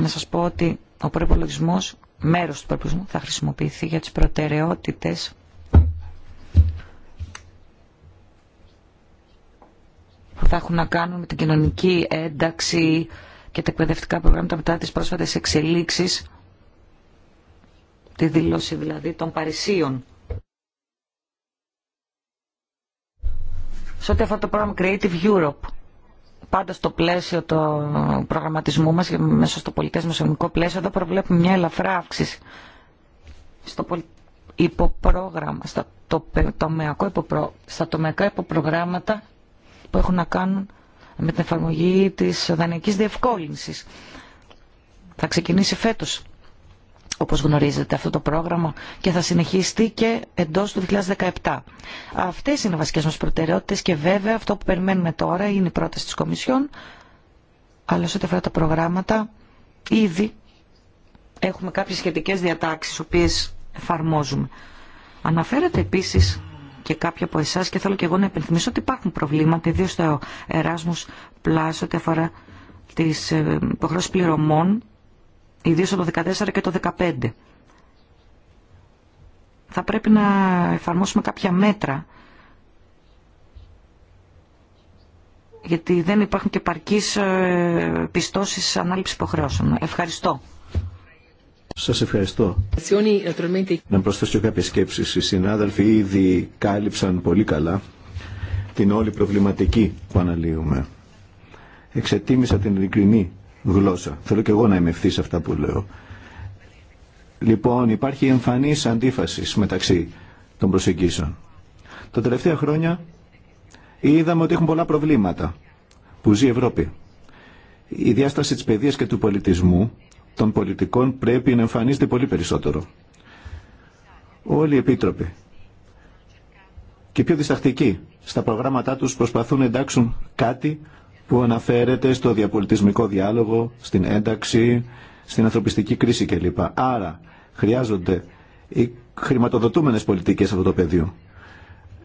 να σας πω ότι ο προϋπολογισμός, μέρος του προϋπολογισμού θα χρησιμοποιηθεί για τις προτεραιότητες που θα έχουν να κάνουν με την κοινωνική ένταξη και τα εκπαιδευτικά προγράμματα μετά τις πρόσφατες εξελίξεις τη δήλωση δηλαδή των Παρισίων. Σε ό,τι αφορά το πρόγραμμα Creative Europe, πάντα στο πλαίσιο του προγραμματισμού μας μέσα στο πολιτές μεσονομικό πλαίσιο, εδώ προβλέπουμε μια ελαφρά αύξηση στο υποπρόγραμμα, στα το... τομεακό υποπρο... στα τομεακά υποπρογράμματα που έχουν να κάνουν με την εφαρμογή της δανειακής διευκόλυνσης. Θα ξεκινήσει φέτος όπως γνωρίζετε αυτό το πρόγραμμα και θα συνεχιστεί και εντός του 2017. Αυτές είναι οι βασικές μας προτεραιότητες και βέβαια αυτό που περιμένουμε τώρα είναι η πρόταση της Κομισιόν, αλλά σε ό,τι αφορά τα προγράμματα ήδη έχουμε κάποιες σχετικές διατάξεις, οποίες εφαρμόζουμε. Αναφέρεται επίσης και κάποιοι από εσά και θέλω και εγώ να υπενθυμίσω ότι υπάρχουν προβλήματα, ιδίω στο Erasmus Plus, ό,τι αφορά τι ε, πληρωμών ιδίως το 2014 και το 2015. Θα πρέπει να εφαρμόσουμε κάποια μέτρα, γιατί δεν υπάρχουν και παρκείς ε, πιστώσεις ανάληψη υποχρεώσεων. Ευχαριστώ. Σας ευχαριστώ. Να προσθέσω κάποιε σκέψει. Οι συνάδελφοι ήδη κάλυψαν πολύ καλά την όλη προβληματική που αναλύουμε. Εξετίμησα την ειλικρινή γλώσσα. Θέλω και εγώ να είμαι ευθύ αυτά που λέω. Λοιπόν, υπάρχει εμφανής αντίφαση μεταξύ των προσεγγίσεων. Τα τελευταία χρόνια είδαμε ότι έχουν πολλά προβλήματα που ζει η Ευρώπη. Η διάσταση της παιδείας και του πολιτισμού των πολιτικών πρέπει να εμφανίζεται πολύ περισσότερο. Όλοι οι επίτροποι και πιο διστακτικοί στα προγράμματά τους προσπαθούν να εντάξουν κάτι που αναφέρεται στο διαπολιτισμικό διάλογο, στην ένταξη, στην ανθρωπιστική κρίση κλπ. Άρα χρειάζονται οι χρηματοδοτούμενες πολιτικές σε αυτό το πεδίο.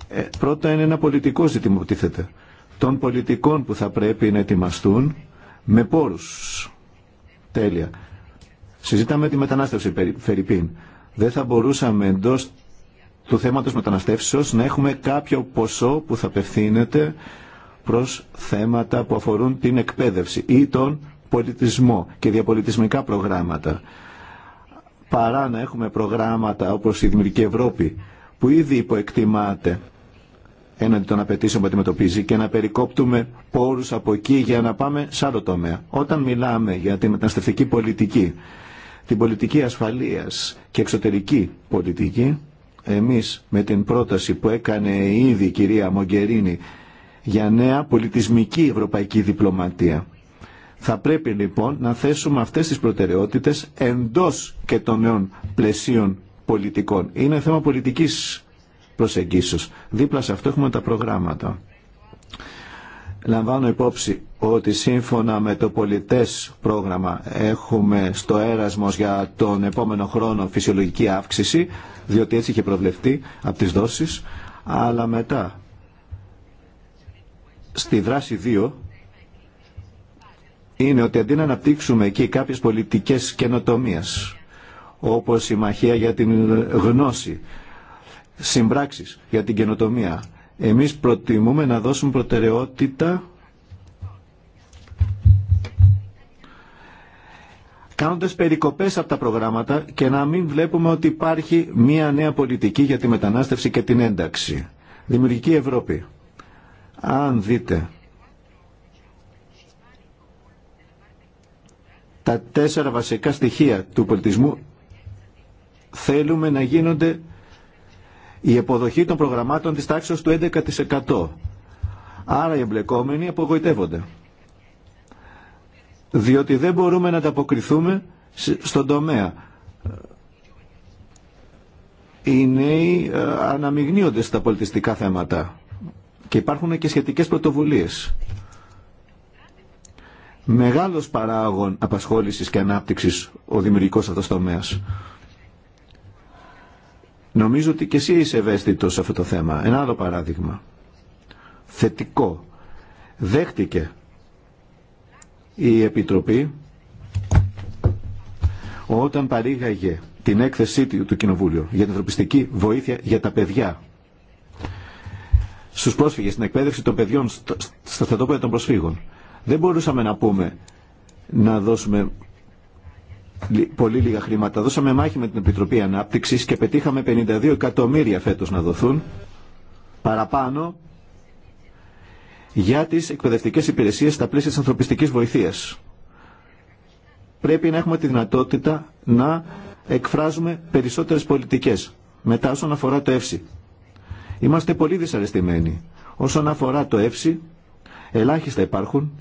Ε, πρώτα είναι ένα πολιτικό ζήτημα που τίθεται. Των πολιτικών που θα πρέπει να ετοιμαστούν με πόρους. Τέλεια. Συζητάμε τη μετανάστευση, Φερρυπίν. Δεν θα μπορούσαμε εντός του θέματος μεταναστεύσεως να έχουμε κάποιο ποσό που θα απευθύνεται προς θέματα που αφορούν την εκπαίδευση ή τον πολιτισμό και διαπολιτισμικά προγράμματα. Παρά να έχουμε προγράμματα όπως η Δημιουργική Ευρώπη που ήδη υποεκτιμάται έναντι των απαιτήσεων που αντιμετωπίζει και να περικόπτουμε πόρους από εκεί για να πάμε σε άλλο τομέα. Όταν μιλάμε για την μεταναστευτική πολιτική, την πολιτική ασφαλείας και εξωτερική πολιτική, εμείς με την πρόταση που έκανε ήδη η κυρία Μογκερίνη για νέα πολιτισμική ευρωπαϊκή διπλωματία. Θα πρέπει λοιπόν να θέσουμε αυτές τις προτεραιότητες εντός και των νέων πλαισίων πολιτικών. Είναι θέμα πολιτικής προσεγγίσεως. Δίπλα σε αυτό έχουμε τα προγράμματα. Λαμβάνω υπόψη ότι σύμφωνα με το πολιτές πρόγραμμα έχουμε στο έρασμος για τον επόμενο χρόνο φυσιολογική αύξηση, διότι έτσι είχε προβλεφτεί από τις δόσεις, αλλά μετά στη δράση 2 είναι ότι αντί να αναπτύξουμε εκεί κάποιες πολιτικές καινοτομίες όπως η μαχία για την γνώση, συμπράξεις για την καινοτομία, εμείς προτιμούμε να δώσουμε προτεραιότητα κάνοντας περικοπές από τα προγράμματα και να μην βλέπουμε ότι υπάρχει μία νέα πολιτική για τη μετανάστευση και την ένταξη. Δημιουργική Ευρώπη. Αν δείτε τα τέσσερα βασικά στοιχεία του πολιτισμού θέλουμε να γίνονται η αποδοχή των προγραμμάτων της τάξης του 11%. Άρα οι εμπλεκόμενοι απογοητεύονται. Διότι δεν μπορούμε να ανταποκριθούμε στον τομέα. Οι νέοι ε, αναμειγνύονται στα πολιτιστικά θέματα. Και υπάρχουν και σχετικές πρωτοβουλίες. Μεγάλος παράγων απασχόλησης και ανάπτυξης ο δημιουργικός αυτός τομέας. Νομίζω ότι και εσύ είσαι ευαίσθητο σε αυτό το θέμα. Ένα άλλο παράδειγμα. Θετικό. Δέχτηκε η Επιτροπή όταν παρήγαγε την έκθεσή του Κοινοβούλιο για την ανθρωπιστική βοήθεια για τα παιδιά στους πρόσφυγες, στην εκπαίδευση των παιδιών στα στρατόπεδα των προσφύγων. Δεν μπορούσαμε να πούμε να δώσουμε πολύ λίγα χρήματα. Δώσαμε μάχη με την Επιτροπή Ανάπτυξης και πετύχαμε 52 εκατομμύρια φέτος να δοθούν παραπάνω για τις εκπαιδευτικές υπηρεσίες στα πλαίσια της ανθρωπιστικής βοηθείας. Πρέπει να έχουμε τη δυνατότητα να εκφράζουμε περισσότερες πολιτικές. Μετά όσον αφορά το ΕΦΣΥ. Είμαστε πολύ δυσαρεστημένοι. Όσον αφορά το ΕΦΣΥ, ελάχιστα υπάρχουν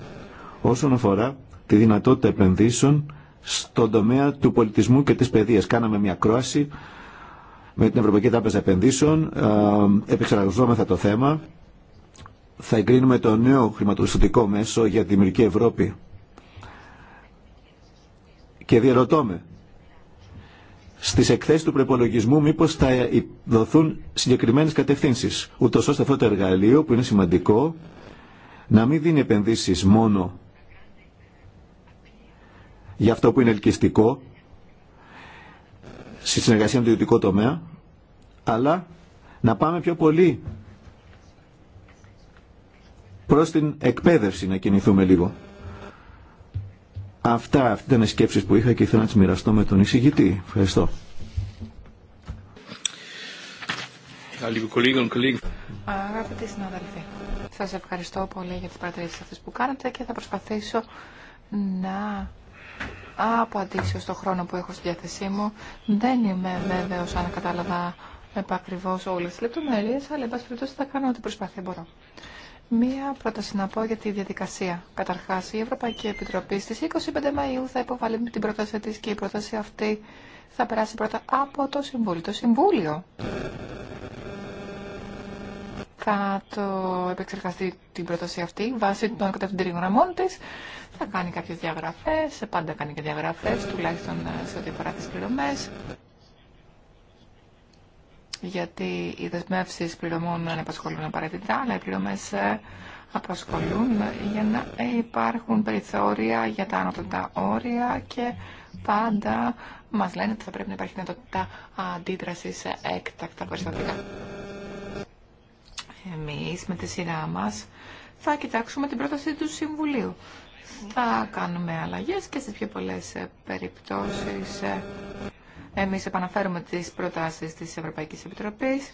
όσον αφορά τη δυνατότητα επενδύσεων στον τομέα του πολιτισμού και της παιδείας. Κάναμε μια κρόαση με την Ευρωπαϊκή Τράπεζα Επενδύσεων, ε, επεξεργαζόμεθα το θέμα, θα εγκρίνουμε το νέο χρηματοδοτικό μέσο για τη Δημιουργική Ευρώπη. Και διαρωτώ στις εκθέσεις του προπολογισμού μήπως θα δοθούν συγκεκριμένες κατευθύνσεις, ούτως ώστε αυτό το εργαλείο που είναι σημαντικό να μην δίνει επενδύσεις μόνο για αυτό που είναι ελκυστικό στη συνεργασία με το ιδιωτικό τομέα, αλλά να πάμε πιο πολύ προς την εκπαίδευση να κινηθούμε λίγο. Αυτά, αυτά ήταν οι σκέψεις που είχα και ήθελα να τι μοιραστώ με τον εισηγητή. Ευχαριστώ. Αγαπητοί συναδελφοί, σας ευχαριστώ πολύ για τις παρατηρήσεις αυτές που κάνατε και θα προσπαθήσω να απαντήσω στο χρόνο που έχω στη διάθεσή μου. Δεν είμαι βέβαιος αν κατάλαβα επακριβώς όλες τις λεπτομέρειες, αλλά εν πάση περιπτώσει θα κάνω ό,τι προσπάθεια μπορώ. Μία πρόταση να πω για τη διαδικασία. Καταρχά, η Ευρωπαϊκή Επιτροπή στι 25 Μαου θα υποβάλει την πρόταση τη και η πρόταση αυτή θα περάσει πρώτα από το Συμβούλιο. Το Συμβούλιο θα το επεξεργαστεί την πρόταση αυτή βάσει των κατευθυντήριων γραμμών τη. Θα κάνει κάποιε διαγραφέ, πάντα κάνει και διαγραφέ, τουλάχιστον σε ό,τι αφορά τι πληρωμέ γιατί οι δεσμεύσει πληρωμών δεν απασχολούν απαραίτητα, αλλά οι πληρωμέ ε, απασχολούν για να υπάρχουν περιθώρια για τα τα όρια και πάντα μα λένε ότι θα πρέπει να υπάρχει δυνατότητα αντίδραση σε έκτακτα περιστατικά. Εμεί με τη σειρά μα θα κοιτάξουμε την πρόταση του Συμβουλίου. Θα κάνουμε αλλαγές και σε πιο πολλές ε, περιπτώσεις ε, εμείς επαναφέρουμε τις προτάσεις της Ευρωπαϊκής Επιτροπής.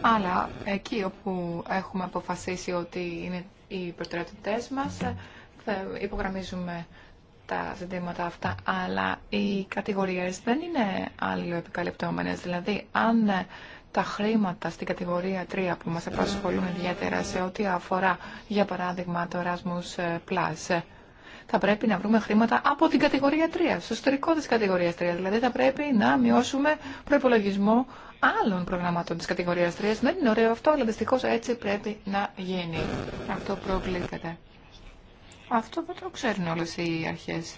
Αλλά εκεί όπου έχουμε αποφασίσει ότι είναι οι προτεραιότητές μας, υπογραμμίζουμε τα ζητήματα αυτά, αλλά οι κατηγορίες δεν είναι αλληλοεπικαλυπτόμενες. Δηλαδή, αν τα χρήματα στην κατηγορία 3 που μας απασχολούν ιδιαίτερα σε ό,τι αφορά, για παράδειγμα, το Erasmus Plus, θα πρέπει να βρούμε χρήματα από την κατηγορία 3, στο εσωτερικό της κατηγορίας 3. Δηλαδή θα πρέπει να μειώσουμε προπολογισμό άλλων προγραμμάτων της κατηγορίας 3. Δεν είναι ωραίο αυτό, αλλά δυστυχώς έτσι πρέπει να γίνει. Αυτό προκλήθεται. Αυτό δεν το ξέρουν όλες οι αρχές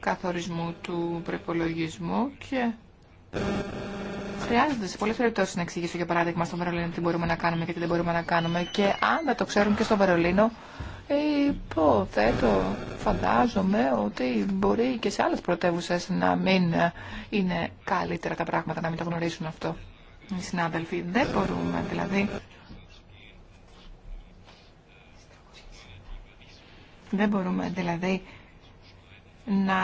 καθορισμού του προπολογισμού και χρειάζεται σε πολλέ περιπτώσει να εξηγήσω για παράδειγμα στο Βερολίνο τι μπορούμε να κάνουμε και τι δεν μπορούμε να κάνουμε. Και αν δεν το ξέρουν και στο Βερολίνο, Υποθέτω, φαντάζομαι ότι μπορεί και σε άλλες πρωτεύουσε να μην είναι καλύτερα τα πράγματα, να μην το γνωρίσουν αυτό οι συνάδελφοι. Δεν μπορούμε δηλαδή. Δεν μπορούμε δηλαδή να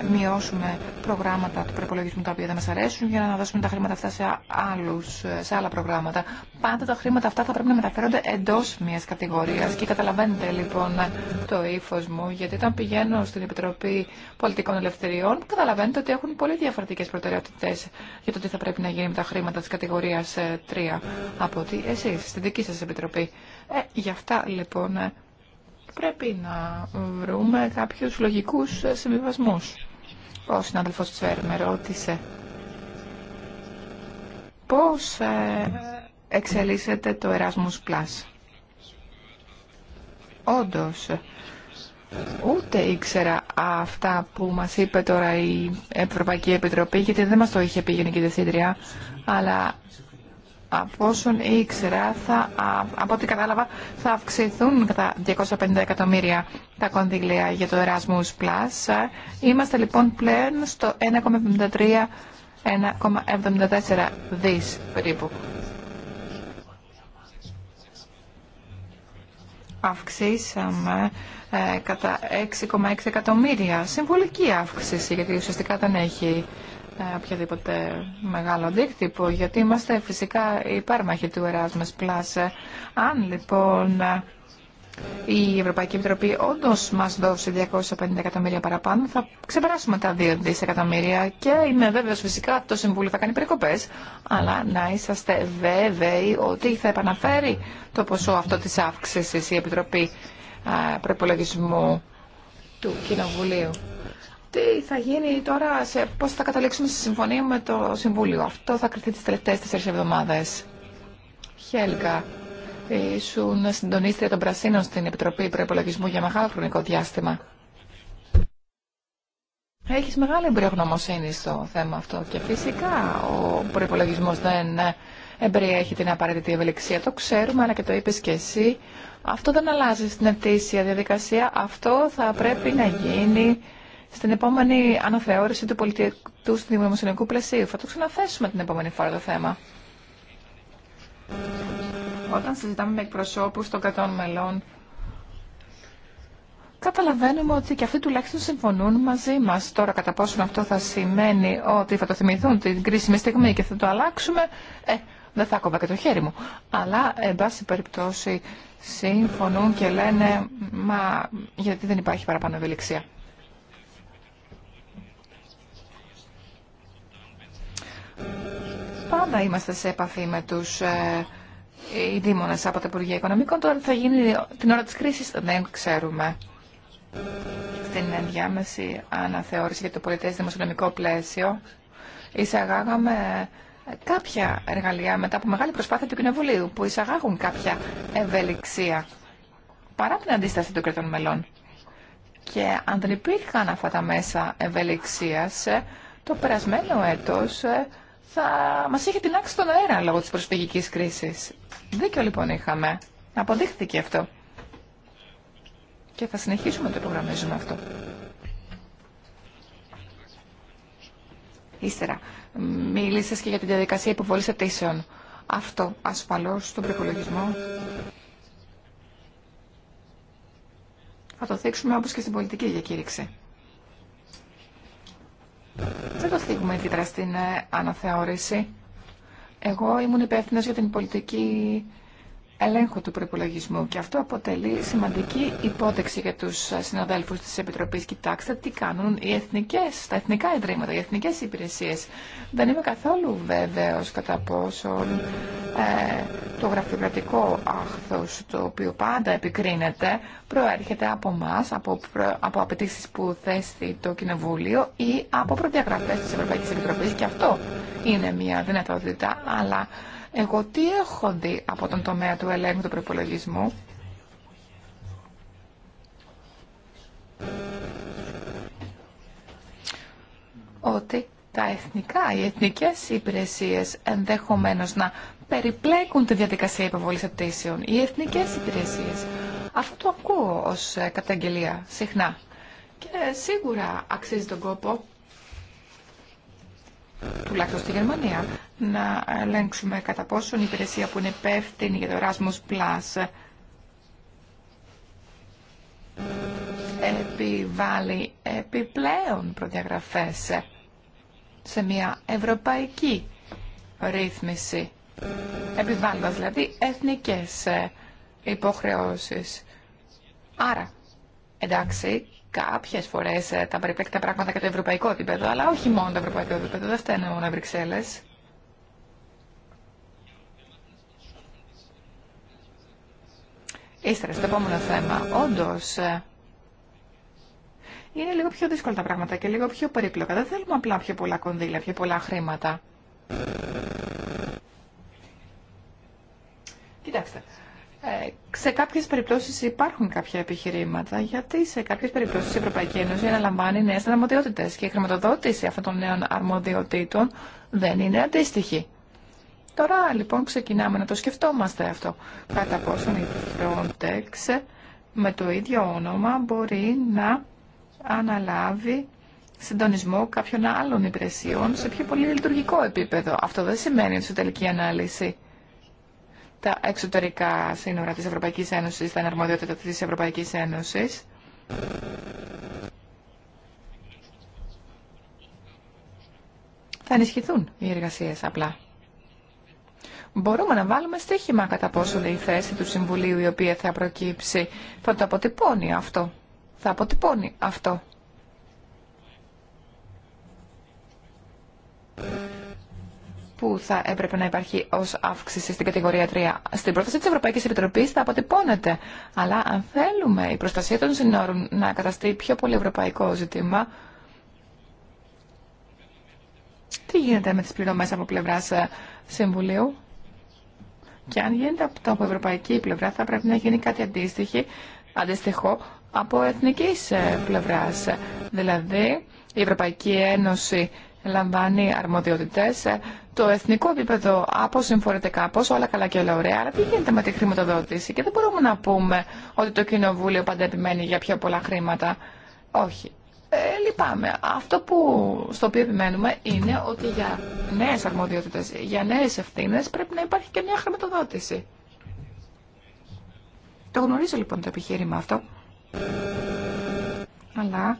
ε, μειώσουμε προγράμματα του προπολογισμού τα οποία δεν μας αρέσουν για να δώσουμε τα χρήματα αυτά σε, άλλους, ε, σε άλλα προγράμματα. Πάντα τα χρήματα αυτά θα πρέπει να μεταφέρονται εντός μιας κατηγορίας και καταλαβαίνετε λοιπόν το ύφο μου γιατί όταν πηγαίνω στην Επιτροπή Πολιτικών Ελευθεριών καταλαβαίνετε ότι έχουν πολύ διαφορετικές προτεραιότητες για το τι θα πρέπει να γίνει με τα χρήματα της κατηγορίας 3 ε, από ότι εσείς στην δική σας Επιτροπή. Ε, γι' αυτά λοιπόν πρέπει να βρούμε κάποιους λογικούς συμβιβασμούς. Ο συνάδελφος Τσέρ με ρώτησε πώς ε, εξελίσσεται το Erasmus Plus. Όντως, ούτε ήξερα αυτά που μας είπε τώρα η Ευρωπαϊκή Επιτροπή, γιατί δεν μας το είχε πει η Γενική Διευθύντρια, αλλά από όσον ήξερα, θα, από ό,τι κατάλαβα, θα αυξηθούν κατά 250 εκατομμύρια τα κονδύλια για το Erasmus Plus. Είμαστε λοιπόν πλέον στο 1,73-1,74 δις περίπου. Αυξήσαμε ε, κατά 6,6 εκατομμύρια. Συμβολική αύξηση, γιατί ουσιαστικά δεν έχει οποιοδήποτε μεγάλο αντίκτυπο, γιατί είμαστε φυσικά υπέρμαχοι του Erasmus Plus. Αν λοιπόν η Ευρωπαϊκή Επιτροπή όντω μα δώσει 250 εκατομμύρια παραπάνω, θα ξεπεράσουμε τα 2 δισεκατομμύρια και είμαι βέβαιο φυσικά το Συμβούλιο θα κάνει περικοπέ. Αλλά να είσαστε βέβαιοι ότι θα επαναφέρει το ποσό αυτό τη αύξηση η Επιτροπή ε, Προπολογισμού του Κοινοβουλίου τι θα γίνει τώρα, σε, πώς θα καταλήξουμε στη συμφωνία με το Συμβούλιο. Αυτό θα κριθεί τις τελευταίες τέσσερις εβδομάδες. Χέλγα, ήσουν συντονίστρια των Πρασίνων στην Επιτροπή Προπολογισμού για μεγάλο χρονικό διάστημα. Έχεις μεγάλη εμπειρογνωμοσύνη στο θέμα αυτό και φυσικά ο προπολογισμό δεν εμπεριέχει την απαραίτητη ευελιξία. Το ξέρουμε, αλλά και το είπες και εσύ. Αυτό δεν αλλάζει στην ετήσια διαδικασία. Αυτό θα πρέπει να γίνει στην επόμενη αναθεώρηση του πολιτικού δημοσιονομικού πλαισίου. Θα το ξαναθέσουμε την επόμενη φορά το θέμα. Όταν συζητάμε με εκπροσώπου των κρατών μελών, καταλαβαίνουμε ότι και αυτοί τουλάχιστον συμφωνούν μαζί μα Τώρα κατά πόσο αυτό θα σημαίνει ότι θα το θυμηθούν την κρίσιμη στιγμή και θα το αλλάξουμε, ε, δεν θα κόβα και το χέρι μου. Αλλά, εν πάση περιπτώσει, συμφωνούν και λένε, μα γιατί δεν υπάρχει παραπάνω ευελιξία. Πάντα είμαστε σε επαφή με τους ε, από τα Υπουργεία Οικονομικών. Τώρα θα γίνει την ώρα τη κρίση δεν ξέρουμε. Στην ενδιάμεση αναθεώρηση για το πολιτέ δημοσιονομικό πλαίσιο εισαγάγαμε κάποια εργαλεία μετά από μεγάλη προσπάθεια του Κοινοβουλίου που εισαγάγουν κάποια ευελιξία παρά την αντίσταση των κρατών μελών. Και αν δεν υπήρχαν αυτά τα μέσα ευελιξίας, ε, το περασμένο έτος ε, θα μας είχε τεινάξει στον αέρα λόγω της προσφυγικής κρίσης. Δίκιο λοιπόν είχαμε. Αποδείχθηκε αυτό. Και θα συνεχίσουμε να το υπογραμμίζουμε αυτό. Ύστερα, μίλησε και για τη διαδικασία υποβολή αιτήσεων. Αυτό ασφαλώ στον προπολογισμό. Θα το δείξουμε όπω και στην πολιτική διακήρυξη. Δεν το θίγουμε ιδιαίτερα στην ε, αναθεώρηση. Εγώ ήμουν υπεύθυνο για την πολιτική ελέγχου του προπολογισμού και αυτό αποτελεί σημαντική υπότεξη για τους συναδέλφους της Επιτροπής. Κοιτάξτε τι κάνουν οι εθνικές, τα εθνικά ιδρύματα, οι εθνικές υπηρεσίες. Δεν είμαι καθόλου βέβαιος κατά πόσον ε, το γραφειοκρατικό άχθος το οποίο πάντα επικρίνεται προέρχεται από εμά, από, από απαιτήσει που θέσει το Κοινοβούλιο ή από προδιαγραφές της Ευρωπαϊκής Επιτροπής και αυτό είναι μια δυνατότητα, αλλά εγώ τι έχω δει από τον τομέα του ελέγχου του προπολογισμού. Ότι τα εθνικά, οι εθνικές υπηρεσίες ενδεχομένως να περιπλέκουν τη διαδικασία υποβολής απτήσεων. Οι εθνικές υπηρεσίες. Αυτό το ακούω ως καταγγελία συχνά. Και σίγουρα αξίζει τον κόπο τουλάχιστον στη Γερμανία, να ελέγξουμε κατά πόσον η υπηρεσία που είναι υπεύθυνη για το Erasmus Plus επιβάλλει επιπλέον προδιαγραφές σε μια ευρωπαϊκή ρύθμιση, επιβάλλοντας δηλαδή εθνικές υποχρεώσεις. Άρα, εντάξει, Κάποιε φορές ε, τα περιπλέκει πράγματα και το ευρωπαϊκό επίπεδο, αλλά όχι μόνο το ευρωπαϊκό επίπεδο, δεν φταίνουν μόνο οι Βρυξέλλε. Ύστερα, στο επόμενο θέμα, Όντω. Ε, είναι λίγο πιο δύσκολα τα πράγματα και λίγο πιο περίπλοκα. Δεν θέλουμε απλά πιο πολλά κονδύλια, πιο πολλά χρήματα. σε κάποιε περιπτώσει υπάρχουν κάποια επιχειρήματα, γιατί σε κάποιε περιπτώσει η Ευρωπαϊκή Ένωση αναλαμβάνει νέε αρμοδιότητες και η χρηματοδότηση αυτών των νέων αρμοδιοτήτων δεν είναι αντίστοιχη. Τώρα λοιπόν ξεκινάμε να το σκεφτόμαστε αυτό. Κατά πόσον η Frontex με το ίδιο όνομα μπορεί να αναλάβει συντονισμό κάποιων άλλων υπηρεσιών σε πιο πολύ λειτουργικό επίπεδο. Αυτό δεν σημαίνει ότι σε τελική ανάλυση τα εξωτερικά σύνορα της Ευρωπαϊκής Ένωσης, τα αρμοδιότητα της Ευρωπαϊκής Ένωσης. Θα ενισχυθούν οι εργασίες απλά. Μπορούμε να βάλουμε στοίχημα κατά πόσο λέει η θέση του Συμβουλίου η οποία θα προκύψει. Θα το αποτυπώνει αυτό. Θα αποτυπώνει αυτό που θα έπρεπε να υπάρχει ω αύξηση στην κατηγορία 3. Στην πρόταση τη Ευρωπαϊκή Επιτροπή θα αποτυπώνεται. Αλλά αν θέλουμε η προστασία των συνόρων να καταστεί πιο πολύ ευρωπαϊκό ζήτημα, τι γίνεται με τι πληρωμέ από πλευρά ε, Συμβουλίου. Και αν γίνεται από το από ευρωπαϊκή πλευρά θα πρέπει να γίνει κάτι αντίστοιχο, αντίστοιχο από εθνική ε, πλευρά. Δηλαδή η Ευρωπαϊκή Ένωση λαμβάνει αρμοδιότητε. Ε, το εθνικό επίπεδο αποσυμφορείται κάπω, όλα καλά και όλα ωραία. Αλλά τι γίνεται με τη χρηματοδότηση, και δεν μπορούμε να πούμε ότι το Κοινοβούλιο πάντα επιμένει για πιο πολλά χρήματα. Όχι. Ε, λυπάμαι. Αυτό που, στο οποίο επιμένουμε είναι ότι για νέε αρμοδιότητε, για νέε ευθύνε πρέπει να υπάρχει και μια χρηματοδότηση. Το γνωρίζω λοιπόν το επιχείρημα αυτό. Αλλά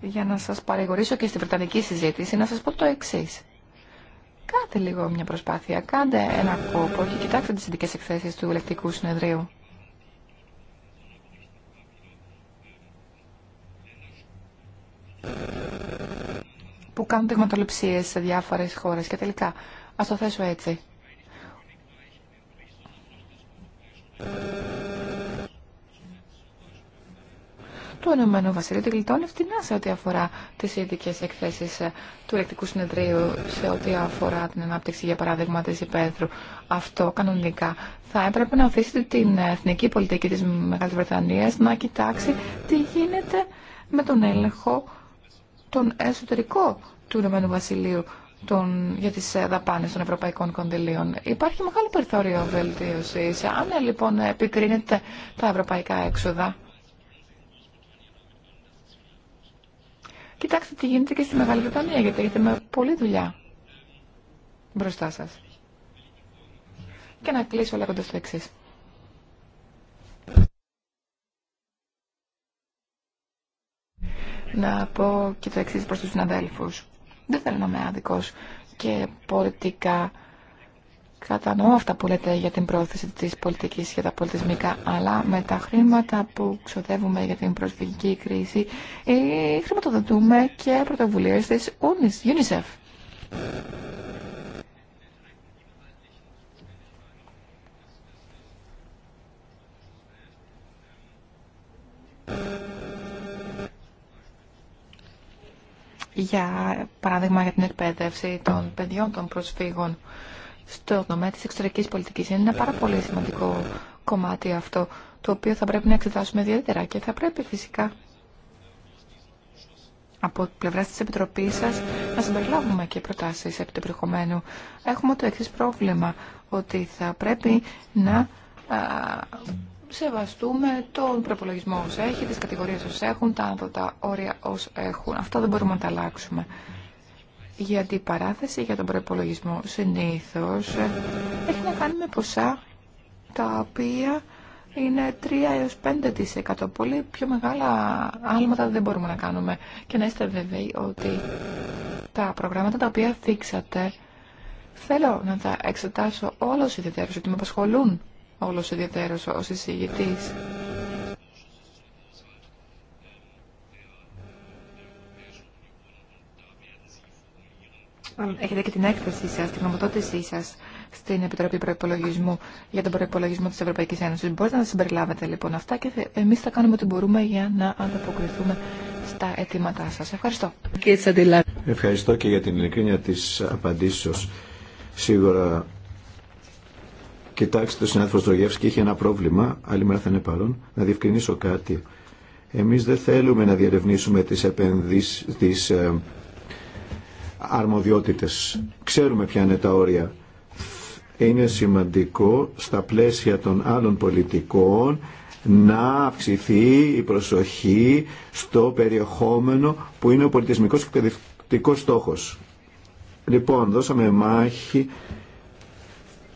για να σας παρηγορήσω και στην Βρετανική συζήτηση, να σας πω το εξή. Κάντε λίγο μια προσπάθεια, κάντε ένα κόπο και κοιτάξτε τις ειδικές εκθέσεις του Ελεκτικού Συνεδρίου. που κάνουν τεγματοληψίες σε διάφορες χώρες και τελικά, ας το θέσω έτσι. το Ηνωμένο Βασίλειο την γλιτώνει φτηνά σε ό,τι αφορά τις ειδικέ εκθέσεις ε, του Ελεκτικού Συνεδρίου, σε ό,τι αφορά την ανάπτυξη, για παράδειγμα, της υπαίθρου. Αυτό κανονικά θα έπρεπε να οθήσει την εθνική πολιτική της Μεγάλης Βρετανίας να κοιτάξει τι γίνεται με τον έλεγχο τον εσωτερικό του Ηνωμένου Βασιλείου για τις ε, δαπάνες των ευρωπαϊκών κονδυλίων. Υπάρχει μεγάλο περιθώριο βελτίωσης. Αν ε, λοιπόν επικρίνεται τα ευρωπαϊκά έξοδα, Κοιτάξτε τι γίνεται και στη Μεγάλη Βρετανία, γιατί έχετε με πολλή δουλειά μπροστά σας. Και να κλείσω λέγοντας το εξή. Να πω και το εξή προς τους συναδέλφους. Δεν θέλω να είμαι άδικος και πολιτικά Κατανοώ αυτά που λέτε για την πρόθεση της πολιτικής για τα πολιτισμικά, αλλά με τα χρήματα που ξοδεύουμε για την προσφυγική κρίση, ε, χρηματοδοτούμε και πρωτοβουλίες της UNICEF. Για παράδειγμα για την εκπαίδευση των παιδιών των προσφύγων στο τομέα της εξωτερικής πολιτικής. Είναι ένα πάρα πολύ σημαντικό κομμάτι αυτό, το οποίο θα πρέπει να εξετάσουμε ιδιαίτερα και θα πρέπει φυσικά από πλευρά τη Επιτροπή σα να συμπεριλάβουμε και προτάσει επί του περιεχομένου. Έχουμε το εξή πρόβλημα, ότι θα πρέπει να σεβαστούμε τον προπολογισμό όσο έχει, τι κατηγορίε όσο έχουν, τα όρια όσο έχουν. Αυτό δεν μπορούμε να τα αλλάξουμε. Γιατί η παράθεση για τον προπολογισμό συνήθως έχει να κάνει με ποσά τα οποία είναι 3 έως 5% πολύ πιο μεγάλα άλματα δεν μπορούμε να κάνουμε και να είστε βέβαιοι ότι τα προγράμματα τα οποία θίξατε θέλω να τα εξετάσω όλος ιδιαίτερος ότι με απασχολούν όλος ιδιαίτερος ως εισηγητής Έχετε και την έκθεσή σα, την γνωμοτότησή σα στην Επιτροπή Προπολογισμού για τον προπολογισμό τη Ευρωπαϊκή Ένωση. Μπορείτε να συμπεριλάβετε λοιπόν αυτά και εμεί θα κάνουμε ό,τι μπορούμε για να ανταποκριθούμε στα αιτήματά σα. Ευχαριστώ. Ευχαριστώ και για την ειλικρίνεια τη απαντήσεω. Σίγουρα Κοιτάξτε, ο συνάδελφο Τρογεύσκη είχε ένα πρόβλημα, άλλη μέρα θα είναι παρόν, να διευκρινίσω κάτι. Εμεί δεν θέλουμε να διερευνήσουμε τι επενδύσει, τις αρμοδιότητες. Ξέρουμε ποια είναι τα όρια. Είναι σημαντικό στα πλαίσια των άλλων πολιτικών να αυξηθεί η προσοχή στο περιεχόμενο που είναι ο πολιτισμικός και εκπαιδευτικός στόχος. Λοιπόν, δώσαμε μάχη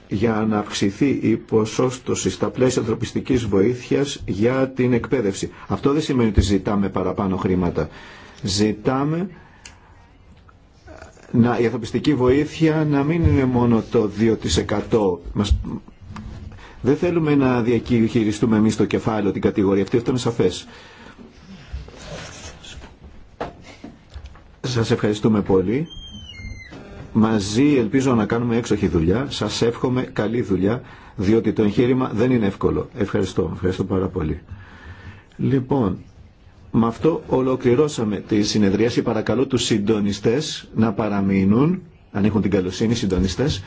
για να αυξηθεί η ποσόστοση στα πλαίσια ανθρωπιστικής βοήθειας για την εκπαίδευση. Αυτό δεν σημαίνει ότι ζητάμε παραπάνω χρήματα. Ζητάμε να, η ανθρωπιστική βοήθεια να μην είναι μόνο το 2%. Δεν θέλουμε να διαχειριστούμε εμεί το κεφάλαιο, την κατηγορία αυτή, αυτό είναι σαφές. Σας ευχαριστούμε πολύ. Μαζί ελπίζω να κάνουμε έξοχη δουλειά. Σας εύχομαι καλή δουλειά, διότι το εγχείρημα δεν είναι εύκολο. Ευχαριστώ. Ευχαριστώ πάρα πολύ. Λοιπόν, με αυτό ολοκληρώσαμε τη συνεδρίαση. Παρακαλώ τους συντονιστές να παραμείνουν, αν έχουν την καλοσύνη συντονιστές,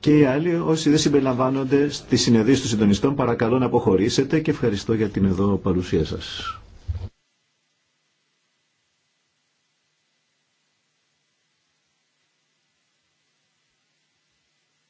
και οι άλλοι όσοι δεν συμπεριλαμβάνονται στη συνεδρίαση των συντονιστών παρακαλώ να αποχωρήσετε και ευχαριστώ για την εδώ παρουσία σας.